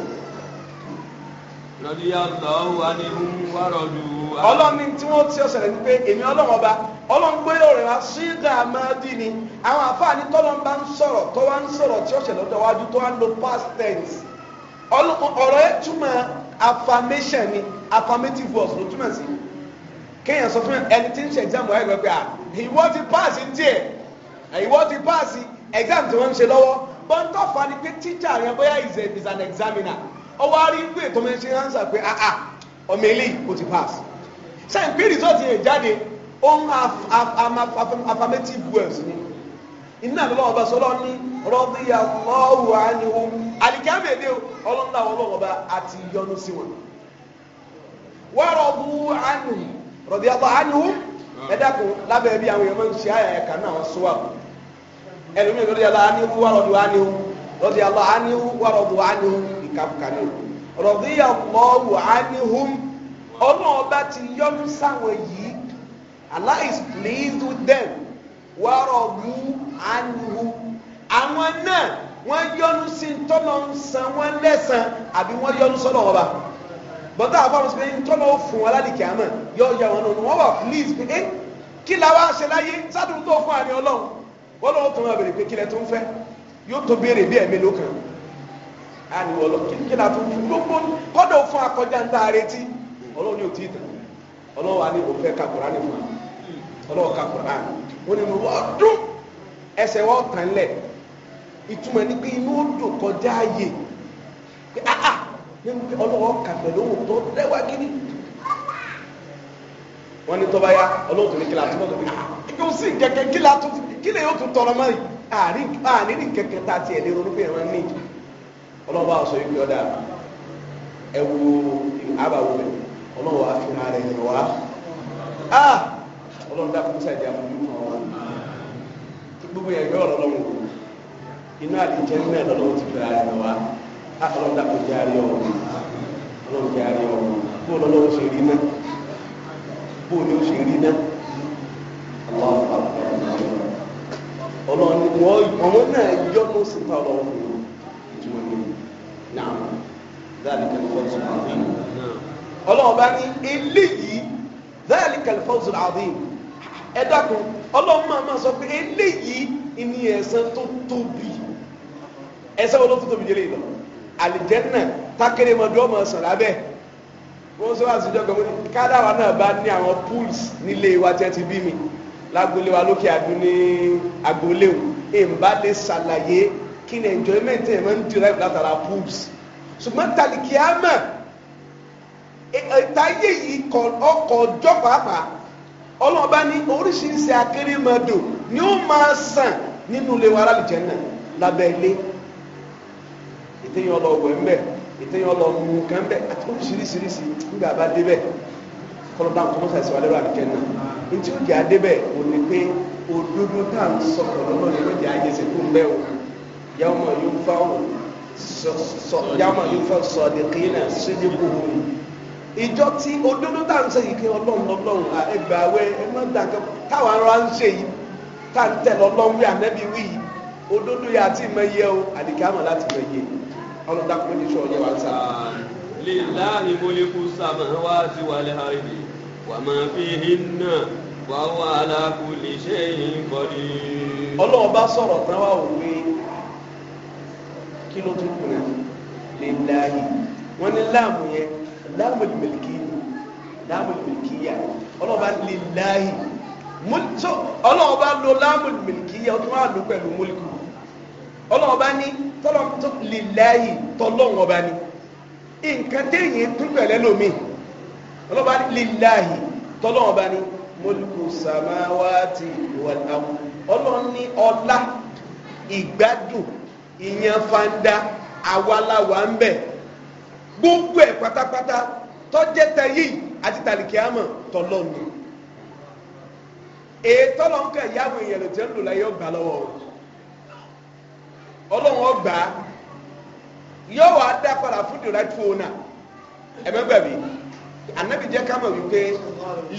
ọlọ́ni tí wọ́n ti ọ̀sẹ̀ rẹ̀ ni pé èmi ọlọ́run ọba ọlọ́run gbé ọ̀rẹ́ wa sí dààmú ni àwọn àfáàní tọ́lọ́ ń bá ń sọ̀rọ̀ tọ́wá ń sọ̀rọ̀ tí ọ̀sẹ̀ lọ́dọ̀ wájú tọ́wá ń lo past tense ọ̀rọ̀ ẹ túmọ̀ affirmation ni affirmative words ló túmọ̀ sí kéèyàn sọ fún ẹni tí ń ṣe exam wáyé lọ pé à ah, ìwọ ti pass ń tiẹ̀ ìwọ ti pass exam tí wọ́n ń ṣe lọ́wọ́ bọ́ńtọ́fà ni pé teacher rẹ bóyá is an examiner ọwọ́ arí ń pè tó mẹ́ ṣe ránṣà pé àà ah, ah, ọmọ eléyìí kò ti pass ṣe ń pè result yẹn jáde ohun affirmative words ni iná lọ́wọ́ bá sọ́lọ́ ní rọ́díyà lọ́wọ́ ànihun àlìkámẹ́ èdè ọlọ́dún àwọn ọlọ́wọ́ bá àti yọ́nú sí wọn. wọ́rọ̀bù ànihun rọ̀díyà lọ́wọ́ ànihun ẹ̀dá kò lábẹ́ bí àwọn èèyàn máa ń ṣe àyà ẹ̀ka náà wọ́n sọ́wọ́ àbò ẹlòmíràn rọ̀díyà lọ́wọ́ ànihun wọ́rọ̀dù ànihun rọ̀díyà lọ́wọ́ ànihun wọ́rọ̀dù ànihun ìkàkùkàní rọ̀díyà lọ́wọ́ ànihun ọlọ́wọ́ bá ti yọ́nú sáwọn yìí Allah is pleased with them wárọ̀bù ànúhù àwọn náà wọ́n yọnu sí ntọ́nà ń san wọ́n lẹ́sàn àbí wọ́n yọnu sọ́dọ̀ ọba bọ́tà àfọwọ́n sọ pé ntọ́nà ó fún wọn lálìkẹ́ àmọ́ yọ ọjà wọn nù wọ́n wà please pé eh, kí la wá ṣe láyé sádùn tó fún àní ọlọ́run wọ́n lọ́wọ́ tó máa bèrè pé kílẹ̀ tó ń fẹ́ yóò tó béèrè bí ẹ̀mí ló àní wọ́n kí la tó fún gbogbo kọ́dọ̀ fún akọjá ń tá ọlọ́run ni ò tí ì tẹ̀ ọlọ́run wa ni òun wọ́n ní inú wa dùn ẹsẹ̀ wọn tàn lẹ̀ ìtumọ̀ ni pé inú ó dùn kọjá ààyè pé áà nínú pé ọlọ́wọ́ kà pẹ̀lú òun tó rẹwà gidi wọ́n ní tọ́ba ya ọlọ́wọ́ tó ní kílà tó lọ́dọ̀ bí kí ó sì kẹ̀kẹ́ kílà tó kílẹ̀ yóò tún tọrọ mọ́ àárín àárín ní kẹ̀kẹ́ tá a tiẹ̀ lé ronú pé ẹ̀rọ ní ọlọ́wọ́ àwọn sọ ibi ọ̀dà ẹ wo àbàwọ̀ ọlọ́wọ́ àfihàn rẹ̀ yẹn wá ọlọ́run dákú sàdé àbójú kan wa gbogbo ẹ̀gbẹ́ ọlọ́run wò inú àdìjẹ́ nínú ẹ̀ lọ́lọ́run ti fẹ́ra rẹ̀ wá ọlọ́run dákú jẹ́ àrí ọ̀run ọlọ́run jẹ́ àrí ọ̀run bó lọ́lọ́run ṣe rí náà bó ni ó ṣe rí náà ọlọ́run ni wọ́n náà yọ́ ló sì ta ọlọ́run fún un ìtumọ̀ ní ọlọ́run bá ní eléyìí dáàbì kan fọ́ọ̀tù ẹ dákun ọlọ́run máa máa sọ pé eléyìí ni ẹ̀san tó tóbi ẹ̀san wo ló tó tóbi délé lọ àlìjẹ́nà tákéré mọ́jú ọmọ ọ̀sán lábẹ́ wọ́n sọ àti ìjọba wọn kádàwá náà bá ní àwọn pools nílé wa tí ẹ ti bí mi lágbolé wa lókè àdún ní agbolé o èèmbá lè ṣàlàyé kí ni enjoyment ẹ̀ máa ń derive látara pools ṣùgbọ́n tàlìkì àmà táyé yìí ọkọ̀ ọjọ́ pàápàá ọlọ́run bá ní oríṣiríṣi akérèmọdò ni ó máa sàn nínú ilé wa aráàlùjẹ náà lábẹ́ ilé ìtẹ̀yìn ọlọ́wẹ̀ ńbẹ ìtẹ̀yìn ọlọ́mú kan bẹ àti oríṣiríṣiríṣi nígbà bá débẹ̀ kọlọ́dà nǹkan mọ́sàsì wà lẹ́rọ àlùjẹ náà ntí ó jẹ́ adébẹ̀ ò ní pé òdodo tá à ń sọ ọlọ́run ni ó jẹ́ àjẹsẹ̀ fún bẹ́ẹ̀ o yàwọn yóò fáwọn sọ̀dẹ̀kì náà sídìkù ìjọ tí òdodo tá à ń ṣe yìí kí ọlọ́run ọlọ́run ẹgbẹ́ àwẹ̀ ẹ má dàgbẹ́ táwọn ará ń ṣe yìí tá à ń tẹ̀lé ọlọ́run wí ànẹ́bí wí yìí òdodo yà á ti mọ iye o àdìgá mọ̀ láti mọ iye ọlọ́run dákúrò ní sọ̀rọ̀ yẹn wá sá. lillahi mulku samawati wal ardi wa ma fihinna wa huwa ala kulli shay'in qadir. ọlọ́run bá sọ̀rọ̀ tán wá òwe kí ló tún kù náà lillahi wọ́n ní láàmù yẹn láàmú ìmìlìkì láàmú ìmìlìkì yà ọlọ́ba lè láàyè so ọlọ́ba lo láàmú ìmìlìkì yà ọtún máa lò pẹ̀lú múlìkù ọlọ́ba ní tọ́lọ́ lè láàyè tọ́lọ́wọ́n ọba ní nǹkan téèyàn tún pẹ̀lẹ́ lómi ọlọ́ba lè láàyè tọ́lọ́wọ́n ọba ní múlìkù wàlámù ọlọ́run ní ọlá ìgbádùn ìyẹn fanda àwa ń bẹ̀ gbogbo ẹ̀ pátápátá tọ́jẹ́ tẹ̀yí àti tàlìkì àmọ̀ tọ́lọ́nù ètò ọlọ́nkà ìyá àwọn èèyàn lòtí ẹ̀ ń lò láyé ọgbà lọ́wọ́ ọlọ́run ọgbà yóò wá dá padà fún the right owner ẹ̀mẹ́gbẹ̀bí ànábì jẹ́ ká mọ̀ wípé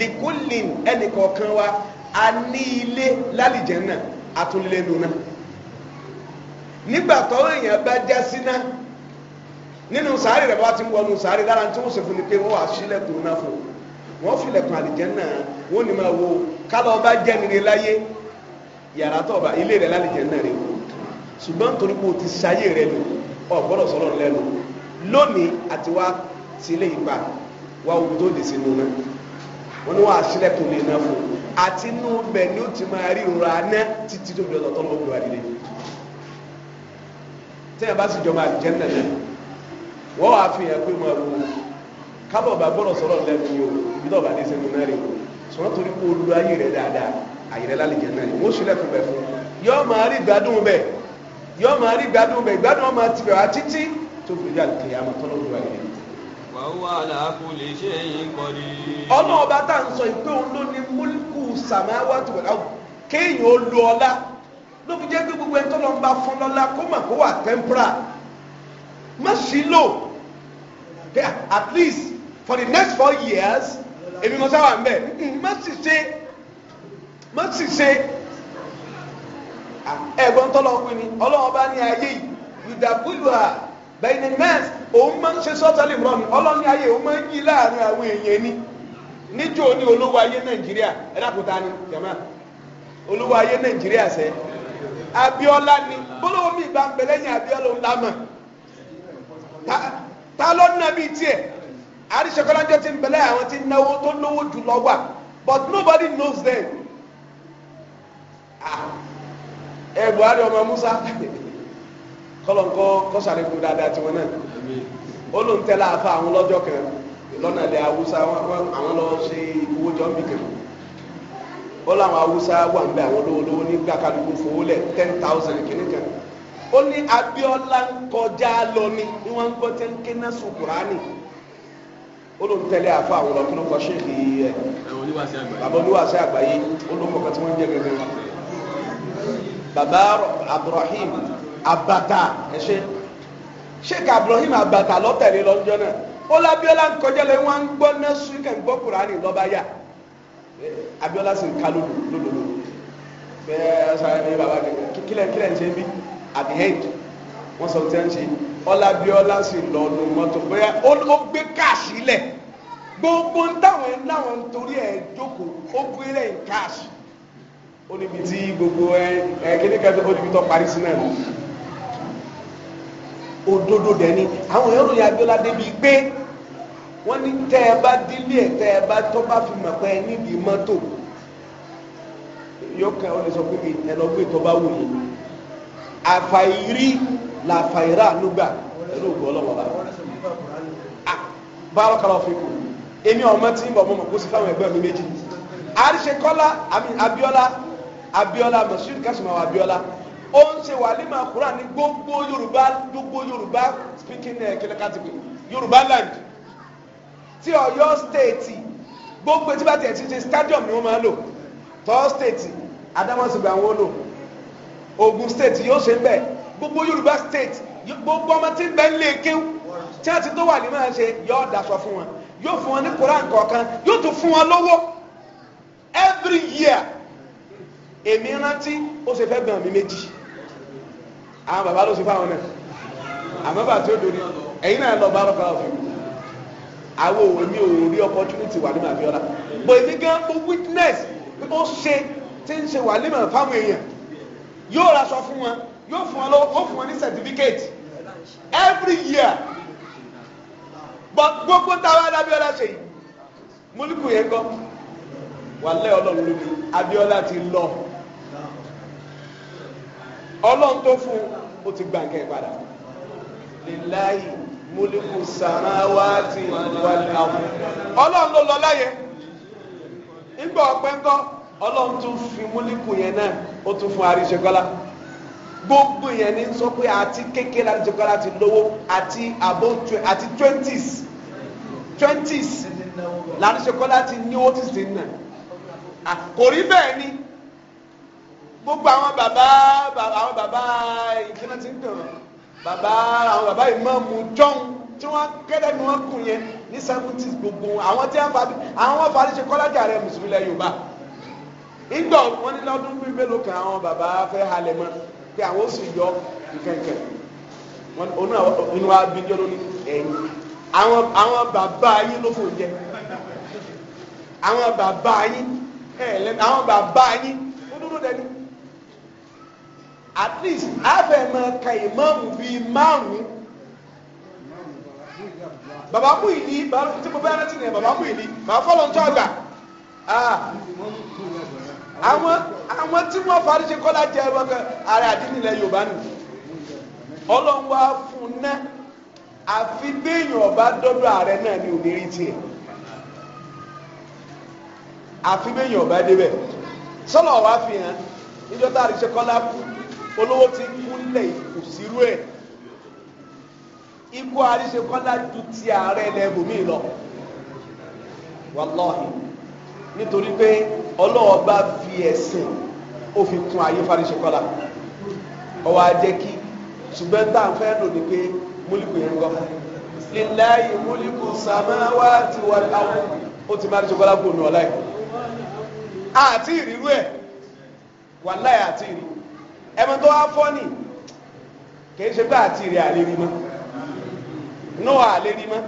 likulin ẹnì kọ̀ọ̀kan wa a ní ilé lálìjẹ́ náà àtúnlélẹ́nu náà nígbà tọ́wọ́ èèyàn bá já sí náà nínú sàárì rẹ̀ bá ti ń wọnú sàárì dára tí wọ́n ṣe fún ni pé wọ́n wà sílẹ̀kùn náà fún wọ́n filẹ̀kùn àlìjẹ́nà wọ́n ní máa wo kálọ̀ ọba jẹ́nire láyé yàrá tó ọba ilé rẹ̀ lálìjẹ́nà rẹ̀ wò ṣùgbọ́n pé o ti ṣayé rẹ̀ lò ọ̀ gbọ́dọ̀ sọ̀rọ̀ lẹ́nu lónìí àti wá sílé ìgbà wá omi tó lè sínú náà wọ́n ní wọ́n àṣílẹ̀kùn lè náà fún àti inú bẹ̀ ni ó ti máa rí ìrora ná títí tó fi ọ̀tọ̀ tó ń bọ̀ gbé wa dìde tẹ́yà bá sì jọba àlìjẹ́nà náà wọ́n wàá fi hàn pé máa wo kábọ̀ bá gbọ́dọ̀ sọ̀rọ̀ lẹ́nu yìí o ibi tó bá dé sẹ́nu náà rè o sọ̀rọ̀ torí kó lu ayé rẹ̀ dáadáa ayé rẹ̀ náà rè wọ́n ṣílẹ̀kùn bẹ̀ fún yọ́ máa rí gbádùn bẹ̀ yọ́ máa rí gbádùn bẹ̀ gbádùn ọmọ ti bẹ̀ wá títí tó fi rí àlùkìyà máa tọ́lọ́ lu ayé rẹ̀. wàhùn àlàkù lè ṣe yín kọ́ ni. tá à ń sọ ìpé òun ló ní múlíkù má sí lò at least for the next four years èmi mọ sáwà mbẹ má sì ṣe má sì ṣe ah, ẹ̀gbọ́n tọ́lọ̀ ọkùnrin ni ọlọ́wọ́ bá ní ayé yìí ìdàkúlù à bẹ́ẹ̀ni mẹ́ẹ̀sì òun máa ń ṣe sọ́tẹ́lì mìíràn ni ọlọ́wọ́ ní ayé òun máa ń yí láàrin àwọn èèyàn ni níjó ní olówó ayé nàìjíríà ẹ̀dàkúta ni jẹ̀mọ́ olówó ayé nàìjíríà sẹ́ Abíọ́lá ni bọ́lọ́wọ́ mi ìgbà ń bẹ̀lẹ́ ní Abíọ́lá ń lámà. ta ló ná bíi tiẹ̀ àríṣekọ́lájọ́ ti ń bẹ̀lẹ́ àwọn tí náwó tó lówó jù lọ wà but nobody knows them ah, ẹ Buhari ọmọ Musa kọlọ̀nkọ́ kọ́sàlẹ́kùn dáadáa tiwọn náà ó ló àwọn lọ́jọ́ kan lọ́nà ilẹ̀ àwọn lọ ṣe owó jọ ń bì kan ó láwọn Haúsá wà ń bẹ àwọn lówó ó ní Abíọ́lá ń kọjá lọ ni ni wọ́n ń gbọ́ tẹ́ ń ké náà sùn Kùránì olùtẹ̀lé àfọ àwọn ọlọ́kùnrin ọkọ̀ ṣéèkì ẹ̀ bàbá olúwàṣẹ àgbáyé olùkọ́kọ́ tí wọ́n ń jẹ́ gẹ́gẹ́ wọn. bàbá Abdulrahim Abata ẹ ṣe ṣéèkì Abdulrahim Abata lọ́tẹ̀lé lọ́jọ́ náà ó lábíọ́lá ń kọjá lọ wọn ń gbọ́ náà sùn kẹ́ ń gbọ́ Kùránì lọ́ba yá Abíọ́lá sì ń ká lòlòlò bẹ́ẹ̀ sáré bàbá kílẹ̀ kílẹ̀ ń ṣe bí at the end wọ́n sọ tí wọ́n ṣe ọlábíọ́lá sì lọ nu mọ́tò bóyá ó gbé káàsì lẹ̀ gbogbo táwọn ẹ̀ láwọn torí ẹ̀ jókòó ó gbé lẹ̀ káàsì ó níbi tí gbogbo ẹ ẹ kíní kẹfẹ ó níbi tó parí sí náà òdodo dẹni àwọn èèyàn ròyìn abíọ́lá débi pé wọ́n ní tẹ́ ẹ bá délé ẹ̀ tẹ́ ẹ bá tó bá fi mọ̀ pé ẹ nídìí mọ́tò yóò kẹ́ ọ lè sọ pé ẹ lọ gbé tó bá wù yìí àfàìrí làfàìrà lùgbà ẹ̀rọ ògùn ọlọ́mọba. báwo kàlọ́ fi kù èmi ọmọ tí ń bọ̀ mọ́ mọ̀ kó sí fáwọn ẹgbẹ́ mi méjì àríṣekọ́lá Abíọ́lá Abíọ́lá Mọ̀ṣúrì Kásùmáwò Abíọ́lá ó ń ṣe wàlímà kúrà ní gbogbo Yorùbá gbogbo Yorùbá speaking uh, kìnnìkan category Yorùbá land ti Ọ̀yọ́ stéètì gbogbo etí bá tiẹ̀ ti ṣe stadium ni wọ́n máa lò tọ́ stéètì Adámọ̀sìgbà wọn lò Ogun state yóò ṣe bẹ́ẹ̀ gbogbo Yorùbá state gbogbo ọmọ tí ń bẹ ń lé kéwú tí a ti tó wà ní máa ṣe yóò daṣọ fún wọn yóò fún wọn ní koran kọ̀ọ̀kan yóò tún fún wọn lówó every year èmi rántí ó ṣe fẹ́ gbọ̀n mi méjì àwọn bàbá ló ṣe fáwọn náà àmọ́ bàbá tí ó dorí ẹ̀yin náà lọ bá ọkọ̀ ọ̀fìn àwọn èmi ò rí opportunity wà ní màfíọ́lá but èmi gan mo witness ó ṣe tí ń ṣe wà ní màfáwọn èèyàn yóò raṣọ fún wọn yóò fún wọn lọ ó fún wọn ní certificate every year gbogbo táwa Abíọ́lá ṣe yìí múlùkù yẹn kọ wàlẹ́ ọlọ́run lóbi Abíọ́lá ti lọ ọlọ́run tó fún un ó ti gba nǹkan ẹ̀ padà lilayi múlùkù sàmáwáàtì wàlẹ́ àwọn ọlọ́run ló lọ láyé nígbà ọ̀pẹ́ ńkọ́ ọlọ́run tún fi múlíkù yẹn náà ó tún fún àríṣekọ́lá gbogbo yẹn ní sọ pé àti kékeré àríṣekọ́lá ti lówó àti àbó àti twenties twenties làríṣekọ́lá ti ní owó tìsí nà kò rí bẹ́ẹ̀ ni gbogbo àwọn bàbá àwọn bàbá ìkíná ti ń dùn bàbá àwọn bàbá ìmọ̀ọ́mù jọ́hún tí wọ́n kẹ́lẹ́ ni wọ́n kù yẹn ní seventies gbogbo àwọn tí wọ́n fa àwọn fa àríṣekọ́lá jà mùsùlùmí lẹ́ Yorùbá ìgbà wọn ní lọ́dún bíi mélòó kan àwọn bàbá fẹ́ halẹ̀ mọ́ pé àwọn ó sì yọ nkankan wọn onú inú wa bí jọ́ lórí ẹ̀yìn àwọn àwọn bàbá yín ló fò jẹ àwọn bàbá yín ẹ̀ lẹ́nu àwọn bàbá yín ó dúró dẹni at least afẹ́ máa ka ìmáàmù bíi márùn-ún bàbá mú ìdí tí mo bá rántí nìyẹn bàbá mú ìdí bàbá fọlọ́ntọ́ àgbà àwọn àwọn tí wọ́n fari ṣe kọ́lá jẹ ẹ̀rọ kan ara àdínní ilẹ̀ yorùbá nù ọlọ́run wá fún ná àfi béèyàn ọba dọ́dọ̀ ààrẹ náà ni òní rí tiẹ̀ àfi béèyàn ọba débẹ̀ sọlọ wa fi hàn níjọ́ tá a lè ṣe kọ́lá kú olówó ti kúnlẹ̀ kò sírú ẹ̀ ikú àríṣekọ́lá ju ti ààrẹ lẹ́bùnmí lọ wàlọ́ọ̀hìn nítorí pé ọlọ́wọ́ bá fi ẹ̀sìn ó fi kún ayé fariṣẹ́ kọ́lá ọwọ́ ajẹ́ kí ṣùgbọ́n tá à ń fẹ́ lò ní pé múlìkù yẹn ń gọ́ lillahi múlìkù samawati wal ardi ó ti fariṣẹ́ kọ́lá kò nù ọ́ láì àti ìrírú ẹ̀ wàláì àti ìrírú ẹ̀mọ́ tó wá fọ́ ni kì í ṣe pé àti ìrì àlérí mọ́ náà àlérí mọ́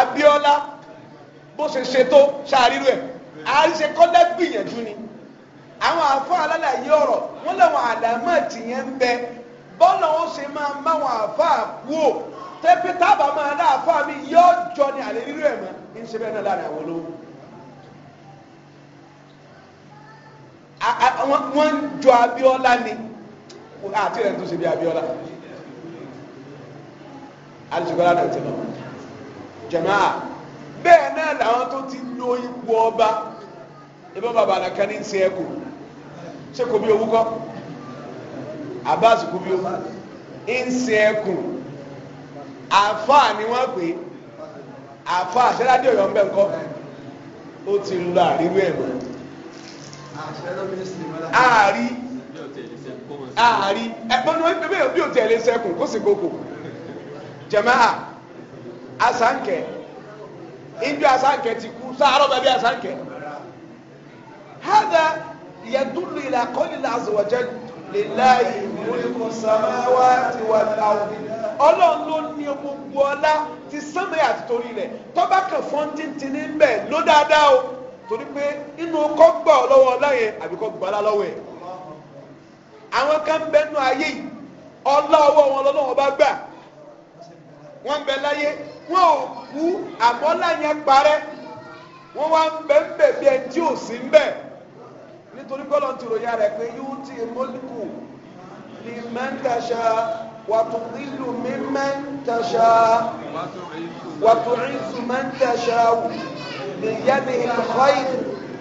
Abíọ́lá bó ṣe ṣe tó ṣáà ẹ̀. àṣẹ kọ́dá gbìyànjú ni àwọn àfọ alálàyé ọ̀rọ̀ wọn làwọn àdàmọ́ ń bẹ bọ́ọ̀lù wọn ṣe máa ń bá wọn àfọ àkúò tẹ́pẹ́ tábà máa dá àfọ mi yọ jọ ní àlè rírú ẹ̀ mọ́ ní ṣe bẹ́ẹ̀ náà lára àwọn olówó. wọ́n ni àti rẹ̀ tó ṣe bí Abíọ́lá alùpùpù ti lọ jẹ̀máà. bẹ́ẹ̀ náà làwọn tó ti lo ipò ọba ebi wọn bàbá àlàkà ní nsé ẹkọ ṣé kò bí owó kọ Abbas kò bí owó nsé ẹkọ àfáà ni wọn pè àfáà sẹládé Ọ̀yọ́ ń bẹ nkọ ó ti lọ àríwé ẹ mọ àárí àárí ẹgbẹ́ ní wọ́n bí o tẹ̀lé sẹ́kùn kó sì kókò jẹ̀mẹ́ à asánkẹ́ ìjọ asánkẹ ti kú sáárọ̀ bẹ́ẹ̀ bí asánkẹ. hada yadulu ila qawli azza wa jalla lillahi mulku samawati wal ardi ọlọ́run ló ní gbogbo ọlá ti sánmẹ́ àti torí rẹ̀ tọ́ba kan fọ́n títí ní bẹ̀ ló dáadáa o torí pé inú kọ́ gbà lọ́wọ́ ọlá yẹn àbí kọ́ gbà ọlá lọ́wọ́ yẹn àwọn kan bẹ́nu ayé ọlá ọwọ́ wọn lọ́wọ́ wọn bá gbà wọ́n ń bẹ láyé wọ́n ò kú àmọ́lá yẹn parẹ́ wọ́n wá ń bẹ ń bẹ bí ẹni tí ò sí ń bẹ nítorí pé ọlọ́run ti ròyìn ara ẹ̀ pé yóò ti mọ́lìkù ní mẹ́ńtàṣà wàtúndínlù mi mẹ́ńtàṣà wàtúndínlù mẹ́ńtàṣà nìyẹ́ni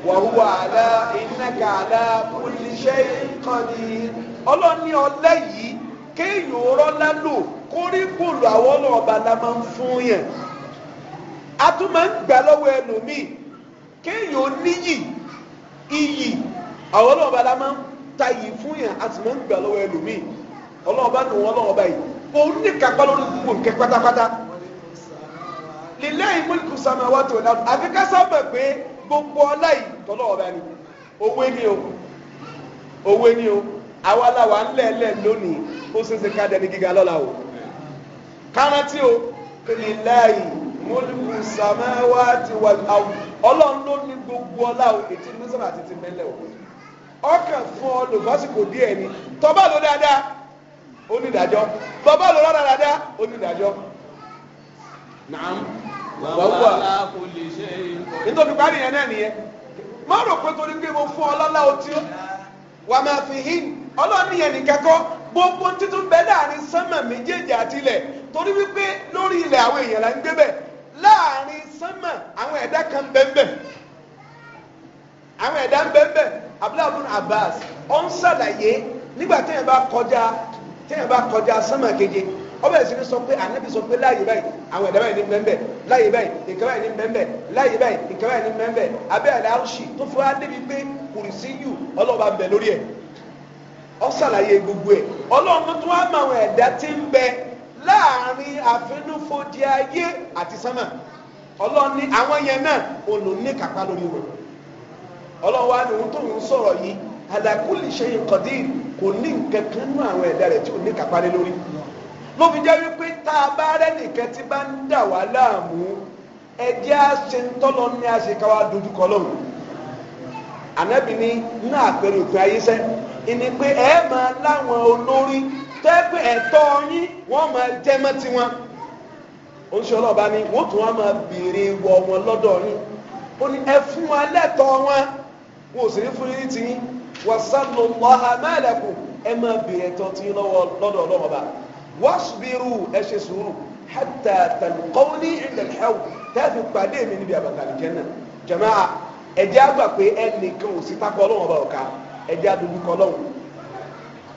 wàhùwà àlá ìnáka àlá kúlíṣẹ́ ìkànnì ọlọ́ni ọlẹ́ kéèyàn rọ́lá lò kórìkùlù àwọn ọlọ́ọ̀bà la máa ń fún yẹn a tún máa ń gbà lọ́wọ́ ẹlòmíì kéèyàn níyì iyì àwọn ọlọ́ọ̀bà la máa ń ta yìí fún yẹn a sì máa ń gbà lọ́wọ́ ẹlòmíì ọlọ́ọ̀bà ni wọn ọlọ́ọ̀bà yìí òun ní kápá lórí gbogbo nǹkan pátápátá lílẹ̀ ìmúlùkù sàmáwá tó náà àfi ká sábà pé gbogbo ọlá yìí tọ́lọ́ọ̀bà ni owó ni o owó ni o àwa làwa ńlẹ̀ẹ́lẹ̀ lónìí ó ṣeéṣe ká dẹni gíga lọ́la o kárántí o lillahi mulku samawati wal ard ọlọ́run ló ní gbogbo ọlá o ètí ní sọ́nà àti ti mẹ́lẹ̀ o ọkàn fún ọ lòfásìkò díẹ̀ ni tọ́ba ló dáadáa ó ní ìdájọ́ tọ́ba ló rárá dáadáa ó ní ìdájọ́ naam wàhùwà nítorí parí yẹn náà nìyẹn má rò pé torí pé mo fún ọ o tí wà máa fi hìn ọlọ́run yẹn nìkan gbogbo títún bẹ́ẹ̀ láàrin sánmà méjèèjì àti torí wípé lórí ilẹ̀ àwọn èèyàn là ń gbé bẹ̀ láàrin sánmà àwọn ẹ̀dá kan bẹ́ẹ̀ àwọn ẹ̀dá bẹ́ẹ̀ abdulhamid abbas ó ń ṣàlàyé nígbà téèyàn bá kọjá téèyàn bá kọjá sánmà keje ọbẹ̀ sì ni sọ pé ànábì sọ pé láàyè báyìí àwọn ẹ̀dá báyìí ní bẹ́ẹ̀ láàyè báyìí nǹkan báyìí ní bẹ́ẹ̀ láàyè báyìí nǹkan báyìí ní bẹ́ẹ̀ abẹ́ àlẹ́ arúṣì tó fi wá débi pé kùrìsí yù ọlọ́ọ̀bá ń bẹ lórí ẹ̀ ọ gbogbo ẹ̀ ọlọ́run tó wá mọ àwọn ẹ̀dá tí ń bẹ láàrin àfẹnufojì ayé àti sánmà ọlọ́run ní àwọn yẹn náà olùní kápá lórí wọn ọlọ́run wa ni òun tó ń sọ̀rọ̀ yìí àdàkùnlé ṣe ìkọ̀dí kò ní nǹkan kan nú àwọn ẹ̀dá rẹ̀ tí ò ní kápá lé lórí ló fi jẹ́ wípé tá a bá rẹ́nìkan tí bá ń dà wá láàmú ẹjẹ́ àṣetọ́lọ ní àṣekáwá dojúkọ lọ́hùn ànábì náà pẹ̀lú òfin ayé sẹ́ ìní pé ẹ máa láwọn olórí tẹ́ pé ẹ̀tọ́ yín wọ́n máa jẹ́ mọ́ tiwọn oṣù ọlọ́ọ̀bá ni wọ́n tún wọ́n máa béèrè wọ wọn lọ́dọ̀ yín ó ní ẹ fún wa lẹ́tọ̀ọ́ wọn wọn ò sì ní fún yín ti yín wàsálù lọ́ha mẹ́lẹ̀kù ẹ máa béèrè ẹ̀tọ́ ti yín lọ́wọ́ lọ́dọ̀ ọlọ́mọba wàṣubírù ẹ ṣe sùúrù hàtà tàlùkọ́wọ́lì ìdàlẹ́hàwù tẹ́ẹ̀fì pàdé mi níbi àbàtàlì jẹ́nà jàmáà ẹ̀jẹ̀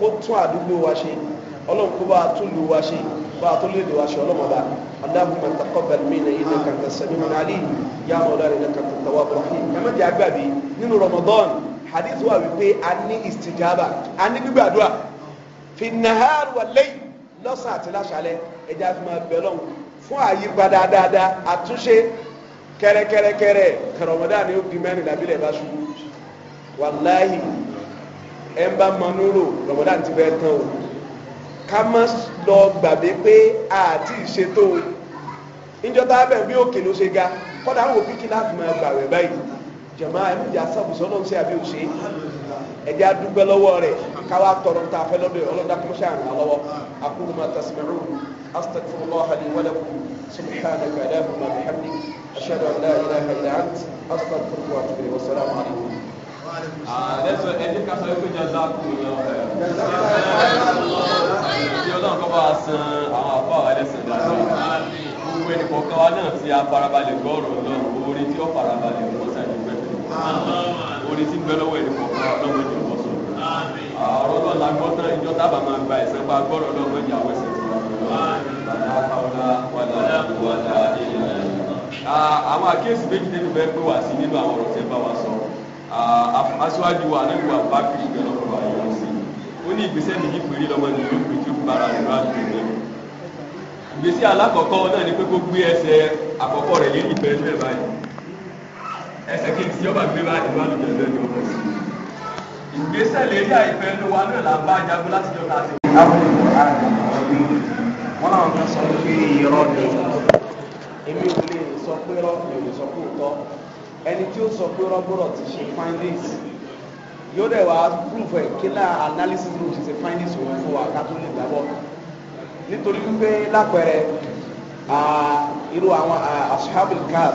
kó tún àdúgbò wa ṣe ọlọ́run kó bá a tún lu wa ṣe bá a tún léde wa ṣe ọlọ́run ọba اللهم تقبل منا انك انت السميع العليم يا مولانا انك انت التواب الرحيم كما جاء بابي nínú Ramadan hadith wa wípé a ní istijaba a ní gbígbàdúrà fi nahar wa lẹ́yìn lọ́sàn àti láṣálẹ́ ẹja fi máa bẹ̀ lọ́hùn fún àyípadà dáadáa àtúnṣe kẹrẹkẹrẹkẹrẹ Ramadan ni ó bí mẹ́rin lábílẹ̀ bá ṣubú wàláhì ẹ ń bá mọnú rò rọ̀bọ̀dá ti fẹ́ tán o ká má lọ gbàgbé pé àti ìṣètò níjọ́ tá a bẹ̀ bí òkè ló ṣe ga kọ́dà àwọn òbí kìlá àti máa gbàwẹ̀ báyìí jọ̀mọ́ ẹ̀ ń jà sábùsọ̀ náà àbí òṣè ẹ̀jẹ̀ adúgbẹ́ lọ́wọ́ rẹ̀ káwá tọrọ tá a fẹ́ lọ́dọ̀ ọlọ́dà kọ́ṣẹ́ àrùn àlọ́wọ́ aqulu ma tasma'un astaghfirullah li wa lakum subhanaka allahumma bihamdik ashhadu an la ilaha illa ant astaghfiruka wa atubu ilayk wa àdẹ́sọ̀ ẹni ká sọ pé jaza kù lọ ẹ̀ tí ọlọ́run kọ́ bá san àwọn àbá ẹlẹ́sìn dáadáa gbogbo ẹnì kọ̀ọ̀kan wa náà ti afarabalẹ̀ gbọ́ọ̀rọ̀ lọ orí tí ó farabalẹ̀ wọ́n sàdé pẹ́pẹ́ orí tí ń bẹ lọ́wọ́ ẹnì kọ̀ọ̀kan wa lọ́wọ́ ẹnì kọ̀ọ̀kan sọ. àrò náà la gbọ́ tán ìjọ tábà máa gba ẹ̀sẹ̀ pa gbọ́ọ̀rọ̀ lọ́wọ́ ẹ̀jẹ̀ àwọn ẹ̀sẹ̀ tó wà lọ́wọ́ àwọn àkíyèsí méjì débi bẹ́ẹ̀ pé wà sí nínú àwọn ọ̀rọ̀ tí ẹ bá wa sọ aṣáájú ànábì Abubakar ìgbẹ́ lọ́kọ̀ àyẹ̀wò sí ó ní ìgbésẹ̀ méjì péré lọ́mọ ní ìlú pé tí ó bára rẹ̀ láti ìgbẹ́ ìgbésẹ̀ alákọ̀ọ́kọ́ náà ni pé kó gbé ẹsẹ̀ àkọ́kọ́ rẹ̀ lé ìgbẹ́ ẹgbẹ́ báyìí ẹsẹ̀ kejì tí ó bá gbé báyìí wà lóde ẹgbẹ́ ìjọba sí ìgbésẹ̀ lérí àìfẹ́ ló wa náà là ń bá jagun láti jọ láti. wọ́n náà fẹ́ sọ pé irọ́ ẹni tí ó sọ pé rọ́bọ̀rọ̀ ti ṣe findings yóò dẹ̀ wá proof ẹ̀ kílà analysis ló ti ṣe findings òun fún wa ká tó lè gbàgbọ́ nítorí wípé lápẹẹrẹ irú àwọn ashabul kaf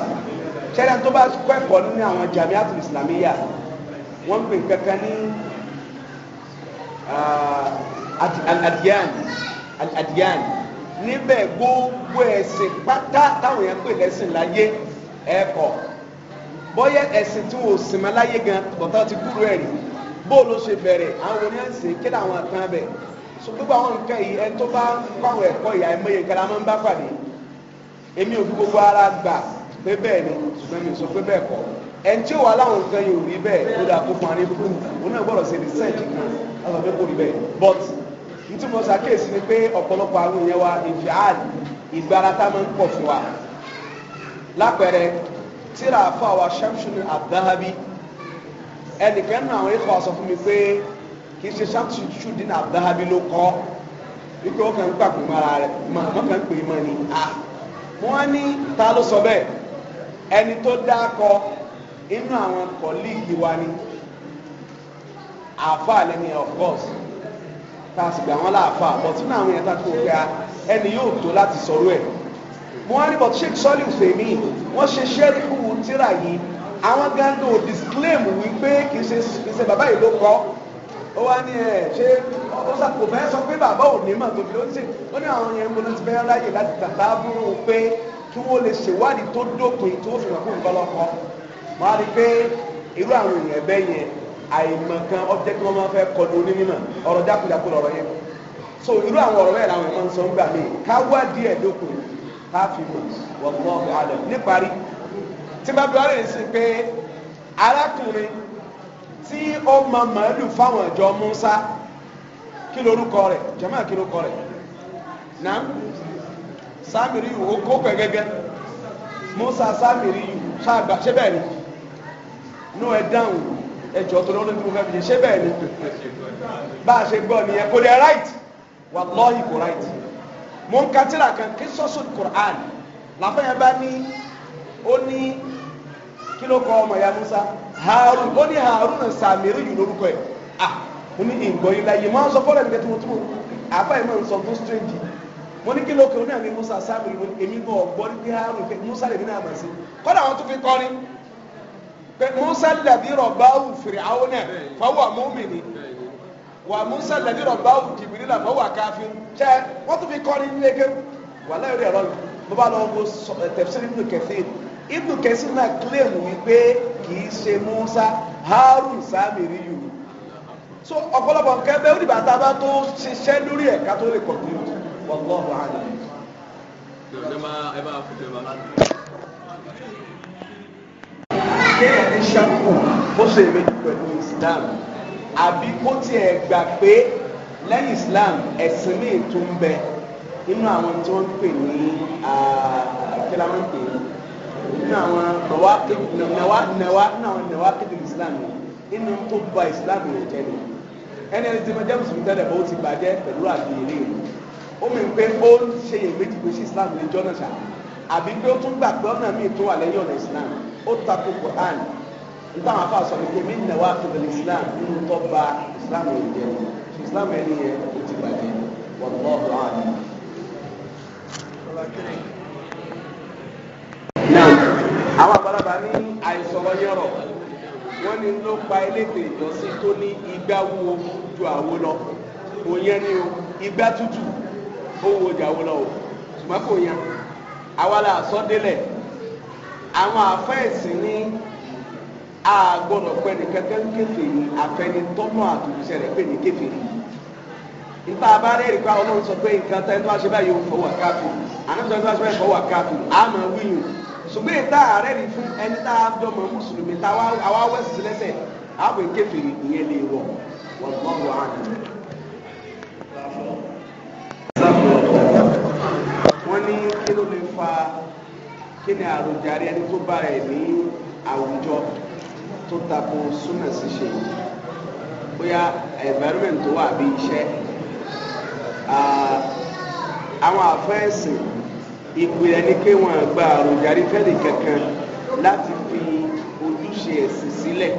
ṣẹ́yìn tó bá kẹ́kọ̀ọ́ nínú àwọn Jamiat islamiyya wọ́n pè kankan ní al-adiyan al-adiyan níbẹ̀ gbogbo ẹ̀sìn pátá táwọn yẹn pè lẹ́sìn láyé ẹ̀kọ́ bọ́yẹ ẹ̀sìn tí wọ́n sìn mọ́ láyé gan bọ̀tọ́ ti kúrò ẹ̀ rí bó ló ṣe bẹ̀rẹ̀ àwọn oní ẹ̀sìn kí làwọn kan bẹ̀ so gbogbo àwọn nǹkan yìí ẹni tó bá kọ́ àwọn ẹ̀kọ́ ìyá ẹ̀mọ́ yẹn kára máa ń bá pàdé èmi ò fi gbogbo ara gbà pé bẹ́ẹ̀ ni ṣùgbọ́n mi sọ pé bẹ́ẹ̀ kọ́ ẹni tí ó wà láwọn nǹkan yìí ò rí bẹ́ẹ̀ ó dà kó fún wa ní fún un náà gbọ́dọ̀ ṣe research kan láwọn fẹ́ kó rí bẹ́ẹ̀ but n mo ṣàkíyèsí ni pé ọ̀pọ̀lọpọ̀ àwọn èèyàn wa ìfẹ́ àlè ìgbára tá máa ń pọ̀ fún wa lápẹẹrẹ tíra àfa wa Shamsul Adhahabi ẹnìkan náà àwọn ikọ̀ sọ fún mi pé kì í ṣe Shamsul Adhahabi ló kọ́ ikú ó kàn ń gbà pé mara rẹ̀ wọ́n kàn ń pè é mọ́ ni a wọ́n ní ta ló sọ bẹ́ẹ̀ ẹni tó dákọ inú àwọn kọ̀líìgì wa ni àfa lẹ́ni of course tá a sì gbà wọ́n láàfa àbọ̀tún náà àwọn yẹn tá a kó o ẹni yóò tó láti sọ̀rọ̀ ẹ̀ mo wá sheik sọ́lì fèmí wọ́n ṣe ṣẹ́ríkù tíra yìí àwọn gangan ò disclaim wípé kì í ṣe kì í ṣe bàbá yìí ló kọ́ ó wá ní ẹ ṣé ó sàkó fẹ́ sọ pé bàbá ò ní mà tóbi ló ń ó ní àwọn yẹn gbọ́dọ̀ ti fẹ́ ráyè láti tàtà búrú pé kí wọ́n lè ṣèwádìí tó dópin tí fi hàn fún ìbálòpọ̀ wọ́n á pé irú àwọn èèyàn ẹ̀bẹ́ yẹn àìmọ̀kan ọjọ́ kí wọ́n máa fẹ́ kọlu onímọ̀ ọ̀rọ̀ jákujàku lọ̀rọ̀ yẹn so irú àwọn ọ̀rọ̀ bẹ́ẹ̀ làwọn èèyàn máa ń sọ ń gbà mí káwá díẹ̀ dópin káfíńmọ̀ wọ̀gbọ́n ọ̀gbẹ́ àlọ́ níparí tí bá bí wọ́n rìn sí pé arákùnrin tí ó mọ màálù fáwọn ìjọ Musa kí lorúkọ rẹ̀ jama kí lorúkọ rẹ̀ náà Sámìrì yìí ó kó pẹ̀ gẹ́gẹ́ Musa Sámìrì yìí ṣáàgbà ṣé bẹ́ẹ̀ ni nú ẹ dáhùn ẹjọ́ tó lọ́dún tí mo fẹ́ fi ṣe ṣé bẹ́ẹ̀ ni bá a ṣe gbọ́ nìyẹn kò dé right wàlọ́ọ̀hì kò right mo ń ka tíra kan kí sọ́sọ́ Qur'an làfẹ́yẹ bá ní ó ní kí ló kọ ọmọ ya Musa Harun ó ní Harun Samiri yìí lórúkọ yìí à mo ní ìgbọ́ yìí láyé mo á sọ fọ́lẹ̀ nìkan tí mo tún mo àbáyé mo ń sọ fún strange mo ní kí ló kọ ọ ní àmì Musa Samiri mo ní èmi náà gbọ́ ní Harun kẹ Musa lè ní àmà sí kọ́dà àwọn tó fi kọ́ ni pé Musa làbí rọ̀ báwù fìrì àwọn náà fọwọ́ àmọ́ mi ni wà musa lẹbi rọba awù jìbìrì làbọ wà káfíń tẹ wọn tún fi kọrin nílé ké wà láyé rẹ lọlọ bá lọ wo eh, tẹfsiri ibnu kẹsìn ibnu kẹsìn náà claim wípé kì ṣe musa harun samiri yù so ọ̀pọ̀lọpọ̀ nǹkan bẹ́ẹ̀ ó dìbò àtàbà tó ṣiṣẹ́ lórí ẹ̀ ká tó lè kọ̀ọ̀tù wallahu a'lam. kéèyàn ní sàkó ó ṣe èmi pẹ̀lú Islam àbí kó tiẹ̀ gbà pé lẹ́yìn Islam ẹ̀sìn míì tó ń bẹ nínú àwọn tí wọ́n pè ní kílámẹ́ǹtì nínú àwọn nàwa nàwa nàwa nínú àwọn nàwa kéde Islam nínú tó ba Islam rẹ̀ jẹ́ ni ẹni ẹni tí mo jẹ́ mùsùlùmí tẹ́lẹ̀ bó ti bàjẹ́ pẹ̀lú àbíyèrè ó mi pé ó ń ṣe iyèméjì pé ṣé Islam lè jọ́nà ṣá àbí pé ó tún gbà pé ọ̀nà míì tó wà lẹ́yìn ọ̀nà Islam ó takò Quran nígbà wọn afa sọ pé mi nà wá ti bẹ̀rẹ̀ islam nínú tó ba islam yẹn jẹ islam yẹn yẹ o ti bàjẹ́ wọn bọ́ ọ̀rọ̀ àná. náà àwọn àgbàlagbà ní àìsọ̀rọ̀ yọrọ̀ wọ́n ní ló pa elétò ìjọsìn tó ní igbá wo ju àwo lọ kò yẹn ni o igbá tútù ó wo ju àwo lọ o ṣùgbọ́n kò yẹn àwa la sọ délẹ̀ àwọn àfẹ́ ní a gbọ́dọ̀ pẹ́ ní kankan kèfèrí afẹnitọ́nà àtòkùsẹ̀ rẹ̀ pé ní kèfèrí nípa abáre rí pa ọlọ́run sọ pé nǹkan tẹ́ tó a ṣe báyìí òun fọwọ́ káàtó ànábìsọ tó wá ṣe báyìí fọwọ́ káàtó àmọ́ wíyùn ṣùgbọ́n ìta ààrẹ rí fún ẹni tá a dọ́mọ mùsùlùmí tá a wá wẹ́sì sí lẹ́sẹ̀ àbò ìkẹfìrì ìyẹn lè wọ̀ wọ́n bọ́ wọ́n á nù. wọ́n ní kí ló lè fa kí ni àròjàre ẹni tó bá ẹ̀ ní àwùjọ tó tako súnà ṣíṣe bóyá environment tó wà bí iṣẹ́ àwọn àfẹ́sìn ìpìlẹ̀ ní pé wọ́n gba àròjàrí fẹ́ẹ̀lì kankan láti fi ojúṣe ẹ̀sìn sílẹ̀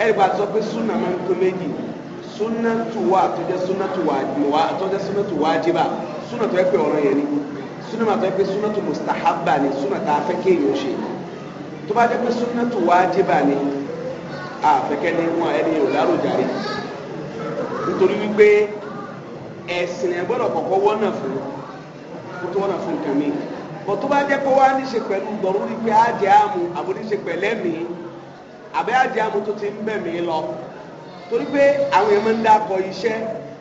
ẹ̀rìgbà sọ pé súnà máa ń tó méjì súnà tó wà tó jẹ́ súnà tó wà tó jẹ́ súnà tó wà jíba súnà tó yẹ pé ọ̀rọ̀ yẹn ni súnà tó yẹ pé súnà tó mustahaba ni súnà tá a fẹ́ kéèyàn ṣe tó bá jẹ́ pé sunnatu wajiba ni àfẹ́kẹ́ ní wọn ẹni ò láròjàre nítorí wípé ẹ̀sìn ẹ̀ gbọ́dọ̀ kọ́kọ́ wọ́nà fún kó tó wọ́nà fún nǹkan mi bọ̀ tó bá jẹ́ pé wá ní ṣe pẹ̀lú gbọ̀rún ní pé àjẹ́ àmú àbò ní ṣe pẹ̀lẹ́ mi àbẹ́ àjẹ́ àmú tó ti ń bẹ̀ mí lọ torí pé àwọn èèyàn máa ń dákọ̀ iṣẹ́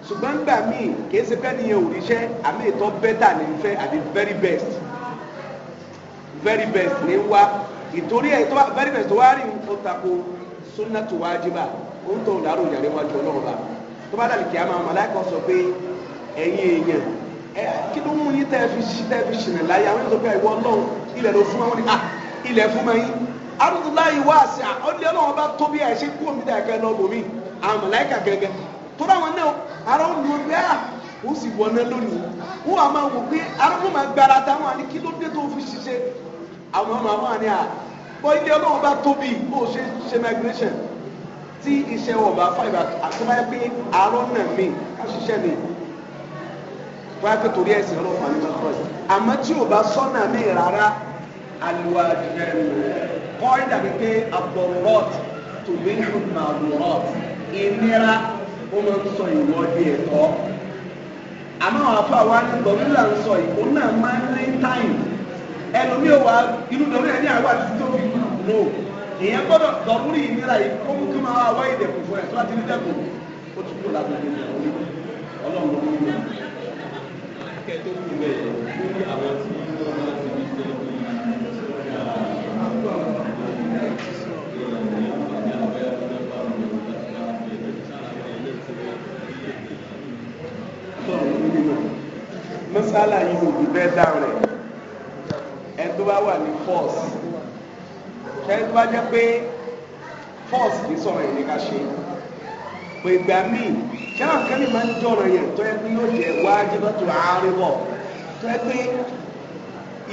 ṣùgbọ́n gbà míì kìí ṣe pẹ́ nìyẹn ò ríṣẹ́ àmì ìtọ́ bẹ́tà ní fẹ́ àti very best very best ní wá ìtorí ẹ̀ tó bẹ́ẹ̀ bẹ́ẹ̀ tó wá rí o tako sunnatu wajiba o ń tọ̀ ọ̀daràn òyàrá iwájú ọlọ́run bá tó bá dàbí kíá máa màláìka sọ pé ẹ̀yin èèyàn ẹ kí ló mú yín tẹ́ fi ṣí tẹ́ fi ṣìnà láyé àwọn èèyàn tó bẹ́ẹ̀ ìwọ ọlọ́run ilẹ̀ ló fún wọn ni ilẹ̀ fún wọn yín arúgbóláyé wá sí à ọdún ọlọ́run bá tóbi ẹ̀ ṣe kú omi dàkẹ́ lọ́gbọ̀n mi àwọn màláìka gẹ́gẹ́ tó bá wọn náà ara ó lu ọgbẹ́ à ó sì wọná lónìí wọn àmọ́ wò pé arúgbó máa gbára táwọn àní kí ló dé tó fi ṣiṣẹ́ àwọn ọmọ àwọn àní à bọ́ ilé ọlọ́run bá tóbi bó o ṣe ṣe migration tí iṣẹ́ wọn bá fà ìgbà àtúbáyé pé àárọ̀ náà mi ká ṣiṣẹ́ mi wáyé pé torí ẹ̀sìn ọlọ́run àti ọlọ́run àmọ́ tí o bá sọ́nà mi rárá àlùwà jẹ̀rù kọ́ ìdàbí pé àbọ̀rọ̀t tòbí ìhùnmá àbọ̀rọ̀t ìnira ó máa ń sọ ìwọ́de ẹ̀tọ́ àmọ́ àwọn afọ àwa ní gbọ̀ngàn sọ ìkó náà máa ń lé táìmù ẹlòmí ò wá inú dọ̀mí ẹ̀ ní àwọn àti tó fi nù èèyàn gbọ́dọ̀ dọ̀múrì ìnira yìí kó mú kí máa wá wáyé dẹ̀kùn fún ẹ̀ tó láti rí dẹ̀kùn ó ti kú lágbègbè ọlọ́run ló ń masala yìí ò ní bẹ́ẹ̀ dáhùn ẹni tó bá wà ní force ṣẹ́ni tó bá jẹ́ pé force kì í sọ̀rọ̀ yìí ní ká ṣe pé ìgbà míì ṣé àwọn kan lè máa ń jọ̀rọ̀ yẹn tó yẹ pé yóò jẹ́ wájú bá tó àárín bọ̀ tó yẹ pé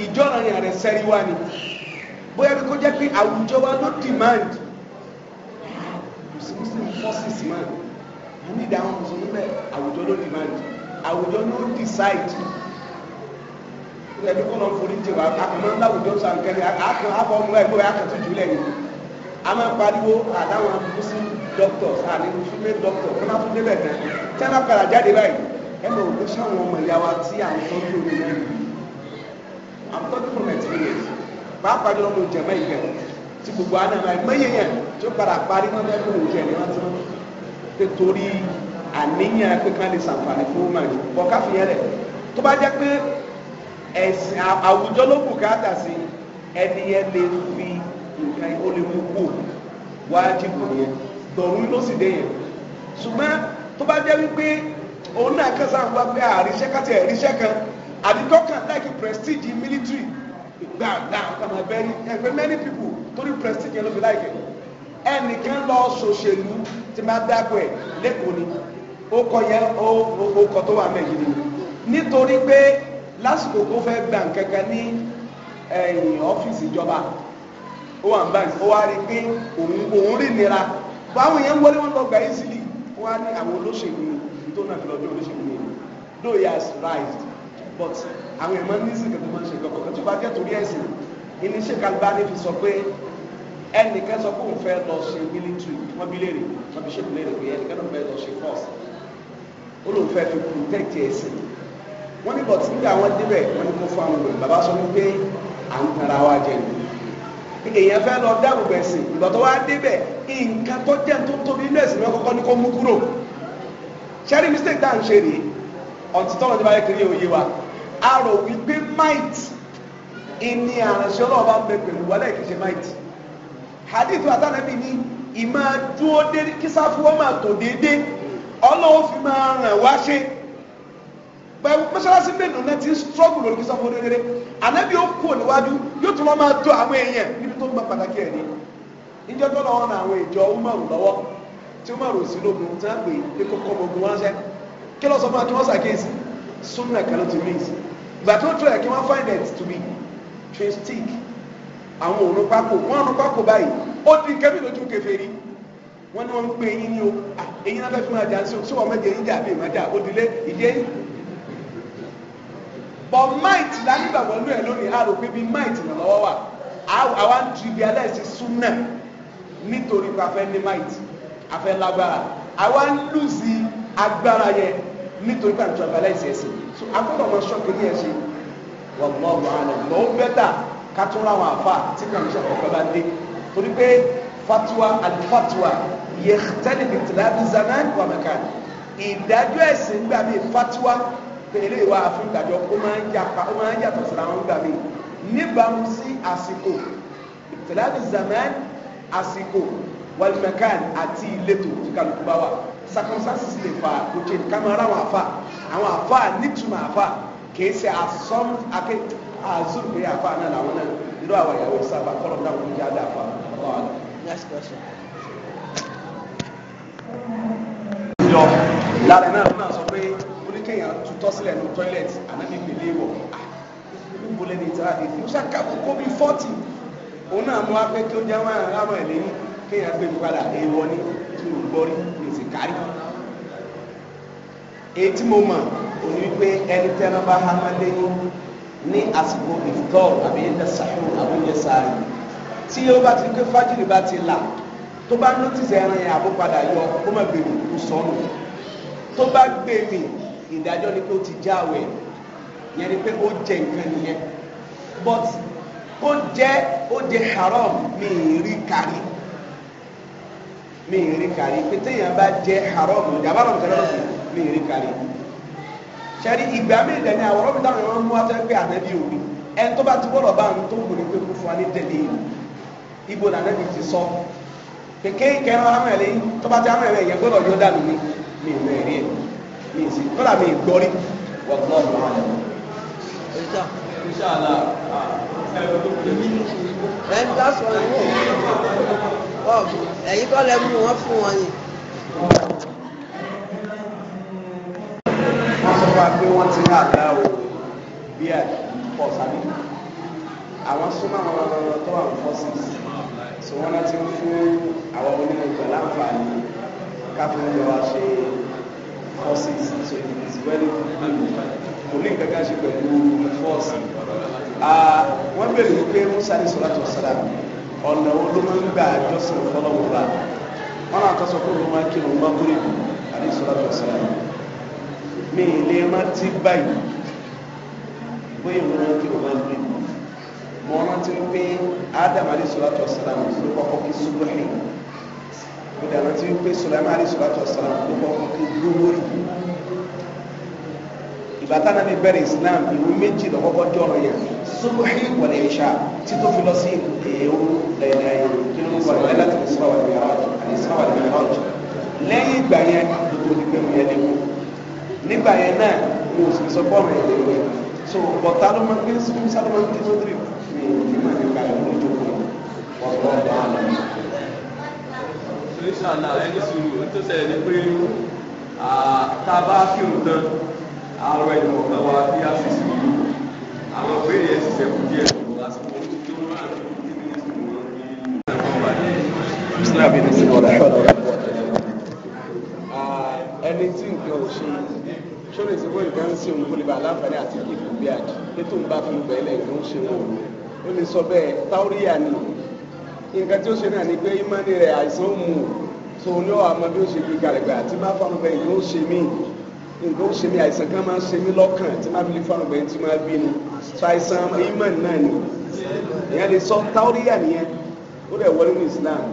ìjọ̀rọ̀ yẹn rẹ̀ sẹ́rí wá ni bóyá bí kò pé àwùjọ wa ló demand muslim forces man mo need ìdáhùn mùsùlùmí bẹ́ẹ̀ àwùjọ ló demand àwùjọ ló decide ẹbí kọ́ náà forí jẹ wa àkàmọ́ láwùjọ sànkẹ́lẹ́ àkàn àbọ̀ ọmọ ẹgbẹ́ wa àkàtú jùlẹ̀ ni a máa pariwo àdáwọn muslim doctors àní muslim doctors kí wọ́n bá tún débẹ̀ tán tí wọ́n bá padà jáde báyìí ẹ mọ̀ òkú sáwọn ọmọ ìyá wa tí àwọn tó ń tó lórí rẹ̀ I'm talking from experience bá a pàdé ọmọ ìjẹ̀mẹ́ ìgbẹ́ tí gbogbo àná máa ń mẹ́yẹ yẹn tí ó padà parí wọn bẹ́ẹ̀ kó ìjẹ̀ ni wọ́n ti wọ́n pé torí àníyàn pé ká lè ṣàǹfààní fún wọn bọ̀ káfíńyẹn rẹ̀ tó bá jẹ́ pé ẹ̀sìn àwùjọ ló bùkátà sí ẹni yẹn lè fi nǹkan ó lè mú kó wájibù yẹn dọ̀rùn ló sì dé yẹn ṣùgbọ́n tó bá jẹ́ wípé òun náà kàn sáà ń wá pé àríṣẹ́ kàtí àríṣẹ́ kan àdìgbọ́ kan láìkí prestige military gbà náà kàmá bẹ́ẹ̀ni ẹgbẹ́ many people torí prestige yẹn ló fi láìkẹ́ ẹnìkan lọ ṣòṣèlú tí máa dágbọ́ ẹ̀ lẹ́kọ̀ọ́ ni ó kọ yẹn ó kọ tó wà mẹ́yìn ni nítorí pé lásìkò kó fẹ́ gbà kankan ní ẹ̀yìn ọ́fíìsì ìjọba ó wà ń báyìí ó wá rí i pé òun òun rí nira báwọn èèyàn wọlé wọn lọ gbà yín sílì ó wá ní àwọn olóṣèlú tó náà fi olóṣèlú yẹn though he has rised but àwọn èèyàn máa ń ní sí kẹtẹ máa ń ṣe kankan kan tó bá jẹ́ torí ẹ̀sìn iníṣẹ́ kalibani fi sọ pé ẹnìkan sọ pé òun fẹ́ lọ ṣe military wọ́n bí léèrè wọ́n fi ṣe léèrè pé ẹnìkan náà fẹ́ lọ ṣe force ó lóun fẹ́ fi protect ẹ̀sìn wọ́n ní bọ̀tí nígbà wọ́n débẹ̀ wọ́n ní kó fún àwọn olùgbé bàbá sọ wípé à ń tara wa jẹ ni èèyàn fẹ́ lọ dáàbò bẹ̀ sí ìgbà tó wá débẹ̀ nǹkan tó jẹ́ tó tóbi nínú ẹ̀sìn náà kọ́kọ́ ní kó mú kúrò ṣẹ́rí mistake tá à ń ṣe rèé ọ̀tí tọ́lọ̀ ní báyẹn kiri òye wa a rò wípé might ìní àránṣẹ́ ọlọ́wọ́ bá ń bẹ pẹ̀lú wọlé kì í ṣe might hadith atanabi ni ìmáa dúró dé kí sáfù wọn máa tò déédéé ọlọ́wọ́ fi máa ràn wá ṣe. mgbe mọ́ṣáláṣí mélòó náà ti ń struggle lórí kìsọ́ fún rere ànábì ó kú yóò tún máa tó àwọn èèyàn níbi tó ń gba pàtàkì ní. tó na àwọn ìjọ umaru lọ́wọ́ tí umaru sí lógun tí wọ́n pè é kókó ogun wọn ṣẹ́ kí ló sọ fún wa kí sunna kan ti mí sí kí di lójú o èyí náà fẹ́ but might la nígbà wọlé ẹ lónìí a pé bí might lọ́wọ́ wà àwa ń trivialize súnà nítorí pé a fẹ́ ní might a fẹ́ lágbára àwa ń lùzì agbára yẹn nítorí pé a trivialize ẹ̀sìn so akọ́dọ̀ ọmọ ṣọ́ọ̀kì ní ẹ̀sìn wọ́n mọ̀ ọ́ lọ́wọ́ bẹ́tà ká tún ra àwọn àfa tí kàn ń ṣàkọ́kọ́ bá dé torí pé fatwa alifatwa yẹ tẹ́lẹ̀ bìtìlá bí zaman wà mẹ́ka ìdájọ́ ẹ̀sìn gbà mí fatwa pèlè ìwà fún ìdájọ́ ó máa ń yapa ó máa ń yàtọ̀ síra àwọn gbà mí níbàámu sí àsìkò ìtìláàbí zaman àsìkò wàlùmẹ̀kàn àti ìletò tí kálukú bá wà circumstances lè fa òkè kámẹ́rà àwọn àfa àwọn àfa nítumọ̀ àfa kìí ṣe asọ́m aké azur pé àfa náà làwọn náà irú àwọn ìyàwó sábà kọ́lọ̀ náà wọ́n jẹ́ àdá àfa ọ̀hún kéèyàn tutọ́ sílẹ̀ ní tọ́ílẹ̀tì ànábì pèlè wọ̀ ah, níbo lẹ́ni ìtara àdìsí musa kàwé kó bí fọ́tì òun náà mú apẹ́ tó jẹ́ wọn àrámọ̀ ẹ̀ lẹ́yìn kéèyàn gbé mi padà èèwọ̀ ni tí mo gbọ́ rí mi sì kárí. èyí tí mo mọ̀ òní wípé ẹni tẹ́ran bá há máa lẹ́yìn ní àsìkò ìfitọ́ àbí ẹ̀jẹ̀ sàhó àbí ẹ̀jẹ̀ sàárì tí ó bá ti gbé fájìlì bá ti là tó bá nọ́tìsì ẹran yẹn àbó padà yọ kó má gbèmí kó sọnù tó bá gbèmí ìdájọ́ ni pé ó ti já àwẹ̀ yẹn ni pé ó jẹ nǹkan nìyẹn but ó jẹ ó jẹ haram mi ì rí kárí mi ì rí kárí pé téèyàn bá jẹ haram ìjàmbá lọ́mọ tẹ́lẹ̀ lọ́sìn mi ì rí kárí sẹ́ni ìgbà mẹ́rin ní àwọn ọlọ́mọ táwọn èèyàn mú wá sẹ́ni pé ànábì òní ẹni tó bá ti wọ́lọ̀ bá ń tó wù ní pé kó fún wa ní tẹ̀lé ibo lànábì ti sọ kékeré kẹrin ọmọ ẹ̀lẹ́yìn tó bá ti ọmọ ẹ̀lẹ́yìn yẹn gbọ́dọ̀ yọ dànù ní mi ì mẹ́rin ẹ̀ kí n sì kọ́lá mi gbọ́rí wọ́n lọ́ọ̀ lọ́wọ́ àyẹ̀wò. ẹ ń dásọ ìwọ ẹ̀yin kọ́ lẹ mú wọn fún wọn yìí. wọ́n sọ fún wa pé wọ́n ti ní àgbá o bí ẹ̀ pọ̀ sábì àwọn súnmọ́ àwọn ọmọ tó wà ní forces so wọ́n láti fún àwọn onímọ̀ ìgbà láǹfààní káfíńdì wa ṣe é forces so it is very good kò ní nǹkan kan ṣe pẹ̀lú force. wọ́n bèrè wípé musa ní sọ́lá tó sọ́lá ọ̀nà wo ló máa ń gbà jọ́sìn fọlọ́wọ́ bá wọn náà tọ́sọ pé òun máa kí òun máa kúrè bù àní sọ́lá tó sọ́lá mi ì lè rántí báyìí bóyá òun máa kí òun máa kúrè bù mọ́ rántí wípé ádámù àdìsọ́lá tó sọ́lá ló kí súbúhì ìdànà tí ó pé sùlẹ́mà àrí sùlátọ̀ sàlám ló kọ́ fún kí lórí ìbátan náà ní bẹ̀rẹ̀ islam ìwé méjì lọ́kọ́kọ́ jọrọ yẹn subuhi wal isha tí tó fi lọ sí èèwù lẹ́yìn ìgbà yẹn gbogbo ní pé mo yẹ lẹ́wọ́ nígbà yẹn náà mo sì sọ bọ́ọ̀rọ̀ yẹn lẹ́wọ́ so bọ̀tá ló máa ń gbé sọ́dọ̀ máa ń gbé sọ́dọ̀ mi ìgbà yẹn lójókòó ọ̀pọ̀ ọ̀pọ̀ àná inshallah ẹni sùúrù tó ṣẹlẹ̀ ni pé tá a bá kírun tán àárọ̀ ìmọ̀ kan wá bí a sì sùúrù àwọn ìbéèrè yẹn ti ṣẹ̀kù díẹ̀ lásìkò tó máa ń tí mi ní sùúrù wọn ní ìlú wà ní. islam ní sí ọ̀rọ̀ ẹ̀ṣọ́ ọ̀rọ̀ ẹni tí nǹkan ò ṣe ṣó lè ṣe bó nǹkan ń ṣe òun kó lè bá aláǹfààní àti ìfòbíàjì nítorí bá fi gbẹ̀lẹ̀ ìlú ń ṣe wọn ò lè sọ bẹ́ẹ̀ táwọ́ríyà ni nǹkan tí ó ṣe náà ni pé ìmọ̀ni rẹ̀ àìsàn ó mú so ní ọ̀ àmọ́ bí ó ṣe gbéga rẹ̀ gbà tí má fọ́nù bẹ́ẹ̀ yóò ṣe mí nǹkan ó ṣe mí àìsàn kan máa ń ṣe mí lọ́kàn tí má fi fọ́nù bẹ́ẹ̀ tí má bí ni so àìsàn ìmọ̀ni náà ni ìyẹn lè sọ táwọ́ríyà nìyẹn ó dẹ̀ wọlé ní Islam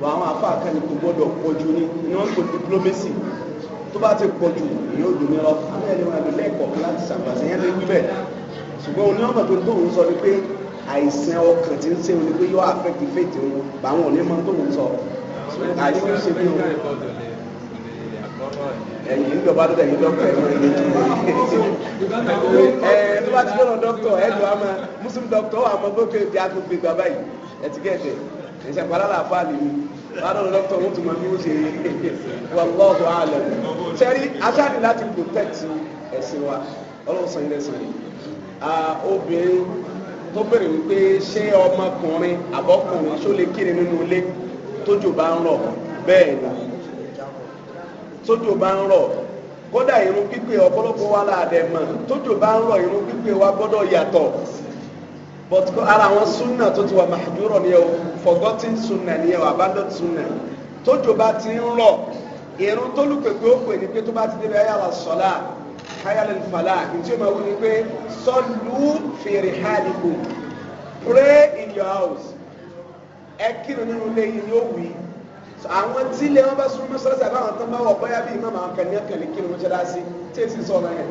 wọ àwọn afáà kan ní kò gbọ́dọ̀ pọ̀jù ni ni wọ́n ń pè diplomacy tó bá ti pọ̀jù ìyẹn ò dùn mí lọ àbẹ́ẹ̀lẹ́ wọn àbẹ́lẹ́ ẹ̀kọ́ láti ṣàǹfàṣẹ́ yẹn lè wí bẹ́ẹ̀ ṣùgbọ́n oníwàmọ̀ tó ń tóun sọ ni àìsàn ọkàn tí ń ṣe wọn ni pé yóò affect faith wọn báwọn ò ní mọ tó ń sọ àìsàn ń ṣe bí wọn. ẹ̀yin ìjọba tó tẹ̀yìn dọ́kítọ̀ ẹ̀ wọ́n yẹn tó ẹ̀ ẹ̀ tó bá ti dọ́nà dọ́kítọ̀ ẹ̀ lọ́ àmà muslim dọ́kítọ̀ wà mọ́ bókè bí a gbogbo ìgbà báyìí ẹ̀ ti gẹ̀ ẹ̀ ẹ̀sẹ̀ pàdánù àfa lè mi pàdánù dọ́kítọ̀ wọ́n tún máa bí wọ́n ṣe wallahu alam sẹ́rí aṣáájú láti protect ẹ̀sìn wa ọlọ́run sọ yín lẹ́sìn yìí obìnrin tó béèrè wípé ṣé ọmọkùnrin àbọ̀kùnrin ṣó lè kírun nínú ilé tójò bá ń rọ̀ bẹ́ẹ̀ ni tójò bá ń rọ̀ kódà irun pípé ọ̀pọ̀lọpọ̀ wa là dẹ̀ mọ̀ tójò bá ń rọ̀ irun pípé wa gbọ́dọ̀ yàtọ̀ but ara àwọn sunna tó ti wà mahjúrọ̀ ni o forgotten sunna ni o abandoned sunna tójò bá ti ń rọ̀ irun tó lùpẹ̀pẹ̀ ó pè ní pé tó bá ti débi ayé àlà sọ́lá hayalẹ̀ fàlà ìtí o máa wí ni pé sọ́lù fèrè pray in your house ẹ kírun nínú ilé yìí ni ó wí àwọn tí ilé wọn bá sún mọ́sálásí àbáwọn tó máa wọ̀ bóyá bí ìmọ̀ àwọn kan ní ọkàn ní kírun mọ́sálásí tí èsì sọ̀rọ̀ yẹn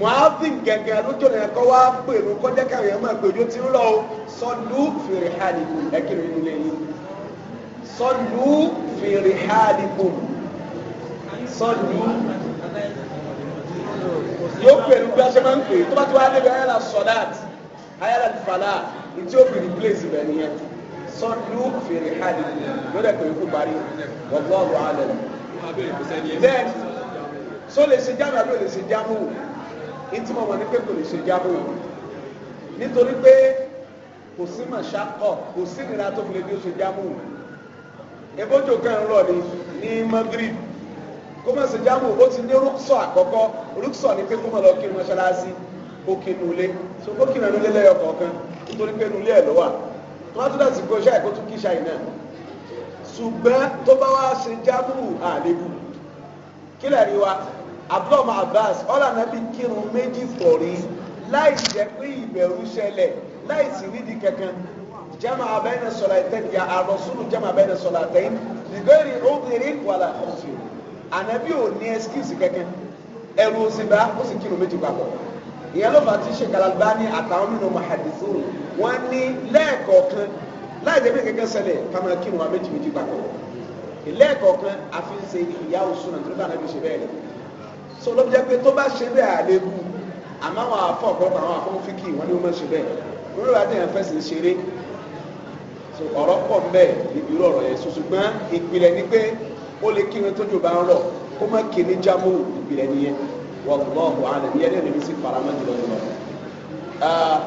muhammed gẹ́gẹ́ lójó náà kọ́ wá pèrò kọjá káwọn yẹn máa gbèjó ń lọ sọ́lù fèrè hàlìkò ẹ kírun nínú ilé yìí sọ́lù fèrè hàlìkò sọ́lù yóò pè ní bí a ṣe máa ń pè tó bá ti wá débi ayala sọdát ayala fàlà ntí ó fi replace bẹ̀ nìyẹn sọdú fèrè hàdì ló dẹ̀ pé ikú parí wallahu alam. then so lè ṣe jáàmù àbí ò lè ṣe jáàmù ìtì mọ̀ wọ́n ní pé kò lè ṣe jáàmù nítorí pé kò sí màṣákọ̀ kò sí ìnira tó fi lè bí ó ṣe jáàmù ebójú kan rọ̀ ni ní magrib kó má ṣe jámù ó ti ní rúkṣọ àkọ́kọ́ rúkṣọ ni pé kó má lọ kí mọ́ṣáláṣí ó kí nulẹ̀ so ó kí nulẹ̀ lẹ́yọ kọ̀ọ̀kan nítorí pé nulẹ̀ ẹ̀ ló wà tó bá tún dàsìkò ṣáì kó tún kí ṣáì náà ṣùgbọ́n tó bá wá ṣe jámù àlékù kílẹ̀ rí wa abdul abbas ọ̀là nàbí kírun méjì fọ̀rí láì jẹ́ pé ìbẹ̀rù ṣẹlẹ̀ láì sì rídìí kankan jama abẹ́nẹ̀ sọ̀lá ìtẹ́ni ya àròsùn jama abẹ́nẹ̀ sọ̀lá tẹ́yìn nìgbẹ́rì ó ń rí wàlà ọ̀sùn ànábì ò ní excuse kẹ̀kẹ́ ẹrù òsìbá ó sì kírun méjì papọ̀ ìyẹn ló fà á ti ṣe kalaba ní àtàwọn nínú mahadizu wọn ní lẹ́ẹ̀kọ̀ọ̀kan láì jẹ́ bí kẹ̀kẹ́ ṣẹlẹ̀ kàmá kírun wa méjì méjì papọ̀ lẹ́ẹ̀kọ̀ọ̀kan àfi ń ṣe ìyá òsùn náà tó bá ànábì ṣe bẹ́ẹ̀ so ló jẹ́ pé tó bá ṣe bẹ́ẹ̀ àlebu àmọ́ àwọn afọ ọ̀pọ̀lọpọ̀ àwọn afọ fíkì wọn ni wọ́n máa ṣe bẹ́ẹ̀ wọn ló wá dé ṣeré ọ̀rọ̀ pọ̀ mbẹ́ ìbírú ọ̀rọ̀ yẹn ṣùṣùgbọ́n ìpìlẹ̀ ni pé ó lè kírun tó jò bá ń rọ̀ kó má kí ní jámù ìbílẹ̀ nìyẹn wallahu alam yẹn lẹ́nu mi sì farama jùlọ nínú ọ̀rọ̀. Ah,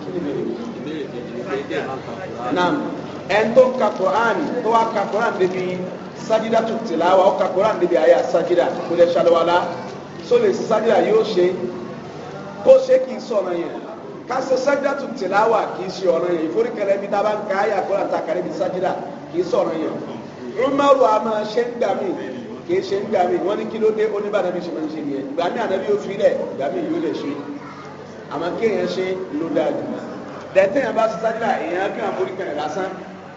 kí ni bèrè mi. ìbéèrè kejì ni pé díẹ̀ máa ń ka Quran. naam ẹni tó ń ka Quran tó wá ka Quran débi sajida tó tilawa ó ka Quran débi àyà sajida kó lè ṣàlùwàlá só lè sajida yóò ṣe kó ṣe kì í sọ̀rọ̀ yẹn ká sajida tó tilawa kì í ṣe ọ̀rọ̀ yẹn ìforíkẹlẹ́ bí tá ń ka àyà Quran ta kàrí bí sajida kì í sọ̀rọ̀ yẹn. Umaru a máa ṣe ń gbà mí kìí ṣe ń gbà mí wọ́n ní kí ló dé oníbàdàn mi ṣe máa ń ṣe nìyẹn gbà mí ànábi yóò fi lẹ̀ gbà mí yóò lè ṣe àmọ́ kéèyàn ṣe ló dáa jù dẹ̀tẹ́ yẹn bá ṣe sájúlà èèyàn kí wọn forí kan lásán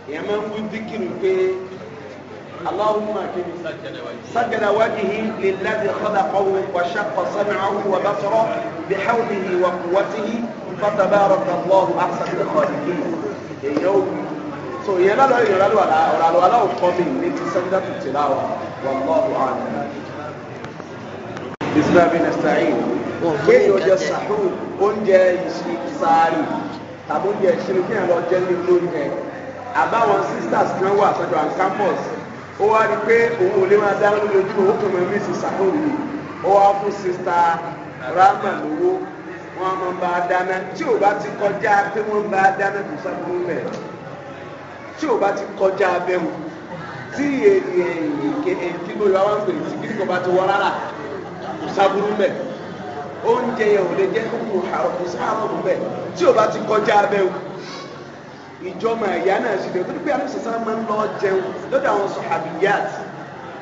èèyàn máa ń fún díkìrì pé Allahumma kini sajada wajihi lillazi khalaqahu wa shaqqa sam'ahu wa basarahu bihawlihi wa quwwatihi fatabaraka Allahu ahsanul khaliqin èèyàn ò so ìyẹn lọ́dọ̀ ìyẹn lọ́dọ̀ àlá ọ̀rọ̀ àlọ́ àlọ́ òkọ́ mi ní ti sẹ́jọ́ tó ti láwà wallahu a'lam. bisimilahi nasta'in kéèyàn jẹ sàhùn oúnjẹ ìsàárì tàbí oúnjẹ ìṣirí kéèyàn lọ jẹ ní lóúnjẹ àbáwọn sisters kan wà sọ́jọ́ àwọn campus ó wá rí i pé òun ò lè máa dáná lójoojúmọ́ ó kàn máa mí sí sàhùn yìí ó wá fún sista rahman lówó wọn máa ń bá a dáná tí ò bá ti kọjá pé wọn bá a dáná kò sábà ń bẹ̀rẹ̀ tí o bá ti kọjá abẹ́wò tí èkìtì ló yọ àwọn pèrè tí kí kò bá ti wọ́ rárá kò sábúrú mẹ́ oúnjẹ yẹn ò lè jẹ́ kókò àrùn kò sáàrùn mẹ́ tí o bá ti kọjá abẹ́wò ìjọba ẹ̀yà náà sì lè torí pé àlọ́ ìṣẹ̀ṣẹ̀ máa ń lọ jẹun lọ́dọ̀ àwọn sọ̀hàbíyàt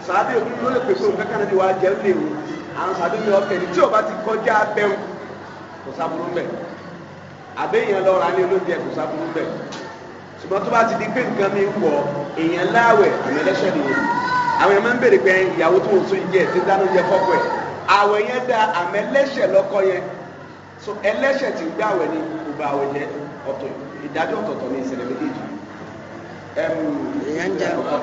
sàbí òkú ló lè pèsè òun kankan náà ti wá jẹun lè wò àwọn sàbí mi ọkẹ́ ni tí o bá ti kọjá abẹ́wò kò sábúrú mẹ́ àbẹ́yẹn lọ́ra ní olóúnjẹ kò sábúrú mẹ́ ṣùgbọ́n tó bá ti di pé nǹkan mi wọ̀ èèyàn láwẹ̀ èèyàn lẹ́sẹ̀ nìyẹn àwọn èèyàn máa ń béèrè pé ìyàwó tó ń sún jẹ ti dáná oúnjẹ fọ́pọ̀ ẹ̀ àwẹ̀ yẹn da àmọ́ ẹlẹ́ṣẹ̀ lọ́kọ yẹn so ẹlẹ́ṣẹ̀ ti gbé àwẹ̀ ni kò bá àwẹ̀ jẹ ọ̀tọ̀ ìdájọ́ ọ̀tọ̀ọ̀tọ̀ ní ìṣẹ̀lẹ̀ méjèèjì èèyàn jẹ ọ̀pọ̀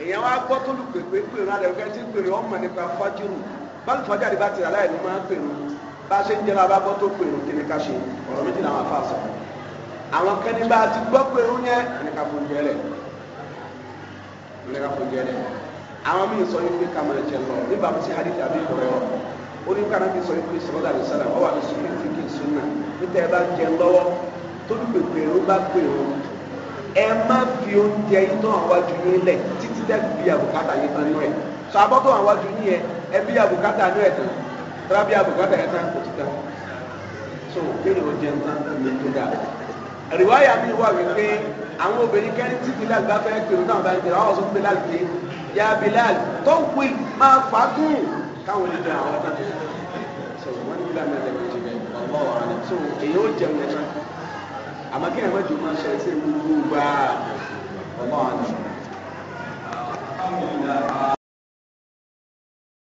èèyàn wá gbọ́ tó lù pèpè pèrò alẹ́ òkè tí pèrò ọmọ nípa fájúrù báyìí fájúrù bá ti rà láì ní máa pèrò bá àwọn kẹ́ni bá ti gbọ́ pé ń yẹn ní ká fún jẹ́lẹ̀ ní ká fún jẹ́lẹ̀ àwọn míì sọ yìí pé ká máa jẹ lọ nígbà tí hadith àbí ìkọ̀rẹ́ ọ̀ ó ní kára fi sọ yìí pé sọlọ́dà lè sọ̀rọ̀ ọ wà ní sùnmí tí kì í súnà níta ẹ bá jẹ lọ́wọ́ tó ní pèpè ó bá pè ó ẹ má fi oúnjẹ iná àwájú yín lẹ̀ títí dẹ́gbì àbùkátà yín tán nú ẹ̀ sọ abọ́tọ̀ àwájú yín yẹn ẹ bí àbùkátà nú ẹ̀ tán tọ́lá bí àbùkátà yẹn tán kò ti tán so kéde oúnjẹ ń tán lè tó dáa rìwáyà mi wà wípé àwọn obìnrin kẹrin tí Bilal bá fẹ́ pèrò náà bá ń pèrò àwọn ọ̀sán Bilal pé ya Bilal tó ń pè máa fà gùn káwọn onídìrí àwọn ọ̀tá tó so wọ́n ní Bilal náà lẹ́gbẹ̀ẹ́ jẹ́ bẹ́ẹ̀ ọ̀pọ̀ ọ̀rọ̀ ni èyí ó jẹun ẹ̀ṣán àmọ́ kí ẹ̀rọ jù máa ṣe ẹsẹ̀ gbogbo gbà ọ̀pọ̀ ọ̀rọ̀ ni.